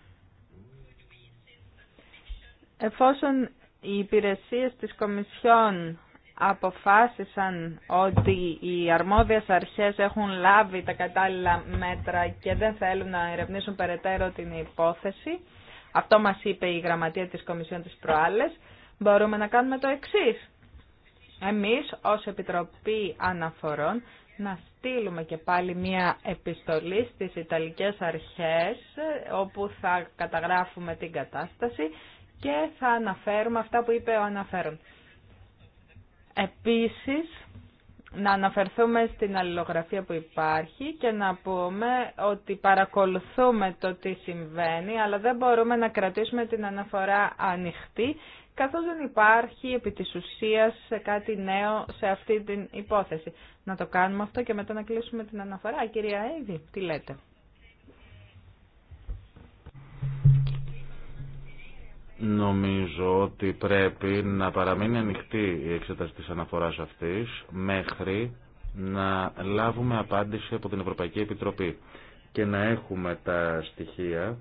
Εφόσον οι υπηρεσίες της Κομισιόν αποφάσισαν ότι οι αρμόδιες αρχές έχουν λάβει τα κατάλληλα μέτρα και δεν θέλουν να ερευνήσουν περαιτέρω την υπόθεση. Αυτό μας είπε η γραμματεία της Κομισιόν της Προάλλες. Μπορούμε να κάνουμε το εξής. Εμείς ως Επιτροπή Αναφορών να στείλουμε και πάλι μια επιστολή στις Ιταλικές Αρχές όπου θα καταγράφουμε την κατάσταση και θα αναφέρουμε αυτά που είπε ο αναφέρον. Επίσης, να αναφερθούμε στην αλληλογραφία που υπάρχει και να πούμε ότι παρακολουθούμε το τι συμβαίνει, αλλά δεν μπορούμε να κρατήσουμε την αναφορά ανοιχτή, καθώς δεν υπάρχει επί της ουσίας κάτι νέο σε αυτή την υπόθεση. Να το κάνουμε αυτό και μετά να κλείσουμε την αναφορά. Κυρία Ειδη, τι λέτε. Νομίζω ότι πρέπει να παραμείνει ανοιχτή η εξέταση της αναφοράς αυτής μέχρι να λάβουμε απάντηση από την Ευρωπαϊκή Επιτροπή και να έχουμε τα στοιχεία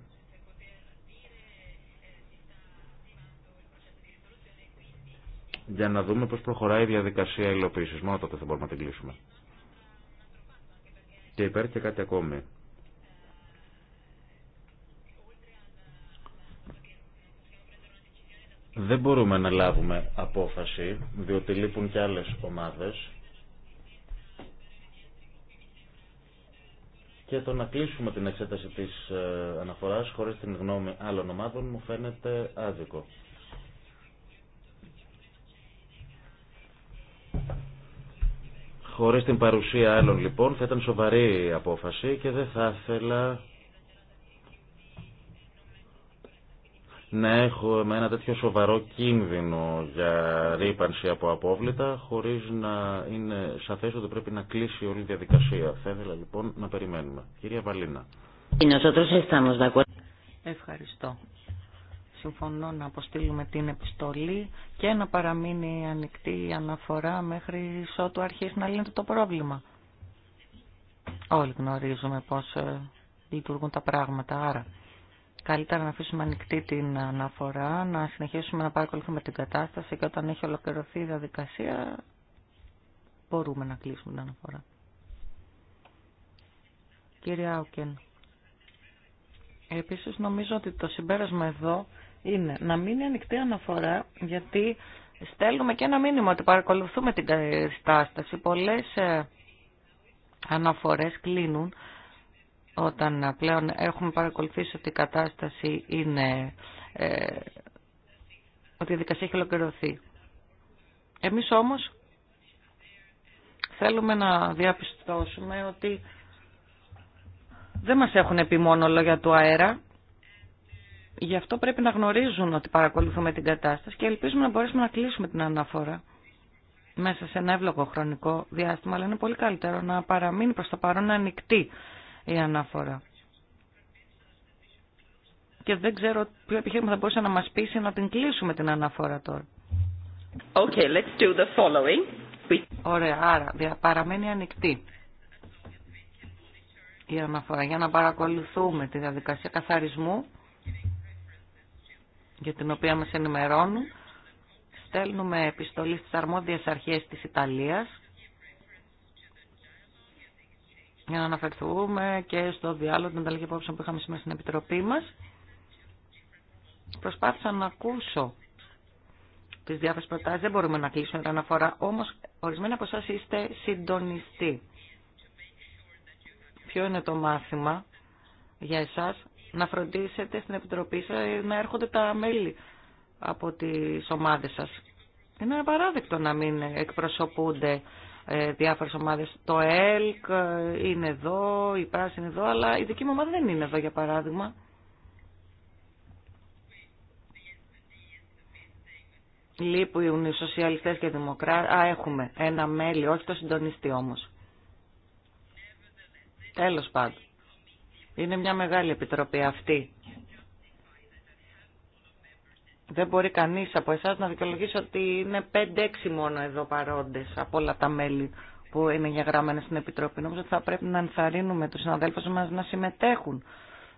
για να δούμε πώς προχωράει η διαδικασία υλοποίησης. Μόνο τότε θα μπορούμε να την κλείσουμε. Και υπέρ και κάτι ακόμη. Δεν μπορούμε να λάβουμε απόφαση, διότι λείπουν και άλλες ομάδες. Και το να κλείσουμε την εξέταση της ε, αναφοράς χωρίς την γνώμη άλλων ομάδων μου φαίνεται άδικο. Χωρίς την παρουσία άλλων λοιπόν θα ήταν σοβαρή απόφαση και δεν θα ήθελα να έχουμε ένα τέτοιο σοβαρό κίνδυνο για ρήπανση από απόβλητα χωρίς να είναι σαφές ότι πρέπει να κλείσει όλη η διαδικασία. Θα ήθελα λοιπόν να περιμένουμε. Κυρία Βαλίνα. Ευχαριστώ. Συμφωνώ να αποστείλουμε την επιστολή και να παραμείνει ανοιχτή η αναφορά μέχρι ότου αρχίσει να λύνεται το πρόβλημα. Όλοι γνωρίζουμε πώς ε, λειτουργούν τα πράγματα, άρα Καλύτερα να αφήσουμε ανοιχτή την αναφορά, να συνεχίσουμε να παρακολουθούμε την κατάσταση και όταν έχει ολοκληρωθεί η διαδικασία μπορούμε να κλείσουμε την αναφορά. Κύριε Άουκεν, επίσης νομίζω ότι το συμπέρασμα εδώ είναι να μην μείνει ανοιχτή αναφορά γιατί στέλνουμε και ένα μήνυμα ότι παρακολουθούμε την κατάσταση. Πολλές ε, αναφορές κλείνουν όταν ε, πλέον έχουμε παρακολουθήσει ότι η κατάσταση είναι ε, ότι η δικασία έχει ολοκληρωθεί. Εμείς όμως θέλουμε να διαπιστώσουμε ότι δεν μας έχουν πει μόνο λόγια του αέρα. Γι' αυτό πρέπει να γνωρίζουν ότι παρακολουθούμε την κατάσταση και ελπίζουμε να μπορέσουμε να κλείσουμε την αναφορά μέσα σε ένα εύλογο χρονικό διάστημα, αλλά είναι πολύ καλύτερο να παραμείνει προς το παρόν ανοιχτή η ανάφορα. Και δεν ξέρω ποιο επιχείρημα θα μπορούσε να μας πείσει να την κλείσουμε την αναφορά τώρα. Okay, let's do the following. Ωραία, άρα παραμένει ανοιχτή η αναφορά για να παρακολουθούμε τη διαδικασία καθαρισμού για την οποία μας ενημερώνουν. Στέλνουμε επιστολή στις αρμόδιες αρχές της Ιταλίας για να αναφερθούμε και στο διάλογο την ανταλλαγή απόψεων που είχαμε σήμερα στην Επιτροπή μας. Προσπάθησα να ακούσω τις διάφορες προτάσεις. Δεν μπορούμε να κλείσουμε την αναφορά, όμως ορισμένοι από εσάς είστε συντονιστοί. Ποιο είναι το μάθημα για εσάς να φροντίσετε στην Επιτροπή σας να έρχονται τα μέλη από τις ομάδες σας. Είναι απαράδεκτο να μην εκπροσωπούνται ε, διάφορες ομάδες. Το ΕΛΚ ε, είναι εδώ, η Πράσινη εδώ, αλλά η δική μου ομάδα δεν είναι εδώ για παράδειγμα. Λείπουν οι σοσιαλιστές και οι δημοκράτες. Α, έχουμε ένα μέλη, όχι το συντονιστή όμως. Τέλος πάντων. Είναι μια μεγάλη επιτροπή αυτή δεν μπορεί κανεί από εσά να δικαιολογήσει ότι είναι 5-6 μόνο εδώ παρόντε από όλα τα μέλη που είναι γεγραμμένα στην Επιτροπή. Νομίζω ότι θα πρέπει να ενθαρρύνουμε του συναδέλφου μα να συμμετέχουν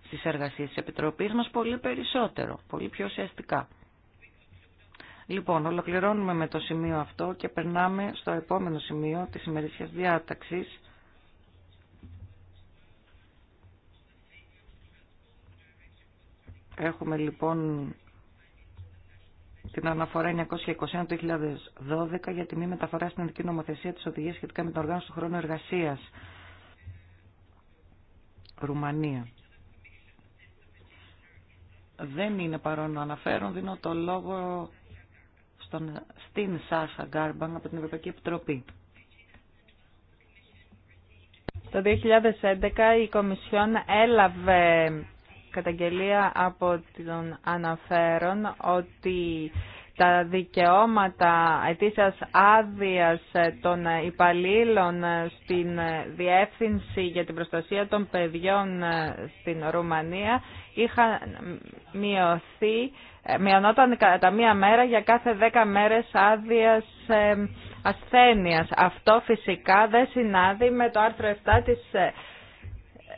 στι εργασίε τη Επιτροπής μα πολύ περισσότερο, πολύ πιο ουσιαστικά. Λοιπόν, ολοκληρώνουμε με το σημείο αυτό και περνάμε στο επόμενο σημείο τη ημερήσιας διάταξης. Έχουμε λοιπόν την αναφορά 921 του 2012 για τη μη μεταφορά στην ειδική νομοθεσία της οδηγίας σχετικά με τον οργάνωση του χρόνου εργασίας. Ρουμανία. Δεν είναι παρόν να αναφέρον, δίνω το λόγο στον, στην Σάσα Γκάρμπαν από την Ευρωπαϊκή Επιτροπή. Το 2011 η Κομισιόν έλαβε καταγγελία από τον αναφέρον ότι τα δικαιώματα ετήσιας άδειας των υπαλλήλων στην Διεύθυνση για την Προστασία των Παιδιών στην Ρουμανία είχαν μειωθεί, μειωνόταν κατά μία μέρα για κάθε δέκα μέρες άδειας ε, ασθένειας. Αυτό φυσικά δεν συνάδει με το άρθρο 7 της ε,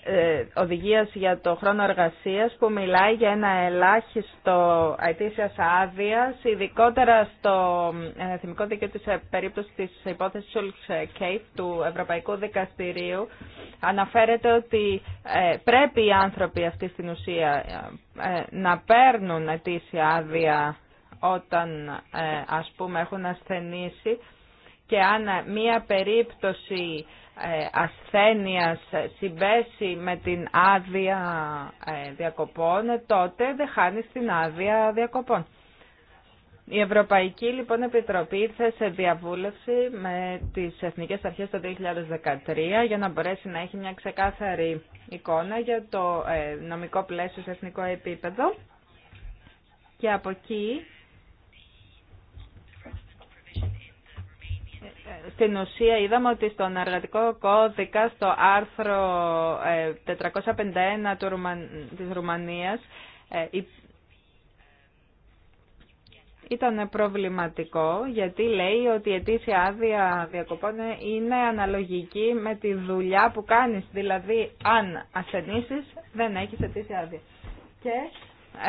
ε, οδηγίας για το χρόνο εργασίας που μιλάει για ένα ελάχιστο αιτήσιας άδεια, ειδικότερα στο ε, θυμικό δίκαιο της ε, περίπτωση της υπόθεσης Σούλτ του Ευρωπαϊκού Δικαστηρίου. Αναφέρεται ότι πρέπει οι άνθρωποι αυτοί στην ουσία να παίρνουν αιτήσια άδεια όταν ας πούμε έχουν ασθενήσει και αν μία περίπτωση ε, ασθένειας συμπέσει με την άδεια ε, διακοπών, τότε δεν χάνει την άδεια διακοπών. Η Ευρωπαϊκή λοιπόν Επιτροπή ήρθε σε διαβούλευση με τις Εθνικές Αρχές το 2013 για να μπορέσει να έχει μια ξεκάθαρη εικόνα για το ε, νομικό πλαίσιο σε εθνικό επίπεδο και από εκεί στην ουσία είδαμε ότι στον εργατικό κώδικα, στο άρθρο 451 ε, του Ρουμαν... της Ρουμανίας, ε, ήταν προβληματικό γιατί λέει ότι η ετήσια άδεια διακοπών είναι αναλογική με τη δουλειά που κάνεις. Δηλαδή, αν ασθενήσεις, δεν έχεις ετήσια άδεια. Και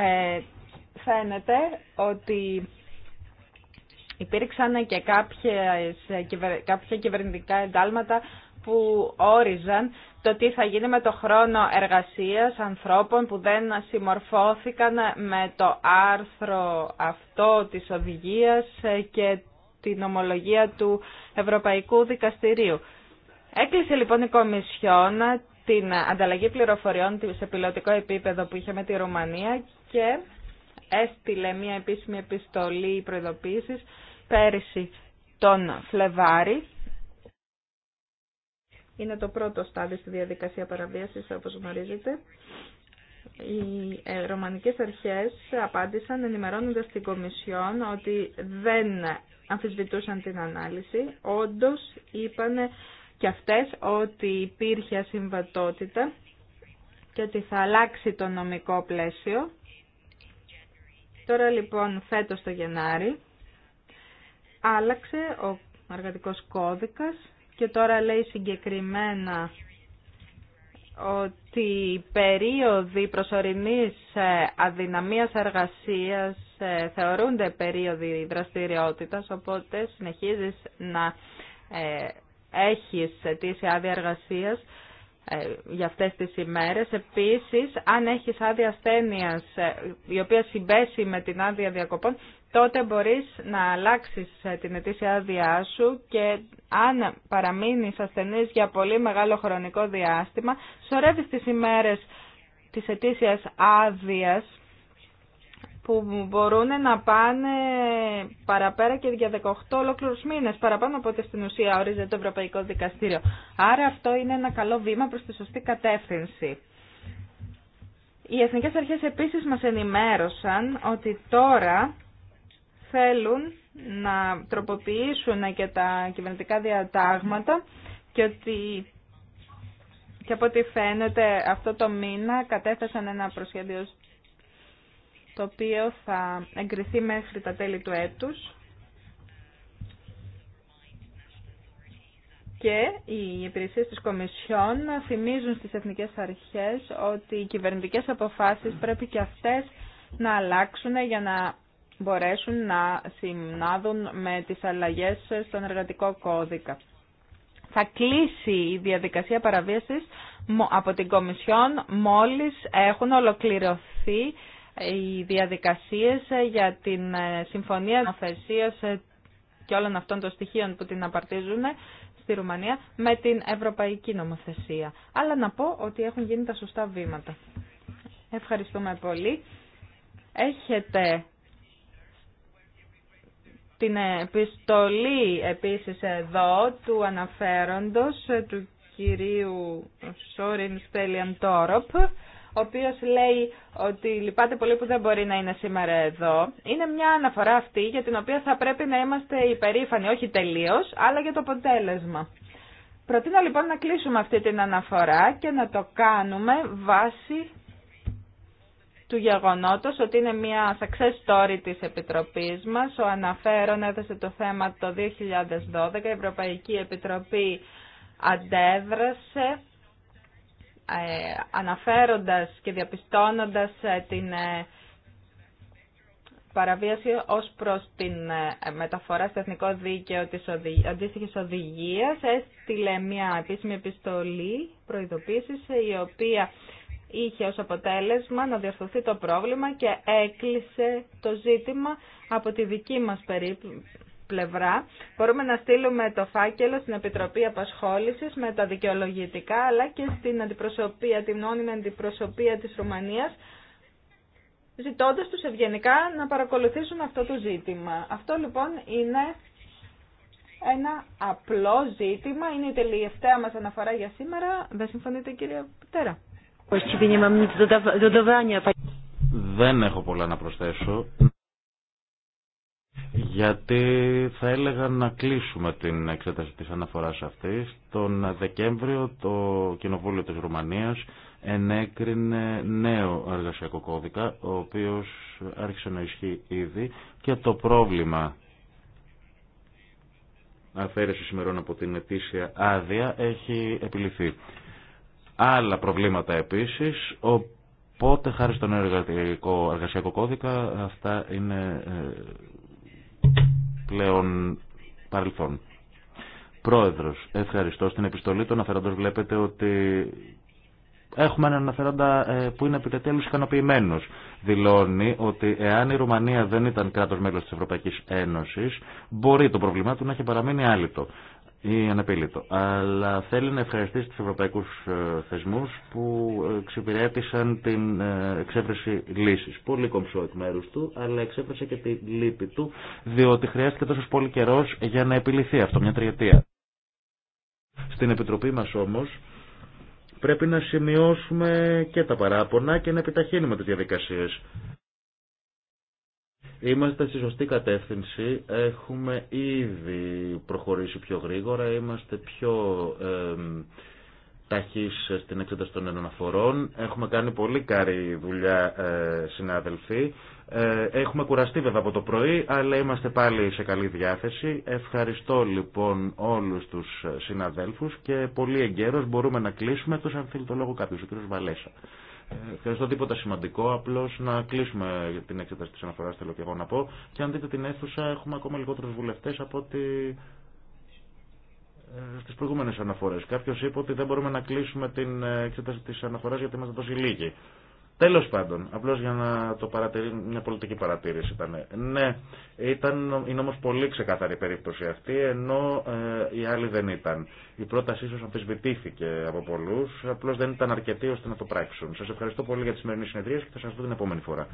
ε, φαίνεται ότι Υπήρξαν και κάποια κυβερνητικά εντάλματα που όριζαν το τι θα γίνει με το χρόνο εργασίας ανθρώπων που δεν συμμορφώθηκαν με το άρθρο αυτό της οδηγίας και την ομολογία του Ευρωπαϊκού Δικαστηρίου. Έκλεισε λοιπόν η Κομισιόν την ανταλλαγή πληροφοριών σε πιλωτικό επίπεδο που είχε με τη Ρουμανία και έστειλε μια επίσημη επιστολή προειδοποίησης πέρυσι τον Φλεβάρη. Είναι το πρώτο στάδιο στη διαδικασία παραβίασης, όπως γνωρίζετε. Οι ε, ρωμανικές αρχές απάντησαν ενημερώνοντας την Κομισιόν ότι δεν αμφισβητούσαν την ανάλυση. Όντως είπαν και αυτές ότι υπήρχε ασυμβατότητα και ότι θα αλλάξει το νομικό πλαίσιο. Τώρα λοιπόν φέτος το Γενάρη άλλαξε ο εργατικός κώδικας και τώρα λέει συγκεκριμένα ότι οι περίοδοι προσωρινής ε, αδυναμίας εργασίας ε, θεωρούνται περίοδοι δραστηριότητας, οπότε συνεχίζεις να ε, έχεις αιτήσει άδεια εργασίας για αυτές τις ημέρες. Επίσης, αν έχεις άδεια ασθένεια, η οποία συμπέσει με την άδεια διακοπών, τότε μπορείς να αλλάξεις ε, την ετήσια άδειά σου και αν παραμείνεις ασθενής για πολύ μεγάλο χρονικό διάστημα, σωρεύεις τις ημέρες της ετήσιας άδεια που μπορούν να πάνε παραπέρα και για 18 ολόκληρους μήνες, παραπάνω από ό,τι στην ουσία ορίζεται το Ευρωπαϊκό Δικαστήριο. Άρα αυτό είναι ένα καλό βήμα προς τη σωστή κατεύθυνση. Οι εθνικές αρχές επίσης μας ενημέρωσαν ότι τώρα θέλουν να τροποποιήσουν και τα κυβερνητικά διατάγματα και ότι και από ό,τι φαίνεται αυτό το μήνα κατέθεσαν ένα προσχέδιο το οποίο θα εγκριθεί μέχρι τα τέλη του έτους και οι υπηρεσίε της Κομισιόν θυμίζουν στις εθνικές αρχές ότι οι κυβερνητικές αποφάσεις πρέπει και αυτές να αλλάξουν για να μπορέσουν να συνάδουν με τις αλλαγές στον εργατικό κώδικα. Θα κλείσει η διαδικασία παραβίασης από την Κομισιόν μόλις έχουν ολοκληρωθεί οι διαδικασίες για την ε, συμφωνία νομοθεσία ε, και όλων αυτών των στοιχείων που την απαρτίζουν στη Ρουμανία με την ευρωπαϊκή νομοθεσία. Αλλά να πω ότι έχουν γίνει τα σωστά βήματα. Ευχαριστούμε πολύ. Έχετε την επιστολή επίσης εδώ του αναφέροντος του κυρίου Σόριν Στέλιαν Τόροπ ο οποίος λέει ότι λυπάται πολύ που δεν μπορεί να είναι σήμερα εδώ. Είναι μια αναφορά αυτή για την οποία θα πρέπει να είμαστε υπερήφανοι, όχι τελείως, αλλά για το αποτέλεσμα. Προτείνω λοιπόν να κλείσουμε αυτή την αναφορά και να το κάνουμε βάσει του γεγονότος ότι είναι μια success story της Επιτροπής μας. Ο αναφέρον έδωσε το θέμα το 2012. Η Ευρωπαϊκή Επιτροπή αντέδρασε ε, αναφέροντας και διαπιστώνοντας ε, την ε, παραβίαση ως προς την μεταφορά στο εθνικό δίκαιο της οδη... αντίστοιχης οδηγίας έστειλε μια επίσημη επιστολή προειδοποίησης η οποία είχε ως αποτέλεσμα να διορθωθεί το πρόβλημα και έκλεισε το ζήτημα από τη δική μας πλευρά. Μπορούμε να στείλουμε το φάκελο στην Επιτροπή Απασχόλησης με τα δικαιολογητικά αλλά και στην αντιπροσωπεία, την αντιπροσωπεία της Ρουμανίας ζητώντας τους ευγενικά να παρακολουθήσουν αυτό το ζήτημα. Αυτό λοιπόν είναι ένα απλό ζήτημα, είναι η τελευταία μας αναφορά για σήμερα. Δεν συμφωνείτε κύριε Πιτέρα. Δεν έχω πολλά να προσθέσω. Γιατί θα έλεγα να κλείσουμε την εξέταση της αναφοράς αυτής. Τον Δεκέμβριο το Κοινοβούλιο της Ρουμανίας ενέκρινε νέο εργασιακό κώδικα, ο οποίος άρχισε να ισχύει ήδη και το πρόβλημα αφαίρεση σήμερα από την ετήσια άδεια έχει επιληθεί άλλα προβλήματα επίσης, οπότε χάρη στον εργατικό, εργασιακό κώδικα αυτά είναι ε, πλέον παρελθόν. Πρόεδρος, ευχαριστώ. Στην επιστολή του αναφέροντος βλέπετε ότι έχουμε έναν αναφέροντα ε, που είναι επιτετέλους ικανοποιημένο. Δηλώνει ότι εάν η Ρουμανία δεν ήταν κράτος μέλος της Ευρωπαϊκής Ένωσης, μπορεί το πρόβλημά του να έχει παραμείνει άλυτο ή αναπήλυτο. Αλλά θέλει να ευχαριστήσει τους ευρωπαϊκούς ε, θεσμούς που εξυπηρέτησαν την ε, εξέφραση λύσης. Πολύ κομψό εκ μέρους του, αλλά εξέφρασε και τη λύπη του, διότι χρειάστηκε τόσο πολύ καιρός για να επιληθεί αυτό, μια τριετία. Στην Επιτροπή μας όμως πρέπει να σημειώσουμε και τα παράπονα και να επιταχύνουμε τις διαδικασίες. Είμαστε στη σωστή κατεύθυνση, έχουμε ήδη προχωρήσει πιο γρήγορα, είμαστε πιο ε, στην εξέταση των αναφορών, έχουμε κάνει πολύ καλή δουλειά ε, συνάδελφοι, ε, έχουμε κουραστεί βέβαια από το πρωί, αλλά είμαστε πάλι σε καλή διάθεση. Ευχαριστώ λοιπόν όλους τους συναδέλφους και πολύ εγκαίρως μπορούμε να κλείσουμε, εκτός αν θέλει το λόγο κάποιος, ο Ευχαριστώ τίποτα σημαντικό, απλώ να κλείσουμε την εξέταση τη αναφορά, θέλω και εγώ να πω. Και αν δείτε την αίθουσα, έχουμε ακόμα λιγότερου βουλευτέ από ότι ε, στι προηγούμενε αναφορέ. Κάποιο είπε ότι δεν μπορούμε να κλείσουμε την ε, εξέταση τη αναφορά γιατί είμαστε τόσοι λίγοι. Τέλος πάντων, απλώς για να το παρατηρήσω, μια πολιτική παρατήρηση ήταν. Ναι, ήταν, είναι όμως πολύ ξεκάθαρη η περίπτωση αυτή, ενώ ε, οι άλλοι δεν ήταν. Η πρόταση ίσως αμφισβητήθηκε από πολλούς, απλώς δεν ήταν αρκετή ώστε να το πράξουν. Σας ευχαριστώ πολύ για τη σημερινή συνεδρία και θα σας δω την επόμενη φορά.